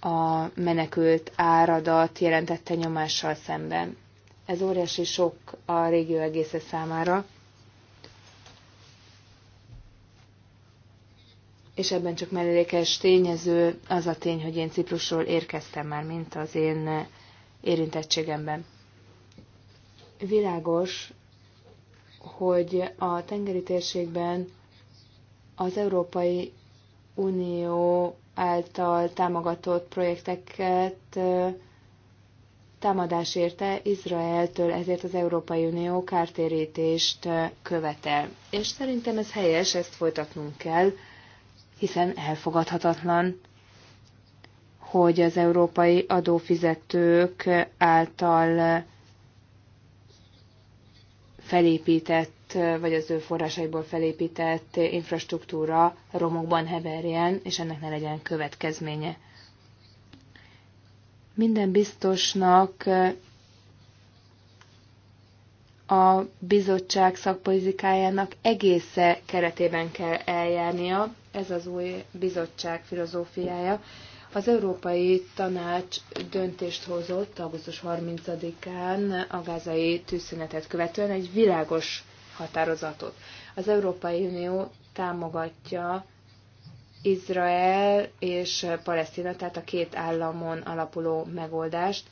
a menekült áradat jelentette nyomással szemben. Ez óriási sok a régió egésze számára. és ebben csak mellékes tényező az a tény, hogy én Ciprusról érkeztem már, mint az én érintettségemben. Világos, hogy a tengeri térségben az Európai Unió által támogatott projekteket támadás érte Izraeltől, ezért az Európai Unió kártérítést követel. És szerintem ez helyes, ezt folytatnunk kell, hiszen elfogadhatatlan, hogy az európai adófizetők által felépített, vagy az ő forrásaiból felépített infrastruktúra romokban heverjen, és ennek ne legyen következménye. Minden biztosnak a bizottság szakpolitikájának egésze keretében kell eljárnia, ez az új bizottság filozófiája, az Európai Tanács döntést hozott augusztus 30-án a gázai tűzszünetet követően egy világos határozatot. Az Európai Unió támogatja Izrael és Palesztina, tehát a két államon alapuló megoldást.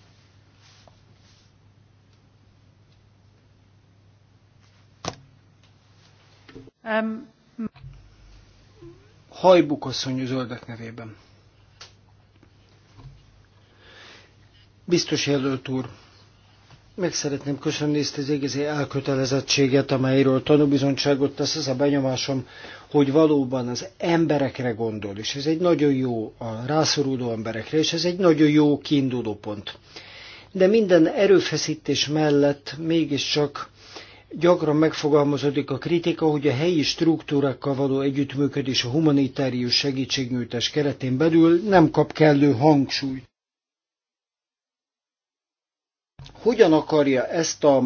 Um, Hajbuk asszony zöldek nevében. Biztos jelölt úr, meg szeretném köszönni ezt az egész elkötelezettséget, amelyről tanúbizonyságot tesz. Ez a benyomásom, hogy valóban az emberekre gondol, és ez egy nagyon jó, a rászoruló emberekre, és ez egy nagyon jó kiinduló pont. De minden erőfeszítés mellett mégiscsak gyakran megfogalmazódik a kritika, hogy a helyi struktúrákkal való együttműködés a humanitárius segítségnyújtás keretén belül nem kap kellő hangsúlyt. Hogyan akarja ezt a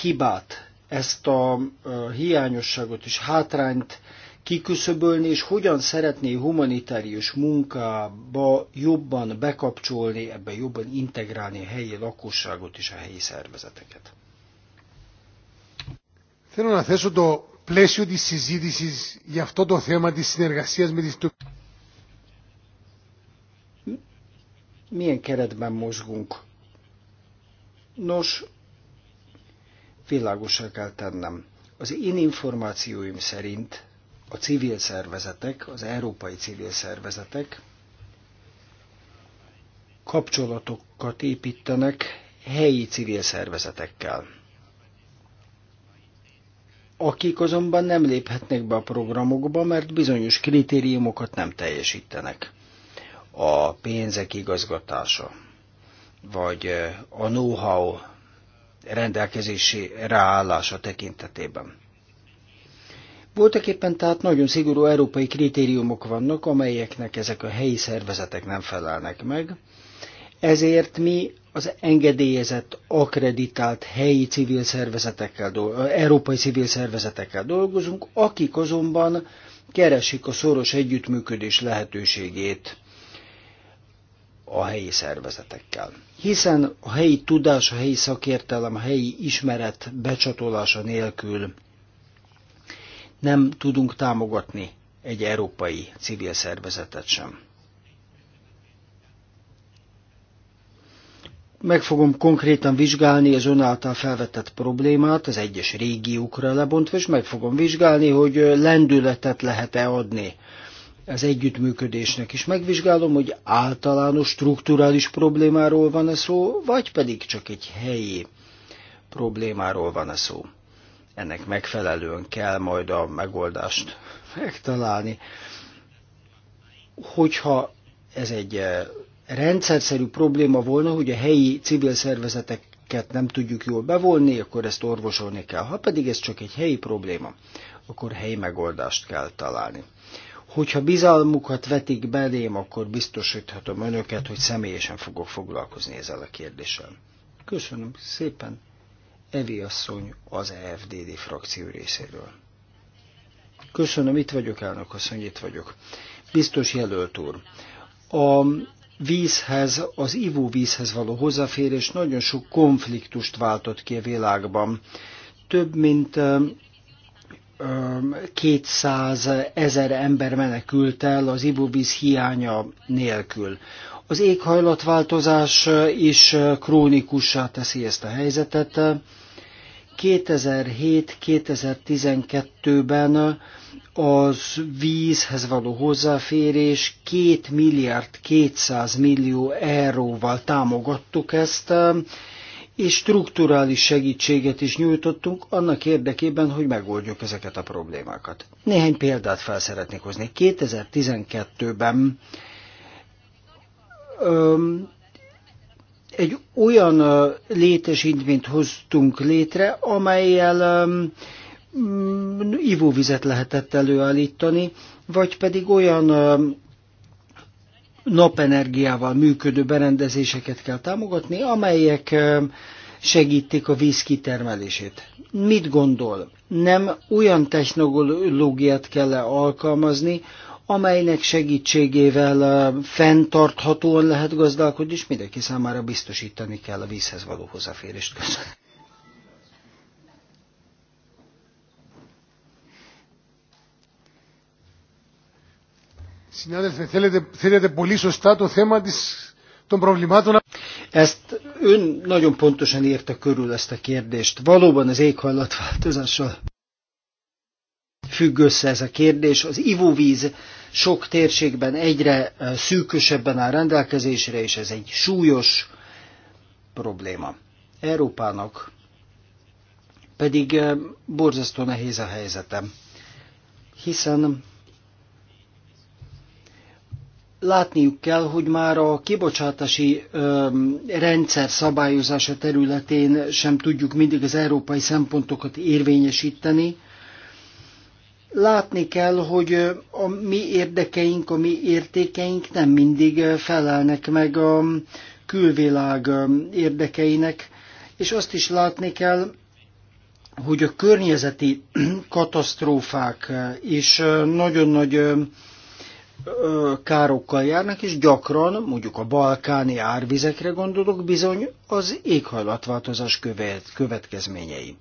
hibát, ezt a hiányosságot és hátrányt kiküszöbölni, és hogyan szeretné humanitárius munkába jobban bekapcsolni, ebbe jobban integrálni a helyi lakosságot és a helyi szervezeteket. Θέλω να θέσω το πλαίσιο της συζήτησης για αυτό το θέμα της συνεργασίας με τις Milyen keretben mozgunk? Nos, világosá kell tennem. Az én információim szerint a civil szervezetek, az európai civil szervezetek kapcsolatokat építenek helyi civil szervezetekkel, akik azonban nem léphetnek be a programokba, mert bizonyos kritériumokat nem teljesítenek a pénzek igazgatása, vagy a know-how rendelkezési ráállása tekintetében. Voltak éppen tehát nagyon szigorú európai kritériumok vannak, amelyeknek ezek a helyi szervezetek nem felelnek meg, ezért mi az engedélyezett, akreditált helyi civil szervezetekkel, európai civil szervezetekkel dolgozunk, akik azonban keresik a szoros együttműködés lehetőségét a helyi szervezetekkel. Hiszen a helyi tudás, a helyi szakértelem, a helyi ismeret becsatolása nélkül nem tudunk támogatni egy európai civil szervezetet sem. Meg fogom konkrétan vizsgálni az ön által felvetett problémát, az egyes régiókra lebontva, és meg fogom vizsgálni, hogy lendületet lehet-e adni az együttműködésnek is. Megvizsgálom, hogy általános strukturális problémáról van-e szó, vagy pedig csak egy helyi problémáról van-e szó. Ennek megfelelően kell majd a megoldást megtalálni. Hogyha ez egy eh, rendszerszerű probléma volna, hogy a helyi civil szervezeteket nem tudjuk jól bevonni, akkor ezt orvosolni kell. Ha pedig ez csak egy helyi probléma, akkor helyi megoldást kell találni. Hogyha bizalmukat vetik belém, akkor biztosíthatom önöket, hogy személyesen fogok foglalkozni ezzel a kérdéssel. Köszönöm szépen. Evi asszony az EFDD frakció részéről. Köszönöm, itt vagyok, elnök asszony, itt vagyok. Biztos jelölt úr. A vízhez, az ivóvízhez való hozzáférés nagyon sok konfliktust váltott ki a világban. Több mint 200 ezer ember menekült el az ibubiz hiánya nélkül. Az éghajlatváltozás is krónikussá teszi ezt a helyzetet. 2007-2012-ben az vízhez való hozzáférés 2 milliárd 200 millió euróval támogattuk ezt, és strukturális segítséget is nyújtottunk annak érdekében, hogy megoldjuk ezeket a problémákat. Néhány példát fel szeretnék hozni. 2012-ben öm, egy olyan ö, létesítményt hoztunk létre, amelyel öm, ivóvizet lehetett előállítani, vagy pedig olyan öm, napenergiával működő berendezéseket kell támogatni, amelyek segítik a víz kitermelését. Mit gondol? Nem olyan technológiát kell -e alkalmazni, amelynek segítségével fenntarthatóan lehet gazdálkodni, és mindenki számára biztosítani kell a vízhez való hozzáférést. Köszönöm. Ezt ön nagyon pontosan érte körül ezt a kérdést. Valóban az éghajlatváltozással függ össze ez a kérdés. Az ivóvíz sok térségben egyre eh, szűkösebben áll rendelkezésre, és ez egy súlyos probléma. Európának pedig eh, borzasztó nehéz a helyzetem, hiszen látniuk kell, hogy már a kibocsátási ö, rendszer szabályozása területén sem tudjuk mindig az európai szempontokat érvényesíteni. Látni kell, hogy a mi érdekeink, a mi értékeink nem mindig felelnek meg a külvilág érdekeinek, és azt is látni kell, hogy a környezeti katasztrófák és nagyon nagy károkkal járnak, és gyakran, mondjuk a balkáni árvizekre gondolok, bizony az éghajlatváltozás követ, következményei.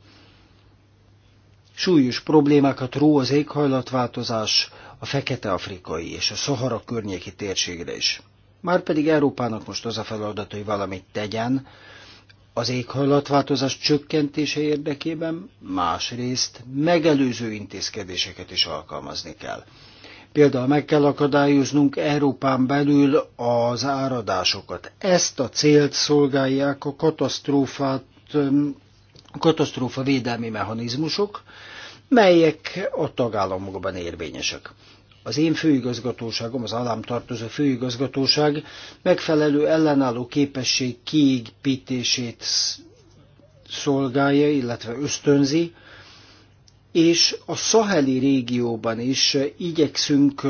Súlyos problémákat ró az éghajlatváltozás a fekete-afrikai és a Szahara környéki térségre is. Márpedig Európának most az a feladat, hogy valamit tegyen, az éghajlatváltozás csökkentése érdekében másrészt megelőző intézkedéseket is alkalmazni kell. Például meg kell akadályoznunk Európán belül az áradásokat. Ezt a célt szolgálják a katasztrófát, katasztrófa védelmi mechanizmusok, melyek a tagállamokban érvényesek. Az én főigazgatóságom, az állam tartozó főigazgatóság megfelelő ellenálló képesség kiépítését szolgálja, illetve ösztönzi, és a szaheli régióban is igyekszünk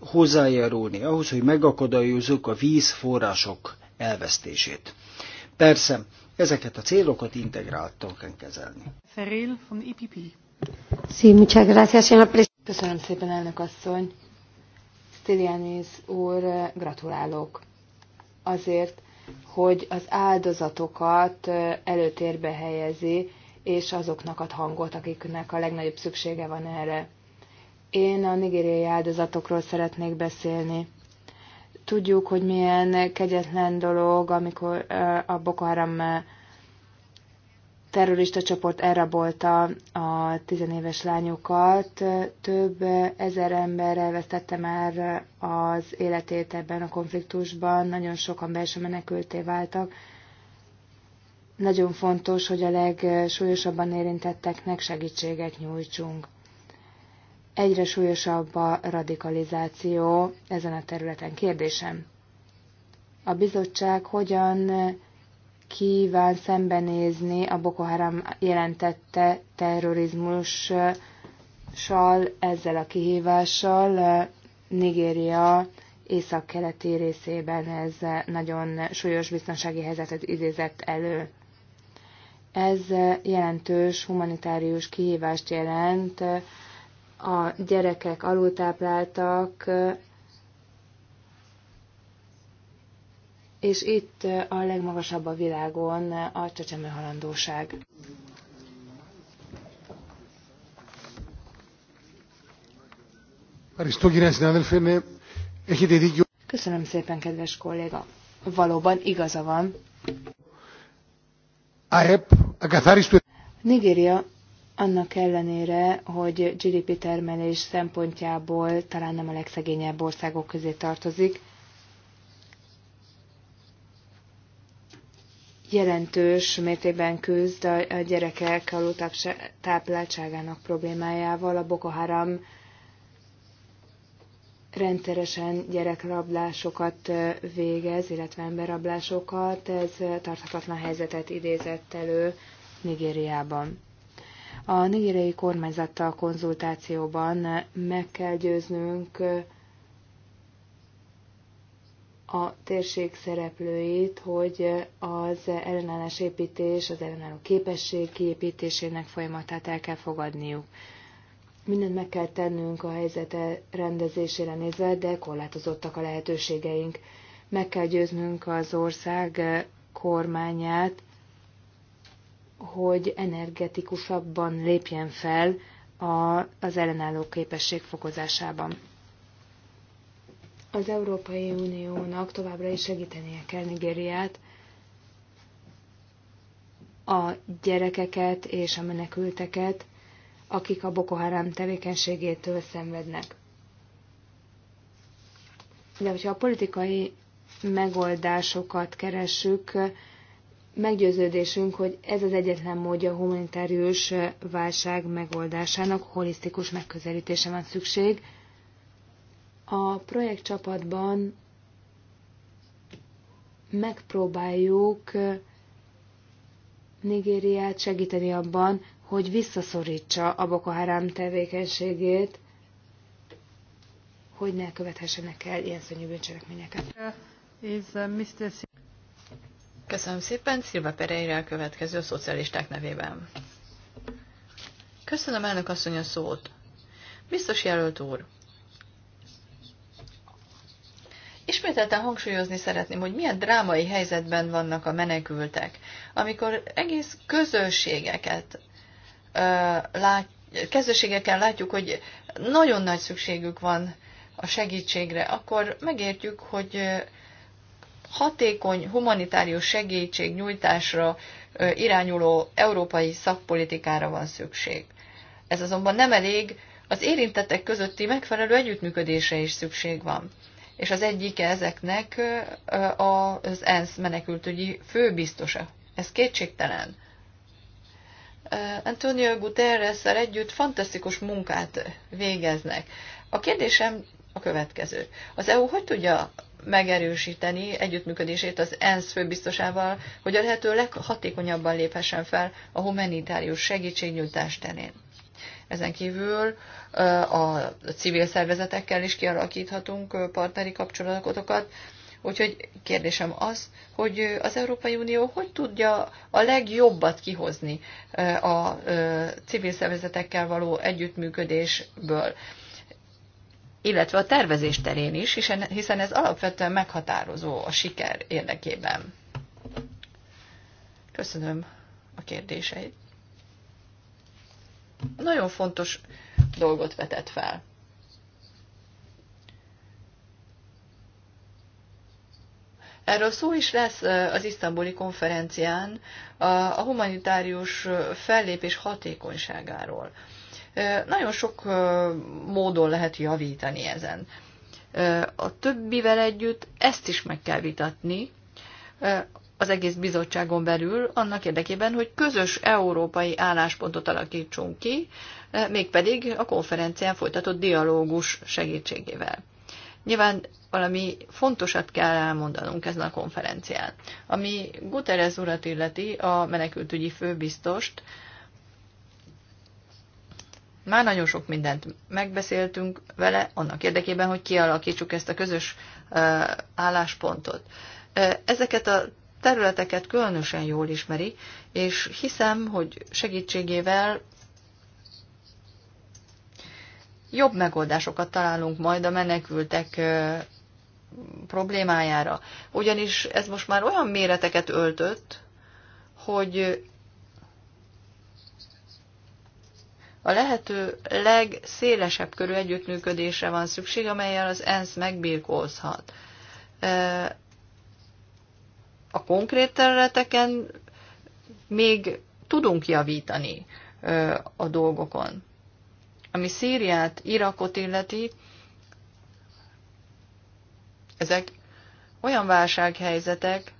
hozzájárulni ahhoz, hogy megakadályozzuk a vízforrások elvesztését. Persze, ezeket a célokat integráltan kell kezelni. Feril von IPP. E sí, muchas gracias, Köszönöm szépen, elnök asszony. Stilianis úr, gratulálok azért, hogy az áldozatokat előtérbe helyezi, és azoknak ad hangot, akiknek a legnagyobb szüksége van erre. Én a nigériai áldozatokról szeretnék beszélni. Tudjuk, hogy milyen kegyetlen dolog, amikor eh, a Boko Haram eh, terrorista csoport elrabolta a tizenéves lányokat. Több eh, ezer ember elvesztette már az életét ebben a konfliktusban, nagyon sokan belső menekülté váltak nagyon fontos, hogy a legsúlyosabban érintetteknek segítséget nyújtsunk. Egyre súlyosabb a radikalizáció ezen a területen. Kérdésem. A bizottság hogyan kíván szembenézni a Boko Haram jelentette terrorizmussal, ezzel a kihívással Nigéria keleti részében ez nagyon súlyos biztonsági helyzetet idézett elő. Ez jelentős humanitárius kihívást jelent. A gyerekek alultápláltak, és itt a legmagasabb a világon a csecsemőhalandóság. Köszönöm szépen, kedves kolléga. Valóban igaza van. Nigéria annak ellenére, hogy GDP termelés szempontjából talán nem a legszegényebb országok közé tartozik, jelentős mértékben küzd a gyerekek alultápláltságának problémájával. A Boko Haram rendszeresen gyerekrablásokat végez, illetve emberrablásokat, ez tarthatatlan helyzetet idézett elő Nigériában. A nigériai kormányzattal konzultációban meg kell győznünk a térség szereplőit, hogy az ellenállás építés, az ellenálló képesség kiépítésének folyamatát el kell fogadniuk. Mindent meg kell tennünk a helyzet rendezésére nézve, de korlátozottak a lehetőségeink. Meg kell győznünk az ország kormányát, hogy energetikusabban lépjen fel a, az ellenálló képesség fokozásában. Az Európai Uniónak továbbra is segítenie kell Nigériát, a gyerekeket és a menekülteket, akik a Boko Haram tevékenységétől szenvednek. De hogyha a politikai megoldásokat keressük, meggyőződésünk, hogy ez az egyetlen módja a humanitárius válság megoldásának, holisztikus megközelítése van szükség. A projektcsapatban megpróbáljuk Nigériát segíteni abban, hogy visszaszorítsa a Boko Haram tevékenységét, hogy ne követhessenek el ilyen szörnyű bűncselekményeket. Uh, Köszönöm szépen, Szilva Pereira a következő a szocialisták nevében. Köszönöm elnök asszony a szót. Biztos jelölt úr. Ismételten hangsúlyozni szeretném, hogy milyen drámai helyzetben vannak a menekültek, amikor egész közösségeket lát, kezdőségeken látjuk, hogy nagyon nagy szükségük van a segítségre, akkor megértjük, hogy hatékony humanitárius segítségnyújtásra irányuló európai szakpolitikára van szükség. Ez azonban nem elég, az érintettek közötti megfelelő együttműködésre is szükség van. És az egyike ezeknek az ENSZ menekültügyi főbiztosa. Ez kétségtelen. Eh, Antonio guterres együtt fantasztikus munkát végeznek. A kérdésem a következő. Az EU hogy tudja megerősíteni együttműködését az ENSZ főbiztosával, hogy a lehető leghatékonyabban léphessen fel a humanitárius segítségnyújtás terén? Ezen kívül eh, a civil szervezetekkel is kialakíthatunk eh, partneri kapcsolatokat, Úgyhogy kérdésem az, hogy az Európai Unió hogy tudja a legjobbat kihozni a civil szervezetekkel való együttműködésből, illetve a tervezés terén is, hiszen ez alapvetően meghatározó a siker érdekében. Köszönöm a kérdéseit. Nagyon fontos dolgot vetett fel. Erről szó is lesz az isztambuli konferencián a humanitárius fellépés hatékonyságáról. Nagyon sok módon lehet javítani ezen. A többivel együtt ezt is meg kell vitatni az egész bizottságon belül, annak érdekében, hogy közös európai álláspontot alakítsunk ki, mégpedig a konferencián folytatott dialógus segítségével. Nyilván valami fontosat kell elmondanunk ezen a konferencián. Ami Guterres urat illeti, a menekültügyi főbiztost, már nagyon sok mindent megbeszéltünk vele, annak érdekében, hogy kialakítsuk ezt a közös álláspontot. Ezeket a területeket különösen jól ismeri, és hiszem, hogy segítségével jobb megoldásokat találunk majd a menekültek problémájára. Ugyanis ez most már olyan méreteket öltött, hogy a lehető legszélesebb körű együttműködésre van szükség, amelyel az ENSZ megbírkózhat. A konkrét területeken még tudunk javítani a dolgokon. Ami Szíriát, Irakot illeti, ezek olyan válsághelyzetek,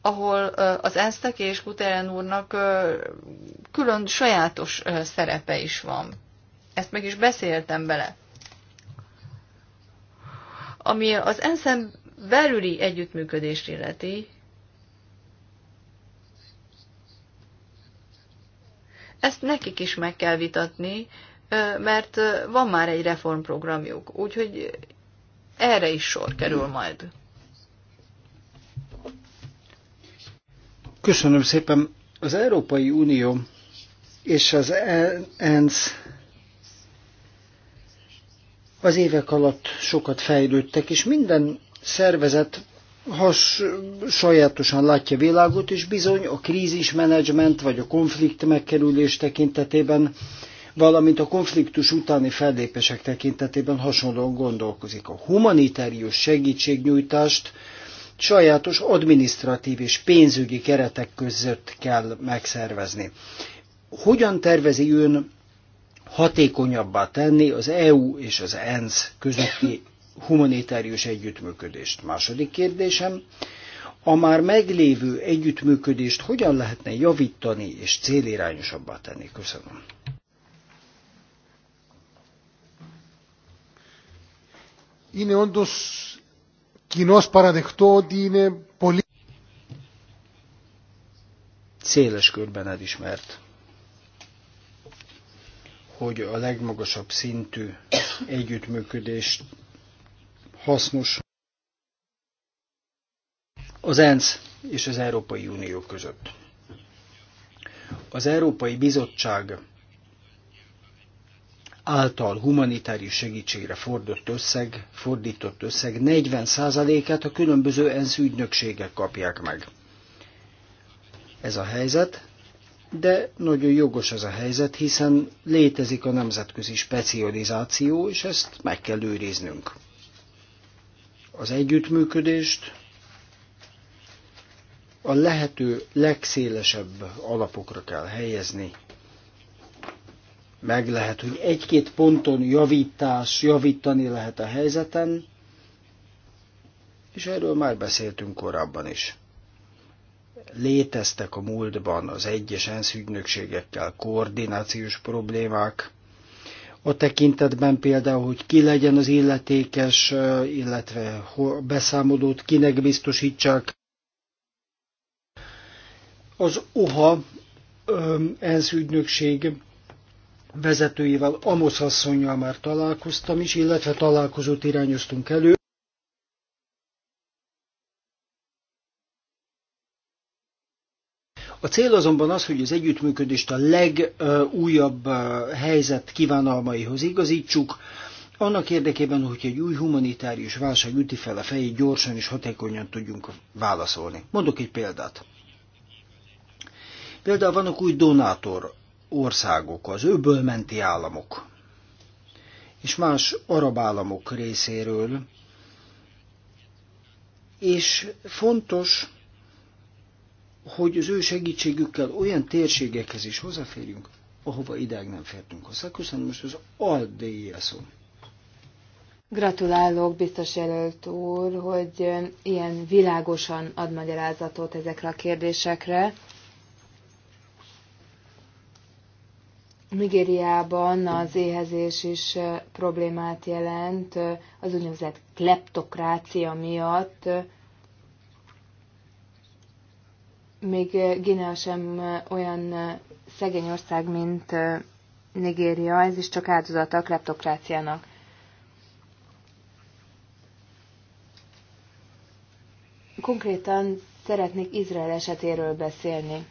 ahol az Esztek és Kuteren úrnak külön sajátos szerepe is van. Ezt meg is beszéltem bele. Ami az enszem belüli együttműködést illeti, Ezt nekik is meg kell vitatni, mert van már egy reformprogramjuk, úgyhogy erre is sor kerül majd. Köszönöm szépen. Az Európai Unió és az ENSZ az évek alatt sokat fejlődtek, és minden szervezet has, sajátosan látja világot, és bizony a krízismenedzsment vagy a konflikt megkerülés tekintetében, valamint a konfliktus utáni fellépések tekintetében hasonlóan gondolkozik. A humanitárius segítségnyújtást sajátos adminisztratív és pénzügyi keretek között kell megszervezni. Hogyan tervezi ön hatékonyabbá tenni az EU és az ENSZ közötti humanitárius együttműködést. Második kérdésem, a már meglévő együttműködést hogyan lehetne javítani és célirányosabbá tenni? Köszönöm. Είναι όντως κοινώς παραδεκτό ότι είναι πολύ... Széles körben elismert, hogy a legmagasabb szintű együttműködést hasznos az ENSZ és az Európai Unió között. Az Európai Bizottság által humanitárius segítségre fordított összeg, fordított összeg 40%-át a különböző ENSZ ügynökségek kapják meg. Ez a helyzet, de nagyon jogos ez a helyzet, hiszen létezik a nemzetközi specializáció, és ezt meg kell őriznünk az együttműködést, a lehető legszélesebb alapokra kell helyezni. Meg lehet, hogy egy-két ponton javítás, javítani lehet a helyzeten, és erről már beszéltünk korábban is. Léteztek a múltban az egyes ENSZ ügynökségekkel koordinációs problémák, a tekintetben például, hogy ki legyen az illetékes, illetve beszámolót kinek biztosítsák. Az OHA ENSZ ügynökség vezetőivel, Amos asszonyjal már találkoztam is, illetve találkozót irányoztunk elő. A cél azonban az, hogy az együttműködést a legújabb helyzet kívánalmaihoz igazítsuk, annak érdekében, hogy egy új humanitárius válság üti fel a fejét, gyorsan és hatékonyan tudjunk válaszolni. Mondok egy példát. Például vannak új donátor országok, az öbölmenti államok, és más arab államok részéről, és fontos, hogy az ő segítségükkel olyan térségekhez is hozzáférjünk, ahova idáig nem fértünk hozzá. Köszönöm most az ADSZ-o. Gratulálok, biztos jelölt úr, hogy ilyen világosan ad magyarázatot ezekre a kérdésekre. Nigériában az éhezés is problémát jelent, az úgynevezett kleptokrácia miatt még eh, Guinea sem eh, olyan eh, szegény ország, mint Nigéria, ez is csak áldozat a kleptokráciának. Konkrétan szeretnék Izrael esetéről beszélni.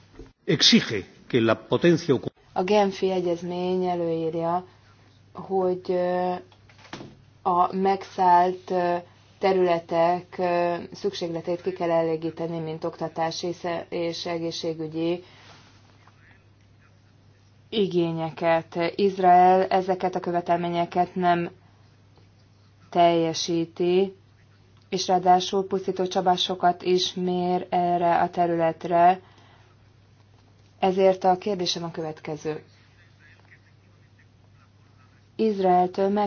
Exige que la potencia... A Genfi egyezmény előírja, hogy a megszállt területek szükségleteit ki kell elégíteni, mint oktatás és egészségügyi igényeket. Izrael ezeket a követelményeket nem teljesíti, és ráadásul pusztító csapásokat is mér erre a területre. Ezért a kérdésem a következő. Izraeltől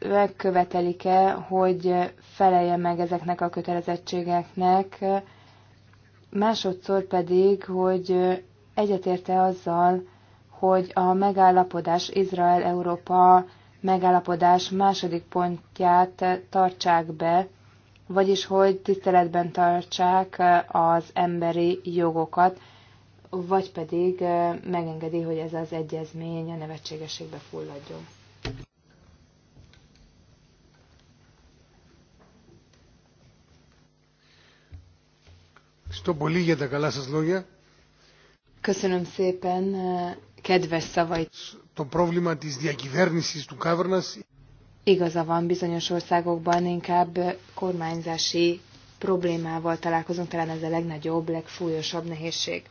megkövetelik-e, hogy felelje meg ezeknek a kötelezettségeknek, másodszor pedig, hogy egyetérte azzal, hogy a megállapodás Izrael-Európa megállapodás második pontját tartsák be, vagyis hogy tiszteletben tartsák az emberi jogokat, vagy pedig megengedi, hogy ez az egyezmény a nevetségességbe fulladjon. Köszönöm szépen eh, kedves szavait. Το πρόβλημα της διακυβέρνησης του Κάβρνας. Igaza van, bizonyos országokban inkább eh, kormányzási problémával találkozunk, talán ez a legnagyobb, legfújosabb nehézség.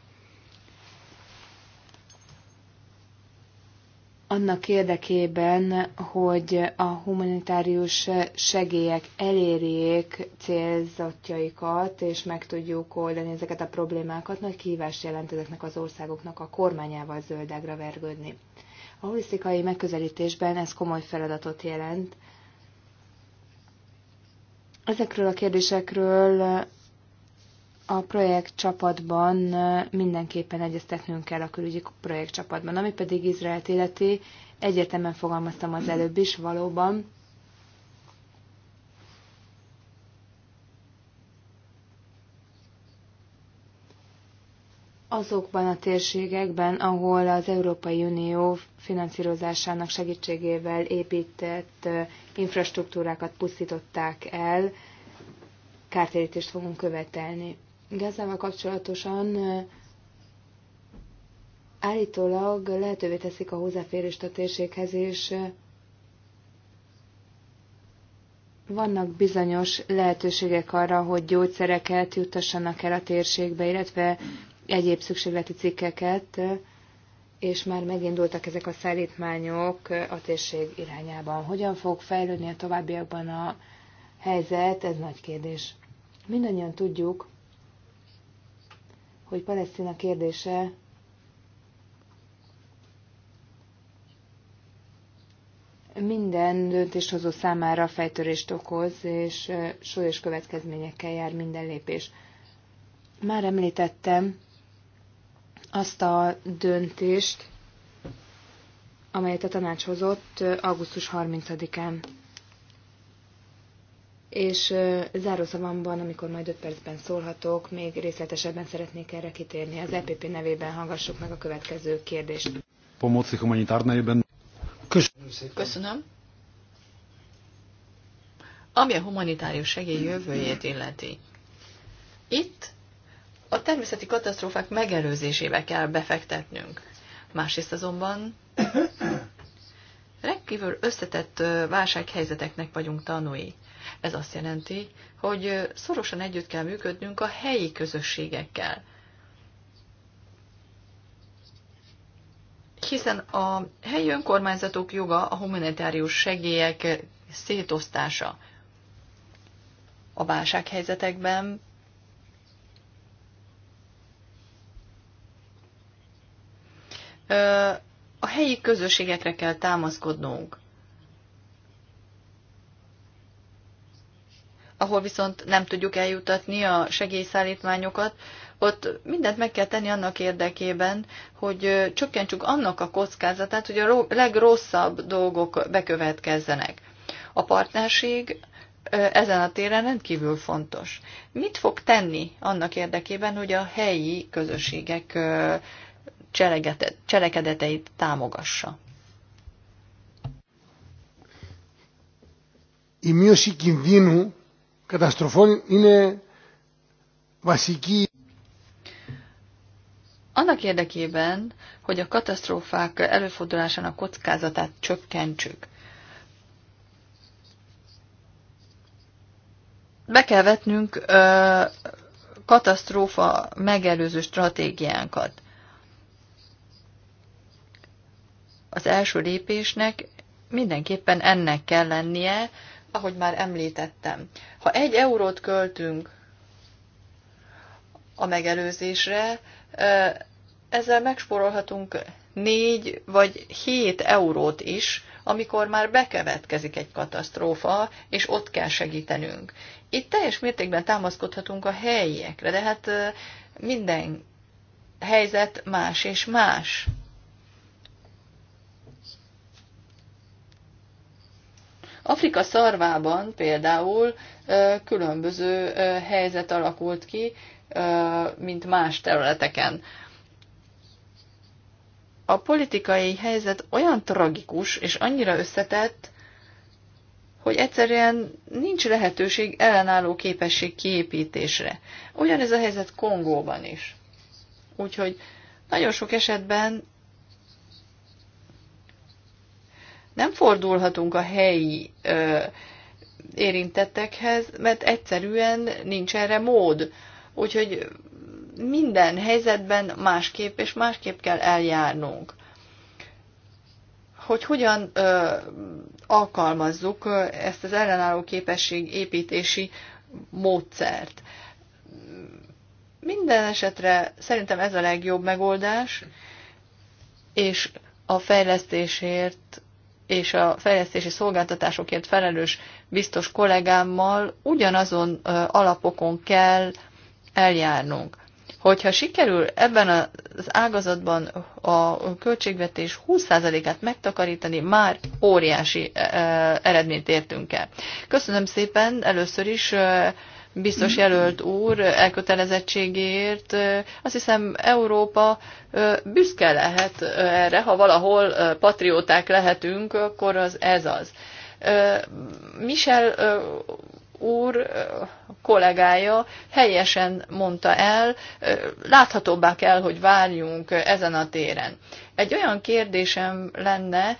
annak érdekében, hogy a humanitárius segélyek elérjék célzatjaikat, és meg tudjuk oldani ezeket a problémákat, nagy kihívást jelent ezeknek az országoknak a kormányával zöldágra vergődni. A holisztikai megközelítésben ez komoly feladatot jelent. Ezekről a kérdésekről a projektcsapatban mindenképpen egyeztetnünk kell a külügyi projektcsapatban, ami pedig Izrael életi egyetemen fogalmaztam az előbb is, valóban. Azokban a térségekben, ahol az Európai Unió finanszírozásának segítségével épített infrastruktúrákat pusztították el, kártérítést fogunk követelni. Gázával kapcsolatosan állítólag lehetővé teszik a hozzáférést a térséghez, és vannak bizonyos lehetőségek arra, hogy gyógyszereket juttassanak el a térségbe, illetve egyéb szükségleti cikkeket, és már megindultak ezek a szállítmányok a térség irányában. Hogyan fog fejlődni a továbbiakban a helyzet, ez nagy kérdés. Mindannyian tudjuk, hogy Palesztina kérdése minden döntéshozó számára fejtörést okoz, és súlyos következményekkel jár minden lépés. Már említettem azt a döntést, amelyet a tanács hozott augusztus 30-án és zárószavamban, amikor majd 5 percben szólhatok, még részletesebben szeretnék erre kitérni. Az EPP nevében hallgassuk meg a következő kérdést. Pomoci humanitárnaiben. Köszönöm Köszönöm. Ami a humanitárius segély jövőjét illeti. Itt a természeti katasztrófák megelőzésébe kell befektetnünk. Másrészt azonban rendkívül összetett válsághelyzeteknek vagyunk tanúi. Ez azt jelenti, hogy szorosan együtt kell működnünk a helyi közösségekkel. Hiszen a helyi önkormányzatok joga a humanitárius segélyek szétosztása. A válsághelyzetekben a helyi közösségekre kell támaszkodnunk. Ahol viszont nem tudjuk eljutatni a segélyszállítmányokat, ott mindent meg kell tenni annak érdekében, hogy csökkentsük annak a kockázatát, hogy a legrosszabb dolgok bekövetkezzenek. A partnerség ezen a téren rendkívül fontos. Mit fog tenni annak érdekében, hogy a helyi közösségek cselekedeteit támogassa. Η μείωση κινδύνου καταστροφών είναι βασική. Annak érdekében, hogy a katasztrófák előfordulásának kockázatát csökkentsük, be kell vetnünk ö, katasztrófa megelőző stratégiánkat. az első lépésnek mindenképpen ennek kell lennie, ahogy már említettem. Ha egy eurót költünk a megelőzésre, ezzel megspórolhatunk négy vagy hét eurót is, amikor már bekevetkezik egy katasztrófa, és ott kell segítenünk. Itt teljes mértékben támaszkodhatunk a helyiekre, de hát minden helyzet más és más. Afrika szarvában például különböző helyzet alakult ki, mint más területeken. A politikai helyzet olyan tragikus és annyira összetett, hogy egyszerűen nincs lehetőség ellenálló képesség kiépítésre. Ugyanez a helyzet Kongóban is. Úgyhogy nagyon sok esetben Nem fordulhatunk a helyi ö, érintettekhez, mert egyszerűen nincs erre mód. Úgyhogy minden helyzetben másképp és másképp kell eljárnunk. Hogy hogyan ö, alkalmazzuk ezt az ellenálló képesség építési módszert. Minden esetre szerintem ez a legjobb megoldás, és a fejlesztésért és a fejlesztési szolgáltatásokért felelős biztos kollégámmal ugyanazon alapokon kell eljárnunk. Hogyha sikerül ebben az ágazatban a költségvetés 20%-át megtakarítani, már óriási eredményt értünk el. Köszönöm szépen először is biztos jelölt úr elkötelezettségéért. Azt hiszem Európa büszke lehet erre, ha valahol patrióták lehetünk, akkor az ez az. Michel úr kollégája helyesen mondta el, láthatóbbá kell, hogy várjunk ezen a téren. Egy olyan kérdésem lenne,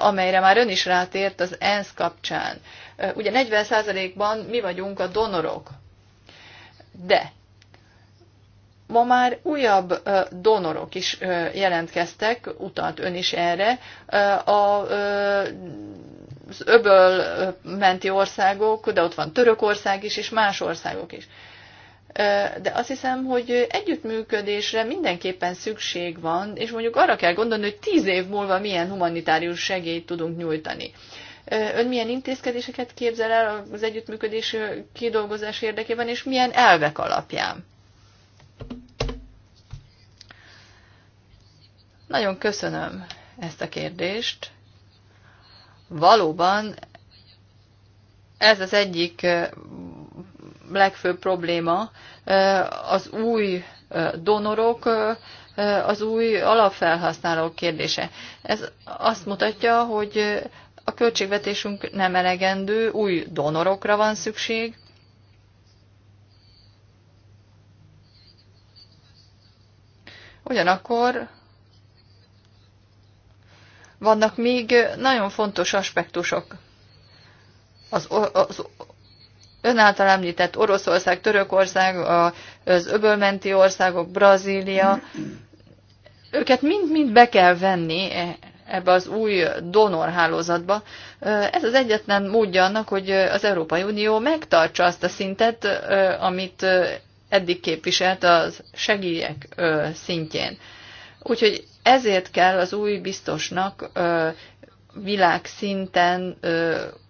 amelyre már ön is rátért az ENSZ kapcsán. Ugye 40%-ban mi vagyunk a donorok. De ma már újabb donorok is jelentkeztek, utalt ön is erre, az öböl menti országok, de ott van Törökország is, és más országok is. De azt hiszem, hogy együttműködésre mindenképpen szükség van, és mondjuk arra kell gondolni, hogy tíz év múlva milyen humanitárius segélyt tudunk nyújtani ön milyen intézkedéseket képzel el az együttműködés kidolgozás érdekében, és milyen elvek alapján? Nagyon köszönöm ezt a kérdést. Valóban ez az egyik legfőbb probléma, az új donorok, az új alapfelhasználók kérdése. Ez azt mutatja, hogy a költségvetésünk nem elegendő, új donorokra van szükség. Ugyanakkor vannak még nagyon fontos aspektusok. Az, az ön által említett Oroszország, Törökország, az öbölmenti országok, Brazília, őket mind-mind be kell venni ebbe az új donorhálózatba. Ez az egyetlen módja annak, hogy az Európai Unió megtartsa azt a szintet, amit eddig képviselt az segélyek szintjén. Úgyhogy ezért kell az új biztosnak világszinten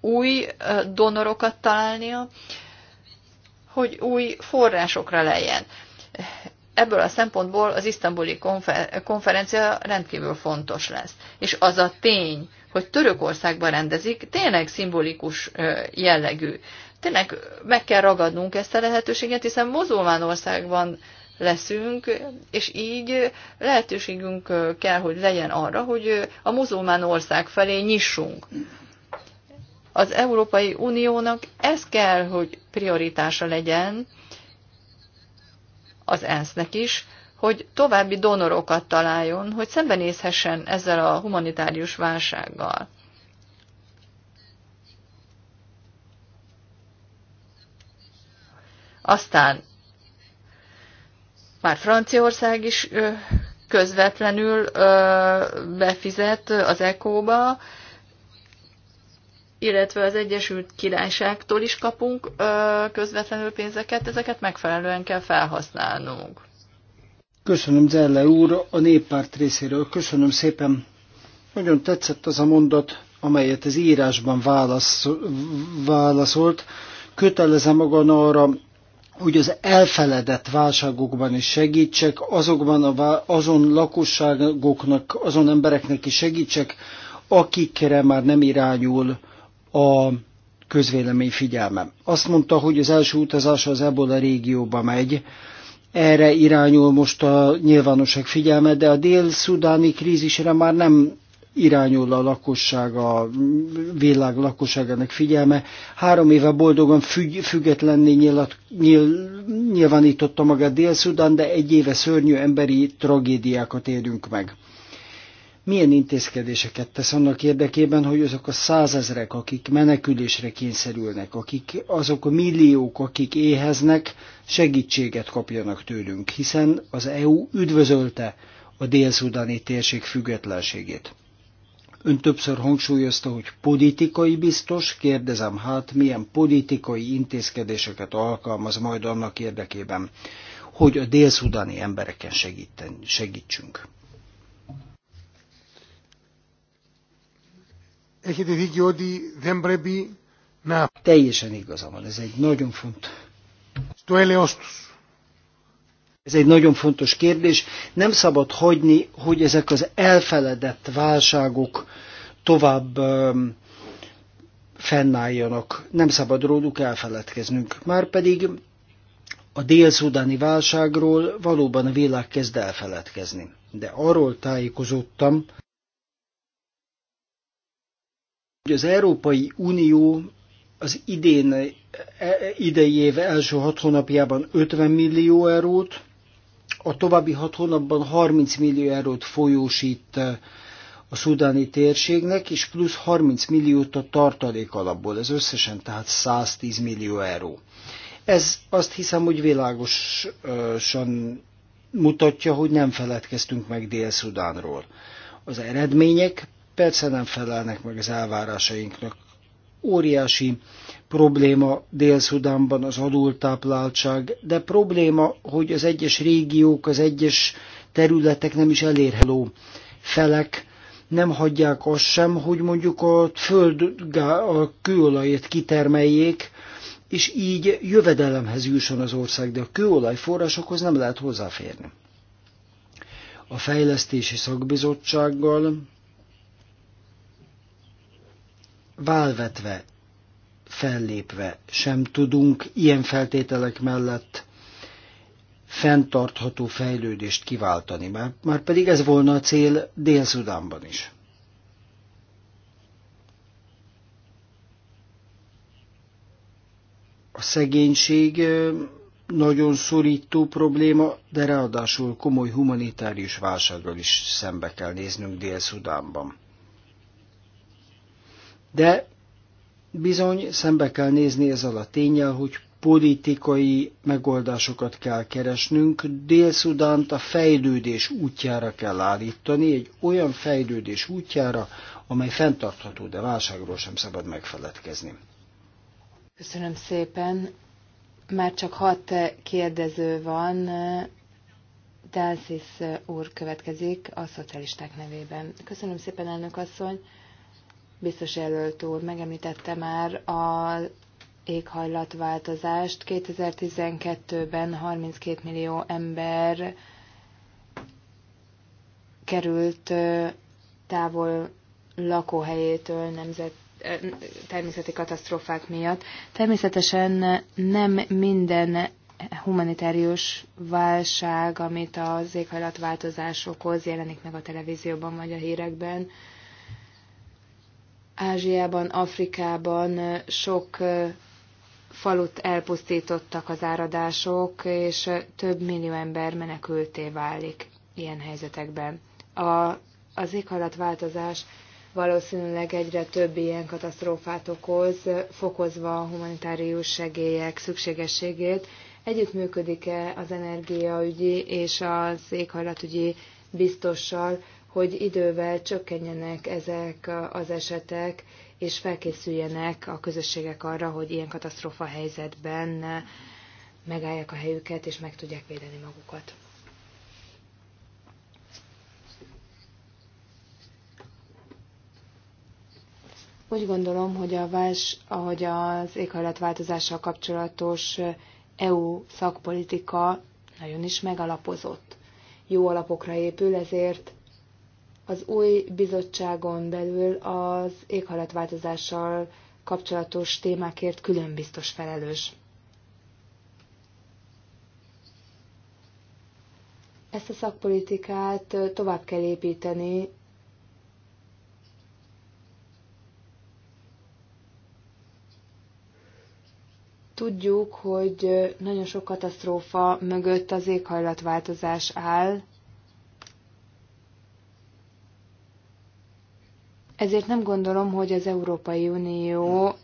új donorokat találnia, hogy új forrásokra lejjen ebből a szempontból az isztambuli konferencia rendkívül fontos lesz. És az a tény, hogy Törökországban rendezik, tényleg szimbolikus jellegű. Tényleg meg kell ragadnunk ezt a lehetőséget, hiszen muzulmán országban leszünk, és így lehetőségünk kell, hogy legyen arra, hogy a muzulmán ország felé nyissunk. Az Európai Uniónak ez kell, hogy prioritása legyen, az ENSZ-nek is, hogy további donorokat találjon, hogy szembenézhessen ezzel a humanitárius válsággal. Aztán már Franciaország is közvetlenül befizet az ECO-ba, illetve az Egyesült Királyságtól is kapunk közvetlenül pénzeket, ezeket megfelelően kell felhasználnunk. Köszönöm Zeller úr a néppárt részéről. Köszönöm szépen. Nagyon tetszett az a mondat, amelyet az írásban válasz, válaszolt. Kötelezem magam arra, hogy az elfeledett válságokban is segítsek, azokban a, azon lakosságoknak, azon embereknek is segítsek, akikre már nem irányul a közvélemény figyelme. Azt mondta, hogy az első utazása az ebola régióba megy, erre irányul most a nyilvánosság figyelme, de a dél-szudáni krízisre már nem irányul a lakosság, a világ lakosságának figyelme. Három éve boldogan függ, függetlenné nyilat, nyil, nyilvánította magát Dél-Szudán, de egy éve szörnyű emberi tragédiákat érünk meg milyen intézkedéseket tesz annak érdekében, hogy azok a százezrek, akik menekülésre kényszerülnek, akik, azok a milliók, akik éheznek, segítséget kapjanak tőlünk, hiszen az EU üdvözölte a dél-szudáni térség függetlenségét. Ön többször hangsúlyozta, hogy politikai biztos, kérdezem hát, milyen politikai intézkedéseket alkalmaz majd annak érdekében, hogy a dél-szudáni embereken segíten, segítsünk. Teljesen igaza van, ez egy nagyon fontos... Ez egy nagyon fontos kérdés. Nem szabad hagyni, hogy ezek az elfeledett válságok tovább um, fennálljanak. Nem szabad róluk elfeledkeznünk. Márpedig a dél-szudáni válságról valóban a világ kezd elfeledkezni. De arról tájékozódtam, hogy az Európai Unió az idén, e, e, idei év első hat hónapjában 50 millió eurót, a további hat hónapban 30 millió eurót folyósít e, a szudáni térségnek, és plusz 30 milliót a tartalék alapból, ez összesen tehát 110 millió euró. Ez azt hiszem, hogy világosan mutatja, hogy nem feledkeztünk meg Dél-Szudánról. Az eredmények persze nem felelnek meg az elvárásainknak. Óriási probléma Dél-Szudánban az adultápláltság, de probléma, hogy az egyes régiók, az egyes területek nem is elérhető felek, nem hagyják azt sem, hogy mondjuk a föld a kőolajat kitermeljék, és így jövedelemhez jusson az ország, de a kőolaj forrásokhoz nem lehet hozzáférni. A fejlesztési szakbizottsággal válvetve, fellépve sem tudunk ilyen feltételek mellett fenntartható fejlődést kiváltani, már, már pedig ez volna a cél Dél-Szudánban is. A szegénység nagyon szorító probléma, de ráadásul komoly humanitárius válsággal is szembe kell néznünk Dél-Szudánban. De bizony szembe kell nézni ezzel a tényel, hogy politikai megoldásokat kell keresnünk, Dél-Szudánt a fejlődés útjára kell állítani, egy olyan fejlődés útjára, amely fenntartható, de válságról sem szabad megfeledkezni. Köszönöm szépen. Már csak hat kérdező van. Dálszis úr következik a szocialisták nevében. Köszönöm szépen, elnök asszony biztos jelölt úr megemlítette már a éghajlatváltozást. 2012-ben 32 millió ember került távol lakóhelyétől nemzet, természeti katasztrófák miatt. Természetesen nem minden humanitárius válság, amit az éghajlatváltozás okoz, jelenik meg a televízióban vagy a hírekben Ázsiában, Afrikában sok falut elpusztítottak az áradások, és több millió ember menekülté válik ilyen helyzetekben. A, az éghajlatváltozás valószínűleg egyre több ilyen katasztrófát okoz, fokozva a humanitárius segélyek szükségességét. Együttműködik-e az energiaügyi és az éghajlatügyi biztossal, hogy idővel csökkenjenek ezek az esetek, és felkészüljenek a közösségek arra, hogy ilyen katasztrófa helyzetben megállják a helyüket, és meg tudják védeni magukat. Úgy gondolom, hogy a vás, ahogy az éghajlatváltozással kapcsolatos EU szakpolitika nagyon is megalapozott. Jó alapokra épül, ezért az új bizottságon belül az éghajlatváltozással kapcsolatos témákért külön biztos felelős. Ezt a szakpolitikát tovább kell építeni, Tudjuk, hogy nagyon sok katasztrófa mögött az éghajlatváltozás áll, Ezért nem gondolom, hogy az Európai Unió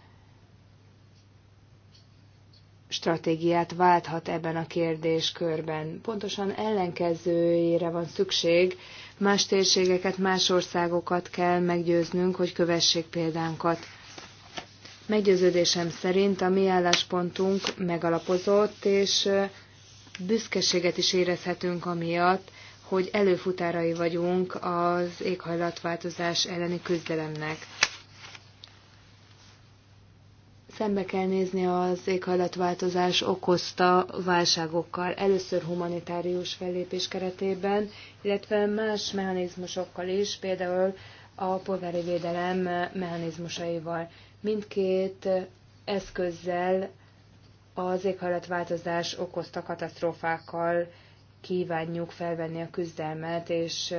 stratégiát válthat ebben a kérdéskörben. Pontosan ellenkezőjére van szükség, más térségeket, más országokat kell meggyőznünk, hogy kövessék példánkat. Meggyőződésem szerint a mi álláspontunk megalapozott, és büszkeséget is érezhetünk amiatt, hogy előfutárai vagyunk az éghajlatváltozás elleni küzdelemnek. Szembe kell nézni az éghajlatváltozás okozta válságokkal, először humanitárius fellépés keretében, illetve más mechanizmusokkal is, például a polgári védelem mechanizmusaival. Mindkét eszközzel az éghajlatváltozás okozta katasztrófákkal kívánjuk felvenni a küzdelmet, és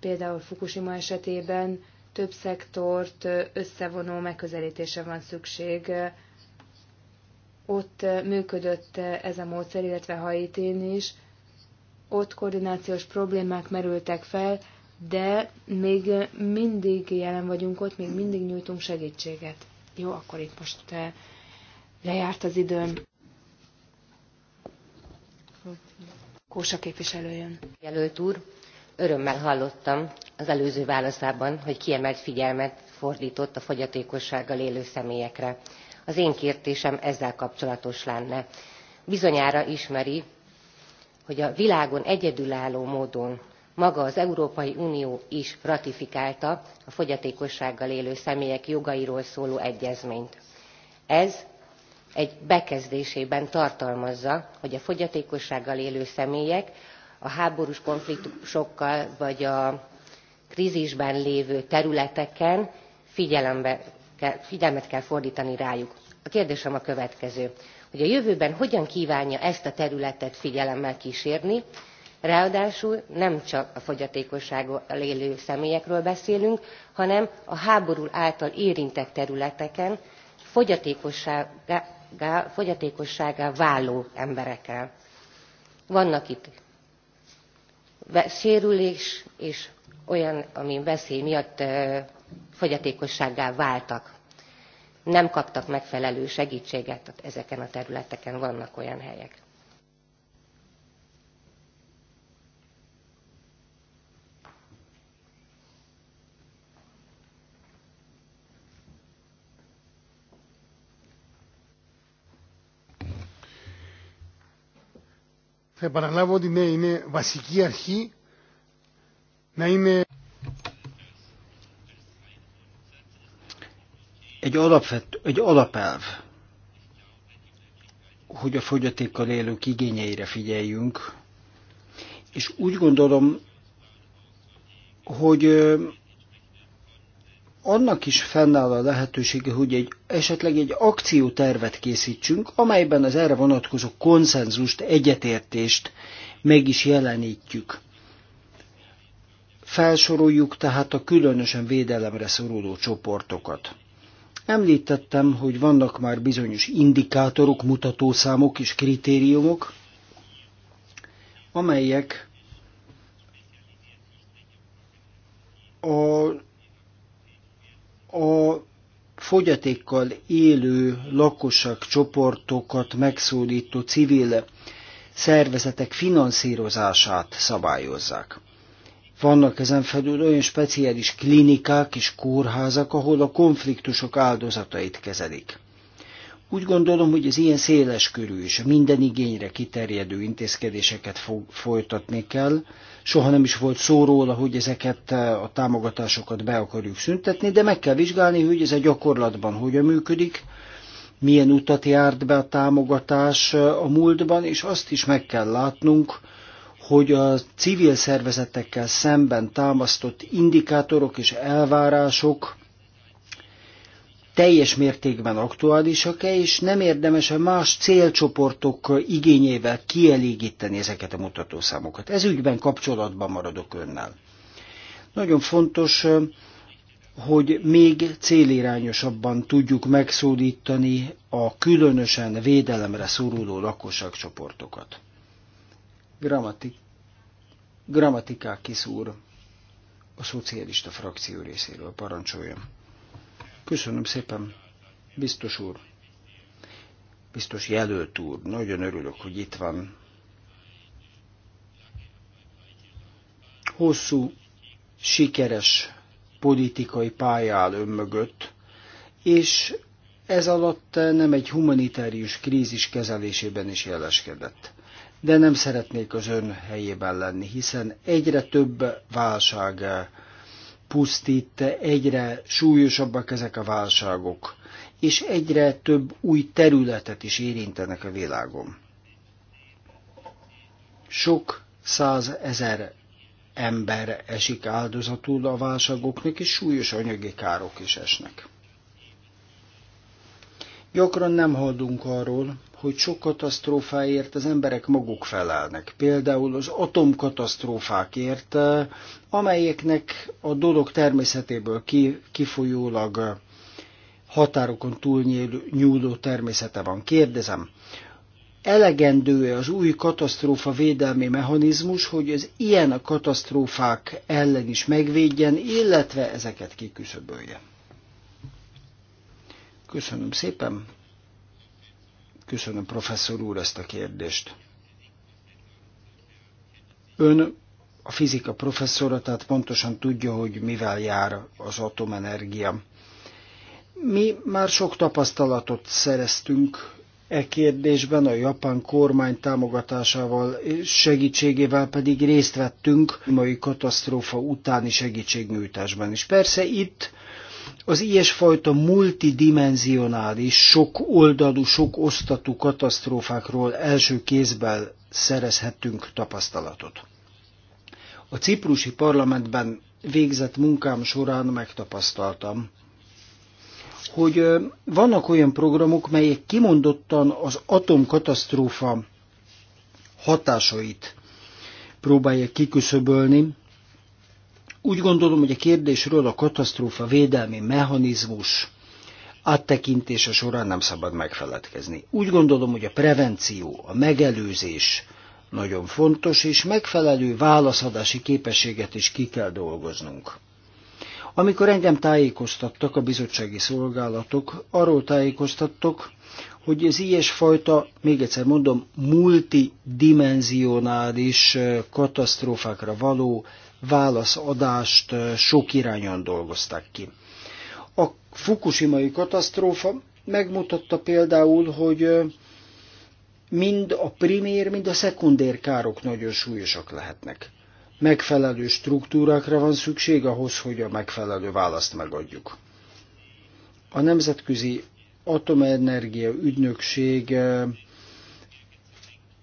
például Fukushima esetében több szektort összevonó megközelítése van szükség. Ott működött ez a módszer, illetve Haitén is. Ott koordinációs problémák merültek fel, de még mindig jelen vagyunk ott, még mindig nyújtunk segítséget. Jó, akkor itt most lejárt az időm. Kósa jön. Jelölt úr, örömmel hallottam az előző válaszában, hogy kiemelt figyelmet fordított a fogyatékossággal élő személyekre. Az én kértésem ezzel kapcsolatos lenne. Bizonyára ismeri, hogy a világon egyedülálló módon maga az Európai Unió is ratifikálta a fogyatékossággal élő személyek jogairól szóló egyezményt. Ez egy bekezdésében tartalmazza, hogy a fogyatékossággal élő személyek a háborús konfliktusokkal vagy a krízisben lévő területeken figyelembe, figyelmet kell fordítani rájuk. A kérdésem a következő, hogy a jövőben hogyan kívánja ezt a területet figyelemmel kísérni, Ráadásul nem csak a fogyatékossággal élő személyekről beszélünk, hanem a háború által érintett területeken fogyatékossággal fogyatékossága váló emberekkel. Vannak itt sérülés és olyan, ami veszély miatt fogyatékossággá váltak. Nem kaptak megfelelő segítséget, ezeken a területeken vannak olyan helyek. Θα επαναλάβω ότι ναι, είναι βασική αρχή να είναι... Egy, alapvet, egy alapelv, hogy a fogyatékkal élők igényeire figyeljünk, és úgy gondolom, hogy annak is fennáll a lehetősége, hogy egy, esetleg egy akciótervet készítsünk, amelyben az erre vonatkozó konszenzust, egyetértést meg is jelenítjük. Felsoroljuk tehát a különösen védelemre szoruló csoportokat. Említettem, hogy vannak már bizonyos indikátorok, mutatószámok és kritériumok, amelyek a a fogyatékkal élő lakosak csoportokat megszólító civil szervezetek finanszírozását szabályozzák. Vannak ezen felül olyan speciális klinikák és kórházak, ahol a konfliktusok áldozatait kezelik. Úgy gondolom, hogy az ilyen széles körű és a minden igényre kiterjedő intézkedéseket folytatni kell. Soha nem is volt szó róla, hogy ezeket eh, a támogatásokat be akarjuk szüntetni, de meg kell vizsgálni, hogy ez a gyakorlatban hogyan működik, milyen utat járt be a támogatás eh, a múltban, és azt is meg kell látnunk, hogy a civil szervezetekkel szemben támasztott indikátorok és elvárások teljes mértékben aktuálisak-e, és nem érdemes a más célcsoportok igényével kielégíteni ezeket a mutatószámokat. Ez ügyben kapcsolatban maradok önnel. Nagyon fontos, hogy még célirányosabban tudjuk megszólítani a különösen védelemre szoruló lakosságcsoportokat. Grammatik, grammatikákis kiszúr a szocialista frakció részéről parancsoljon. Köszönöm szépen, biztos úr, biztos jelölt úr, nagyon örülök, hogy itt van. Hosszú, sikeres politikai pálya áll ön mögött, és ez alatt nem egy humanitárius krízis kezelésében is jeleskedett. De nem szeretnék az ön helyében lenni, hiszen egyre több válság pusztít, egyre súlyosabbak ezek a válságok, és egyre több új területet is érintenek a világon. Sok százezer ember esik áldozatul a válságoknak, és súlyos anyagi károk is esnek. Gyakran nem hallunk arról, hogy sok katasztrófáért az emberek maguk felelnek. Például az atomkatasztrófákért, amelyeknek a dolog természetéből kifolyólag határokon túlnyúló természete van. Kérdezem, elegendő-e az új katasztrófa védelmi mechanizmus, hogy az ilyen a katasztrófák ellen is megvédjen, illetve ezeket kiküszöbölje? Köszönöm szépen! Köszönöm, professzor úr, ezt a kérdést. Ön a fizika professzora, tehát pontosan tudja, hogy mivel jár az atomenergia. Mi már sok tapasztalatot szereztünk e kérdésben, a japán kormány támogatásával és segítségével pedig részt vettünk a mai katasztrófa utáni segítségnyújtásban is. Persze itt az ilyesfajta multidimenzionális, sok oldalú, sok osztatú katasztrófákról első kézben szerezhetünk tapasztalatot. A ciprusi parlamentben végzett munkám során megtapasztaltam, hogy vannak olyan programok, melyek kimondottan az atomkatasztrófa hatásait próbálják kiküszöbölni, úgy gondolom, hogy a kérdésről a katasztrófa védelmi mechanizmus áttekintése során nem szabad megfeledkezni. Úgy gondolom, hogy a prevenció, a megelőzés nagyon fontos, és megfelelő válaszadási képességet is ki kell dolgoznunk. Amikor engem tájékoztattak a bizottsági szolgálatok, arról tájékoztattak, hogy ez ilyesfajta, még egyszer mondom, multidimensionális eh, katasztrófákra való válaszadást sok irányon dolgozták ki. A fukushimai katasztrófa megmutatta például, hogy mind a primér, mind a szekundér károk nagyon súlyosak lehetnek. Megfelelő struktúrákra van szükség ahhoz, hogy a megfelelő választ megadjuk. A Nemzetközi Atomenergia Ügynökség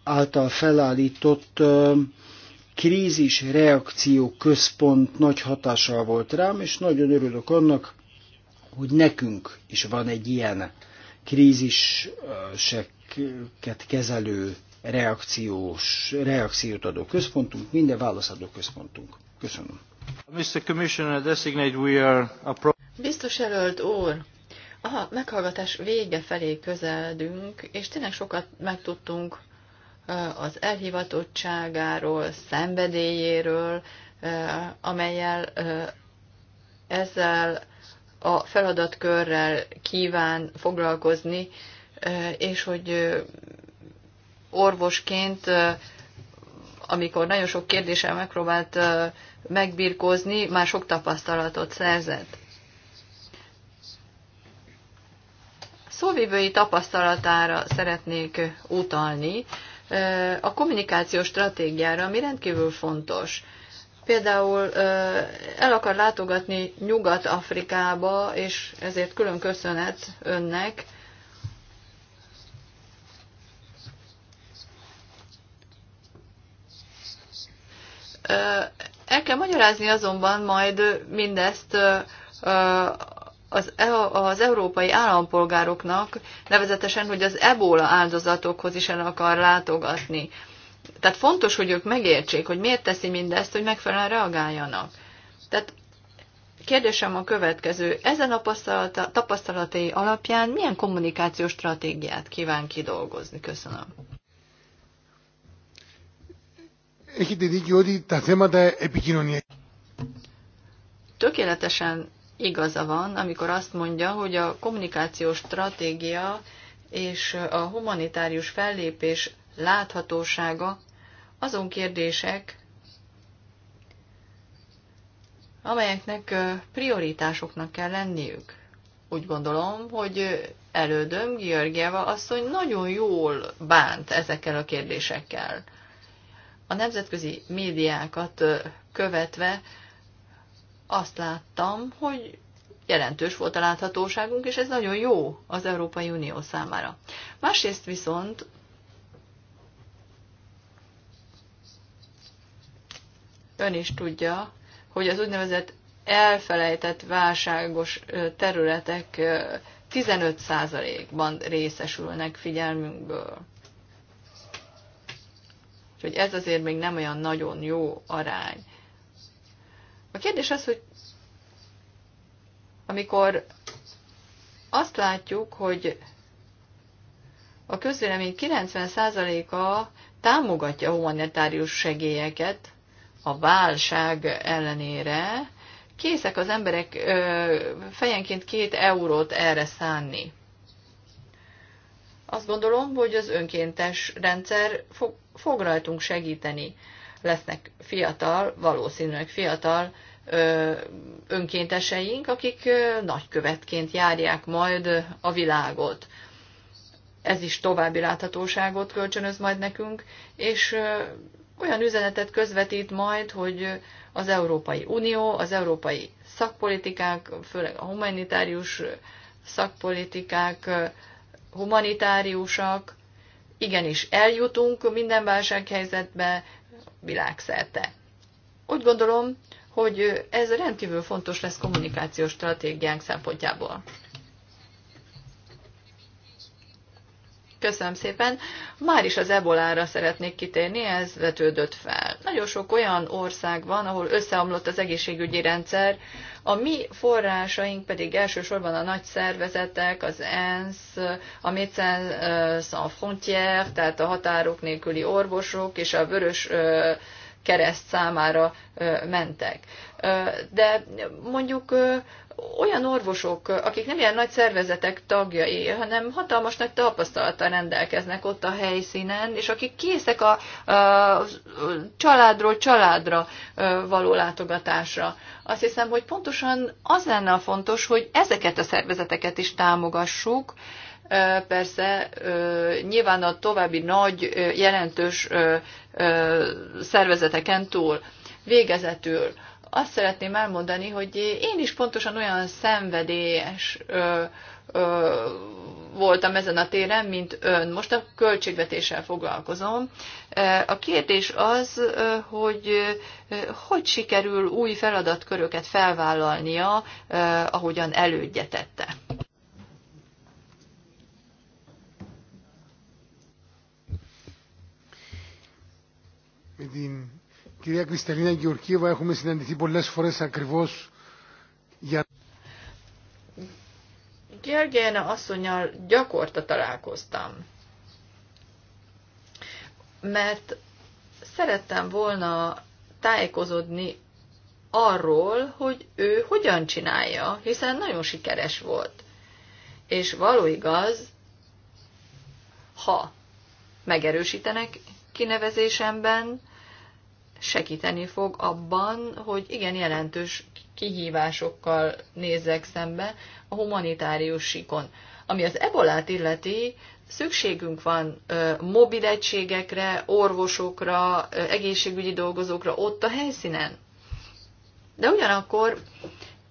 által felállított krízis reakció központ nagy hatással volt rám, és nagyon örülök annak, hogy nekünk is van egy ilyen kríziseket kezelő reakciós, reakciót adó központunk, minden válaszadó központunk. Köszönöm. Mr. Commissioner designate we are Biztos előtt úr, a meghallgatás vége felé közeledünk, és tényleg sokat megtudtunk az elhivatottságáról, szenvedélyéről, amelyel ezzel a feladatkörrel kíván foglalkozni, és hogy orvosként, amikor nagyon sok kérdéssel megpróbált megbirkózni, már sok tapasztalatot szerzett. Szóvivői tapasztalatára szeretnék utalni, a kommunikációs stratégiára, ami rendkívül fontos. Például el akar látogatni Nyugat-Afrikába, és ezért külön köszönet önnek, El kell magyarázni azonban majd mindezt az, e- az európai állampolgároknak, nevezetesen, hogy az ebola áldozatokhoz is el akar látogatni. Tehát fontos, hogy ők megértsék, hogy miért teszi mindezt, hogy megfelelően reagáljanak. Tehát kérdésem a következő. Ezen a tapasztalatai alapján milyen kommunikációs stratégiát kíván kidolgozni? Köszönöm. Tökéletesen igaza van, amikor azt mondja, hogy a kommunikációs stratégia és a humanitárius fellépés láthatósága azon kérdések, amelyeknek prioritásoknak kell lenniük. Úgy gondolom, hogy elődöm, Georgieva asszony nagyon jól bánt ezekkel a kérdésekkel. A nemzetközi médiákat követve azt láttam, hogy jelentős volt a láthatóságunk, és ez nagyon jó az Európai Unió számára. Másrészt viszont ön is tudja, hogy az úgynevezett elfelejtett válságos területek 15%-ban részesülnek figyelmünkből. Úgyhogy ez azért még nem olyan nagyon jó arány. A kérdés az, hogy amikor azt látjuk, hogy a közvélemény 90%-a támogatja a humanitárius segélyeket a válság ellenére, készek az emberek ö, fejenként két eurót erre szánni. Azt gondolom, hogy az önkéntes rendszer fog, fog rajtunk segíteni lesznek fiatal, valószínűleg fiatal önkénteseink, akik nagykövetként járják majd a világot. Ez is további láthatóságot kölcsönöz majd nekünk, és olyan üzenetet közvetít majd, hogy az Európai Unió, az európai szakpolitikák, főleg a humanitárius szakpolitikák humanitáriusak, igenis eljutunk minden válsághelyzetbe, világszerte. Úgy gondolom, hogy ez rendkívül fontos lesz kommunikációs stratégiánk szempontjából. Köszönöm szépen. Már is az ebolára szeretnék kitérni, ez vetődött fel. Nagyon sok olyan ország van, ahol összeomlott az egészségügyi rendszer, a mi forrásaink pedig elsősorban a nagy szervezetek, az ENSZ, a Médecins Sans Frontières, tehát a határok nélküli orvosok és a vörös kereszt számára mentek. De mondjuk olyan orvosok, akik nem ilyen nagy szervezetek tagjai, hanem hatalmas nagy tapasztalattal rendelkeznek ott a helyszínen, és akik készek a, a családról családra való látogatásra. Azt hiszem, hogy pontosan az lenne a fontos, hogy ezeket a szervezeteket is támogassuk, Persze nyilván a további nagy, jelentős szervezeteken túl. Végezetül azt szeretném elmondani, hogy én is pontosan olyan szenvedélyes ö, ö, voltam ezen a téren, mint ön. Most a költségvetéssel foglalkozom. A kérdés az, hogy hogy sikerül új feladatköröket felvállalnia, ahogyan elődje tette. Within Κυρία Κρυσταλίνα Γεωργίευα, έχουμε συναντηθεί πολλές φορές ακριβώς για... Gergelyena asszonyal gyakorta találkoztam, mert szerettem volna tájékozódni arról, hogy ő hogyan csinálja, hiszen nagyon sikeres volt. És való igaz, ha megerősítenek kinevezésemben, segíteni fog abban, hogy igen jelentős kihívásokkal nézzek szembe a humanitárius sikon. Ami az ebolát illeti, szükségünk van mobil egységekre, orvosokra, egészségügyi dolgozókra ott a helyszínen. De ugyanakkor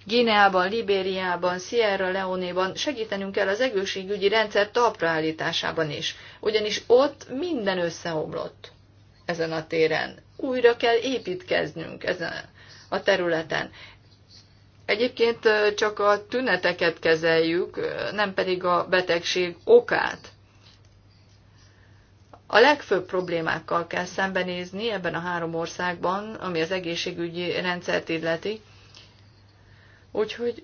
Gineában, Libériában, Sierra Leone-ban segítenünk kell az egészségügyi rendszer talpraállításában is, ugyanis ott minden összeomlott ezen a téren újra kell építkeznünk ezen a területen. Egyébként csak a tüneteket kezeljük, nem pedig a betegség okát. A legfőbb problémákkal kell szembenézni ebben a három országban, ami az egészségügyi rendszert illeti. Úgyhogy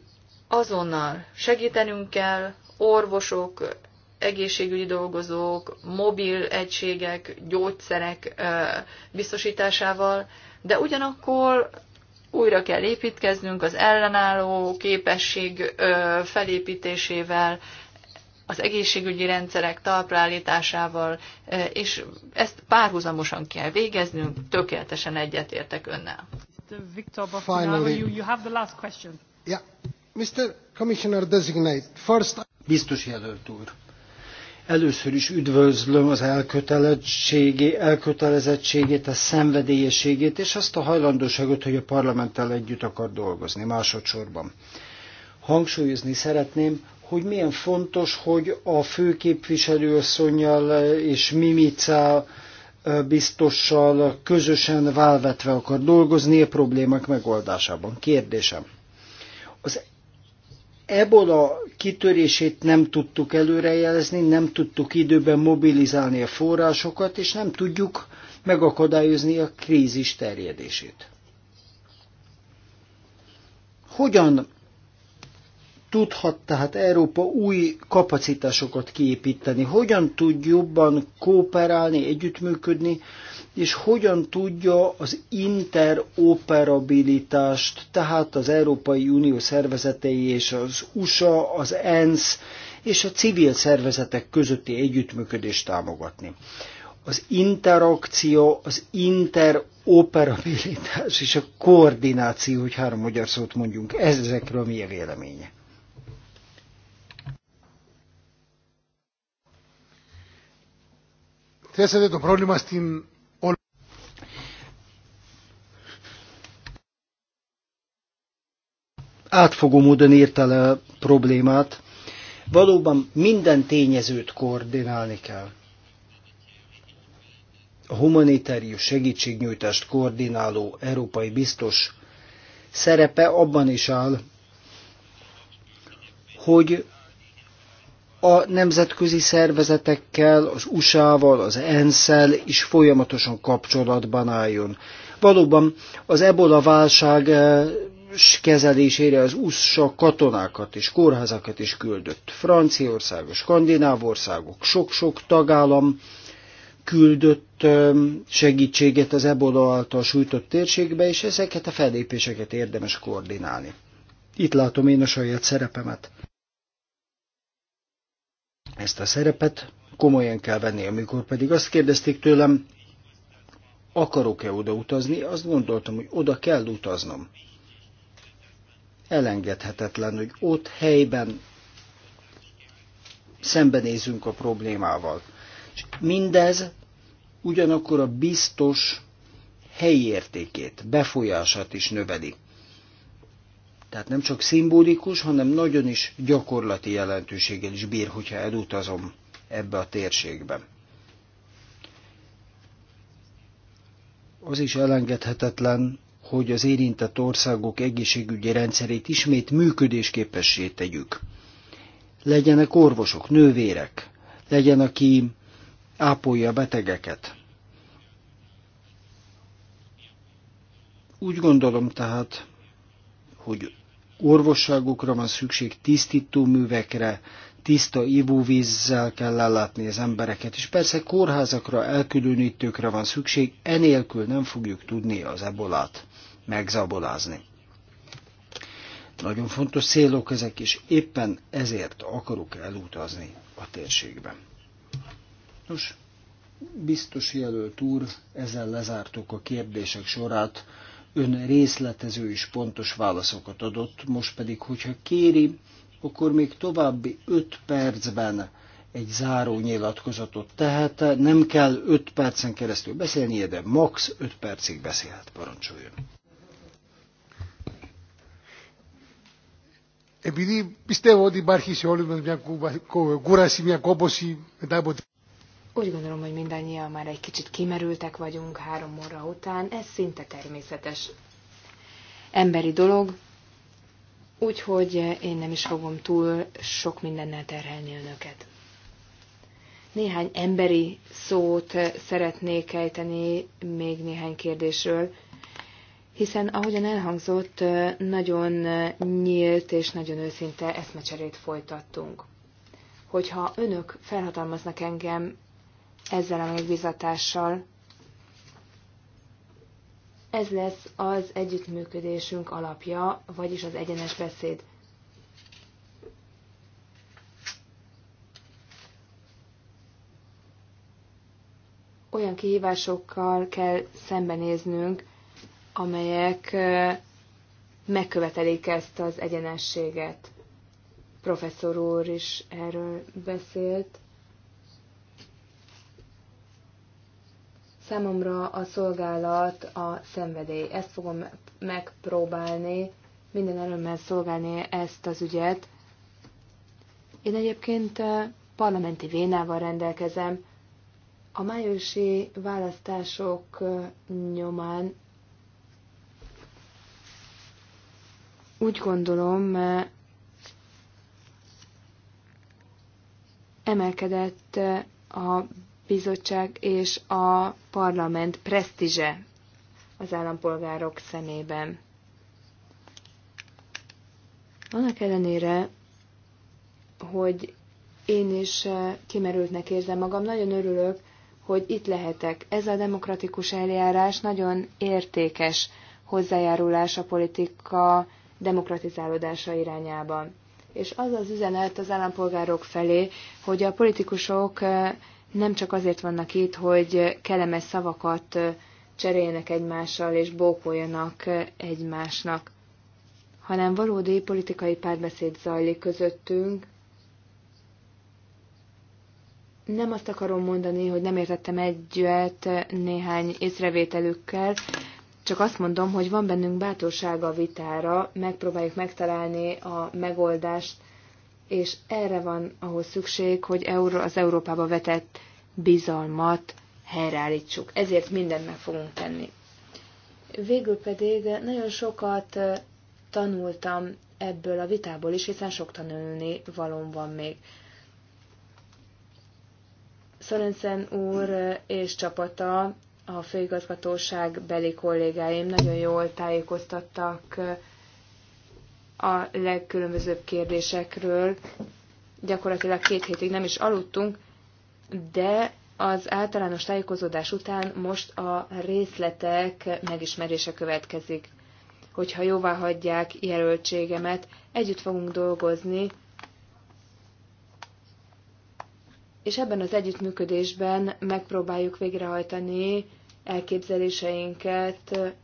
azonnal segítenünk kell, orvosok, egészségügyi dolgozók, mobil egységek, gyógyszerek biztosításával, de ugyanakkor újra kell építkeznünk az ellenálló képesség felépítésével, az egészségügyi rendszerek talprállításával, és ezt párhuzamosan kell végeznünk, tökéletesen egyetértek önnel. Finally. Mr. Commissioner Designate, first... Biztos jelölt úr. Először is üdvözlöm az elkötelezettségét, a szenvedélyességét, és azt a hajlandóságot, hogy a parlamenttel együtt akar dolgozni másodszorban. Hangsúlyozni szeretném, hogy milyen fontos, hogy a főképviselőasszonynal és Mimica biztossal közösen válvetve akar dolgozni a problémák megoldásában. Kérdésem ebola kitörését nem tudtuk előrejelezni, nem tudtuk időben mobilizálni a forrásokat, és nem tudjuk megakadályozni a krízis terjedését. Hogyan tudhat tehát Európa új kapacitásokat kiépíteni? Hogyan tud jobban kooperálni, együttműködni, és hogyan tudja az interoperabilitást, tehát az Európai Unió szervezetei és az USA, az ENSZ és a civil szervezetek közötti együttműködést támogatni? Az interakció, az interoperabilitás és a koordináció, hogy három magyar szót mondjunk, ezekről mi a véleménye? θέσατε το πρόβλημα στην átfogó módon írta le a problémát. Valóban minden tényezőt koordinálni kell. A humanitárius segítségnyújtást koordináló európai biztos szerepe abban is áll, hogy a nemzetközi szervezetekkel, az USA-val, az ENSZ-el is folyamatosan kapcsolatban álljon. Valóban az ebola válság eh, kezelésére az USA katonákat és kórházakat is küldött. Franciaország, a Skandináv országok, sok-sok tagállam küldött eh, segítséget az ebola által sújtott térségbe, és ezeket a felépéseket érdemes koordinálni. Itt látom én a saját szerepemet. Ezt a szerepet komolyan kell venni, amikor pedig azt kérdezték tőlem, akarok-e oda utazni, azt gondoltam, hogy oda kell utaznom. Elengedhetetlen, hogy ott helyben szembenézünk a problémával. És mindez ugyanakkor a biztos helyi értékét, befolyását is növeli. Tehát nem csak szimbolikus, hanem nagyon is gyakorlati jelentőséggel is bír, hogyha elutazom ebbe a térségbe. Az is elengedhetetlen, hogy az érintett országok egészségügyi rendszerét ismét működésképessé tegyük. Legyenek orvosok, nővérek, legyen, aki ápolja a betegeket. Úgy gondolom tehát, hogy orvosságokra van szükség, tisztító művekre, tiszta ivóvízzel kell ellátni az embereket, és persze kórházakra, elkülönítőkre van szükség, enélkül nem fogjuk tudni az ebolát megzabolázni. Nagyon fontos célok ezek, és éppen ezért akarok elutazni a térségbe. Nos, biztos jelölt úr, ezzel lezártuk a kérdések sorát. Ön részletező és pontos válaszokat adott, most pedig, hogyha kéri, akkor még további öt percben egy záró nyilatkozatot tehet. Nem kell öt percen keresztül beszélnie, de max öt percig beszélhet, parancsoljon. Επειδή πιστεύω ότι υπάρχει σε όλους μας μια κούραση, μια κόπωση μετά από úgy gondolom, hogy mindannyian már egy kicsit kimerültek vagyunk három óra után, ez szinte természetes emberi dolog, úgyhogy én nem is fogom túl sok mindennel terhelni önöket. Néhány emberi szót szeretnék ejteni még néhány kérdésről, hiszen ahogyan elhangzott, nagyon nyílt és nagyon őszinte eszmecserét folytattunk. Hogyha önök felhatalmaznak engem ezzel a megbizatással. Ez lesz az együttműködésünk alapja, vagyis az egyenes beszéd. Olyan kihívásokkal kell szembenéznünk, amelyek megkövetelik ezt az egyenességet. Professzor úr is erről beszélt. Számomra a szolgálat a szenvedély. Ezt fogom megpróbálni, minden erőmmel szolgálni ezt az ügyet. Én egyébként parlamenti vénával rendelkezem. A májusi választások nyomán úgy gondolom, emelkedett a bizottság és a parlament presztízse az állampolgárok szemében. Annak ellenére, hogy én is eh, kimerültnek érzem magam, nagyon örülök, hogy itt lehetek. Ez a demokratikus eljárás nagyon értékes hozzájárulás a politika demokratizálódása irányában. És az az üzenet az állampolgárok felé, hogy a politikusok eh, nem csak azért vannak itt, hogy kelemes szavakat cseréljenek egymással és bókoljanak egymásnak, hanem valódi politikai párbeszéd zajlik közöttünk. Nem azt akarom mondani, hogy nem értettem egyet néhány észrevételükkel, csak azt mondom, hogy van bennünk bátorsága a vitára, megpróbáljuk megtalálni a megoldást és erre van ahhoz szükség, hogy az Európába vetett bizalmat helyreállítsuk. Ezért mindent meg fogunk tenni. Végül pedig nagyon sokat tanultam ebből a vitából is, hiszen sok tanulni valóm van még. Szorenszen úr és csapata, a főigazgatóság beli kollégáim nagyon jól tájékoztattak a legkülönbözőbb kérdésekről. Gyakorlatilag két hétig nem is aludtunk, de az általános tájékozódás után most a részletek megismerése következik. Hogyha jóvá hagyják jelöltségemet, együtt fogunk dolgozni, és ebben az együttműködésben megpróbáljuk végrehajtani elképzeléseinket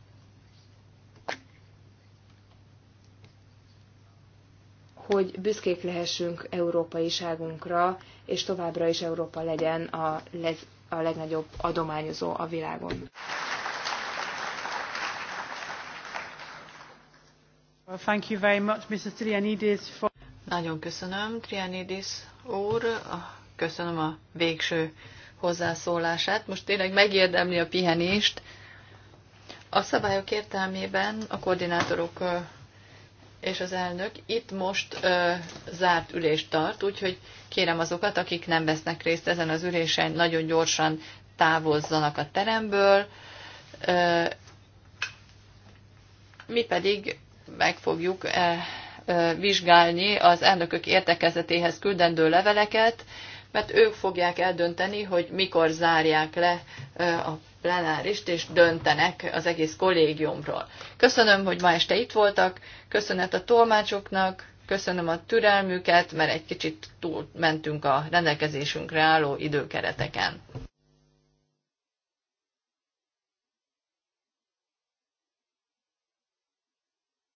hogy büszkék lehessünk európaiságunkra, és továbbra is Európa legyen a, leg, a legnagyobb adományozó a világon. Well, thank you very much, Mr. Trianidis, for... Nagyon köszönöm, Trianidis úr. Köszönöm a végső hozzászólását. Most tényleg megérdemli a pihenést. A szabályok értelmében a koordinátorok és az elnök itt most ö, zárt ülést tart, úgyhogy kérem azokat, akik nem vesznek részt ezen az ülésen, nagyon gyorsan távozzanak a teremből. Ö, mi pedig meg fogjuk ö, e, ö, vizsgálni az elnökök értekezetéhez küldendő leveleket, mert ők fogják eldönteni, hogy mikor zárják le ö, a plenárist, és döntenek az egész kollégiumról. Köszönöm, hogy ma este itt voltak, köszönet a tolmácsoknak, köszönöm a türelmüket, mert egy kicsit túl mentünk a rendelkezésünkre álló időkereteken.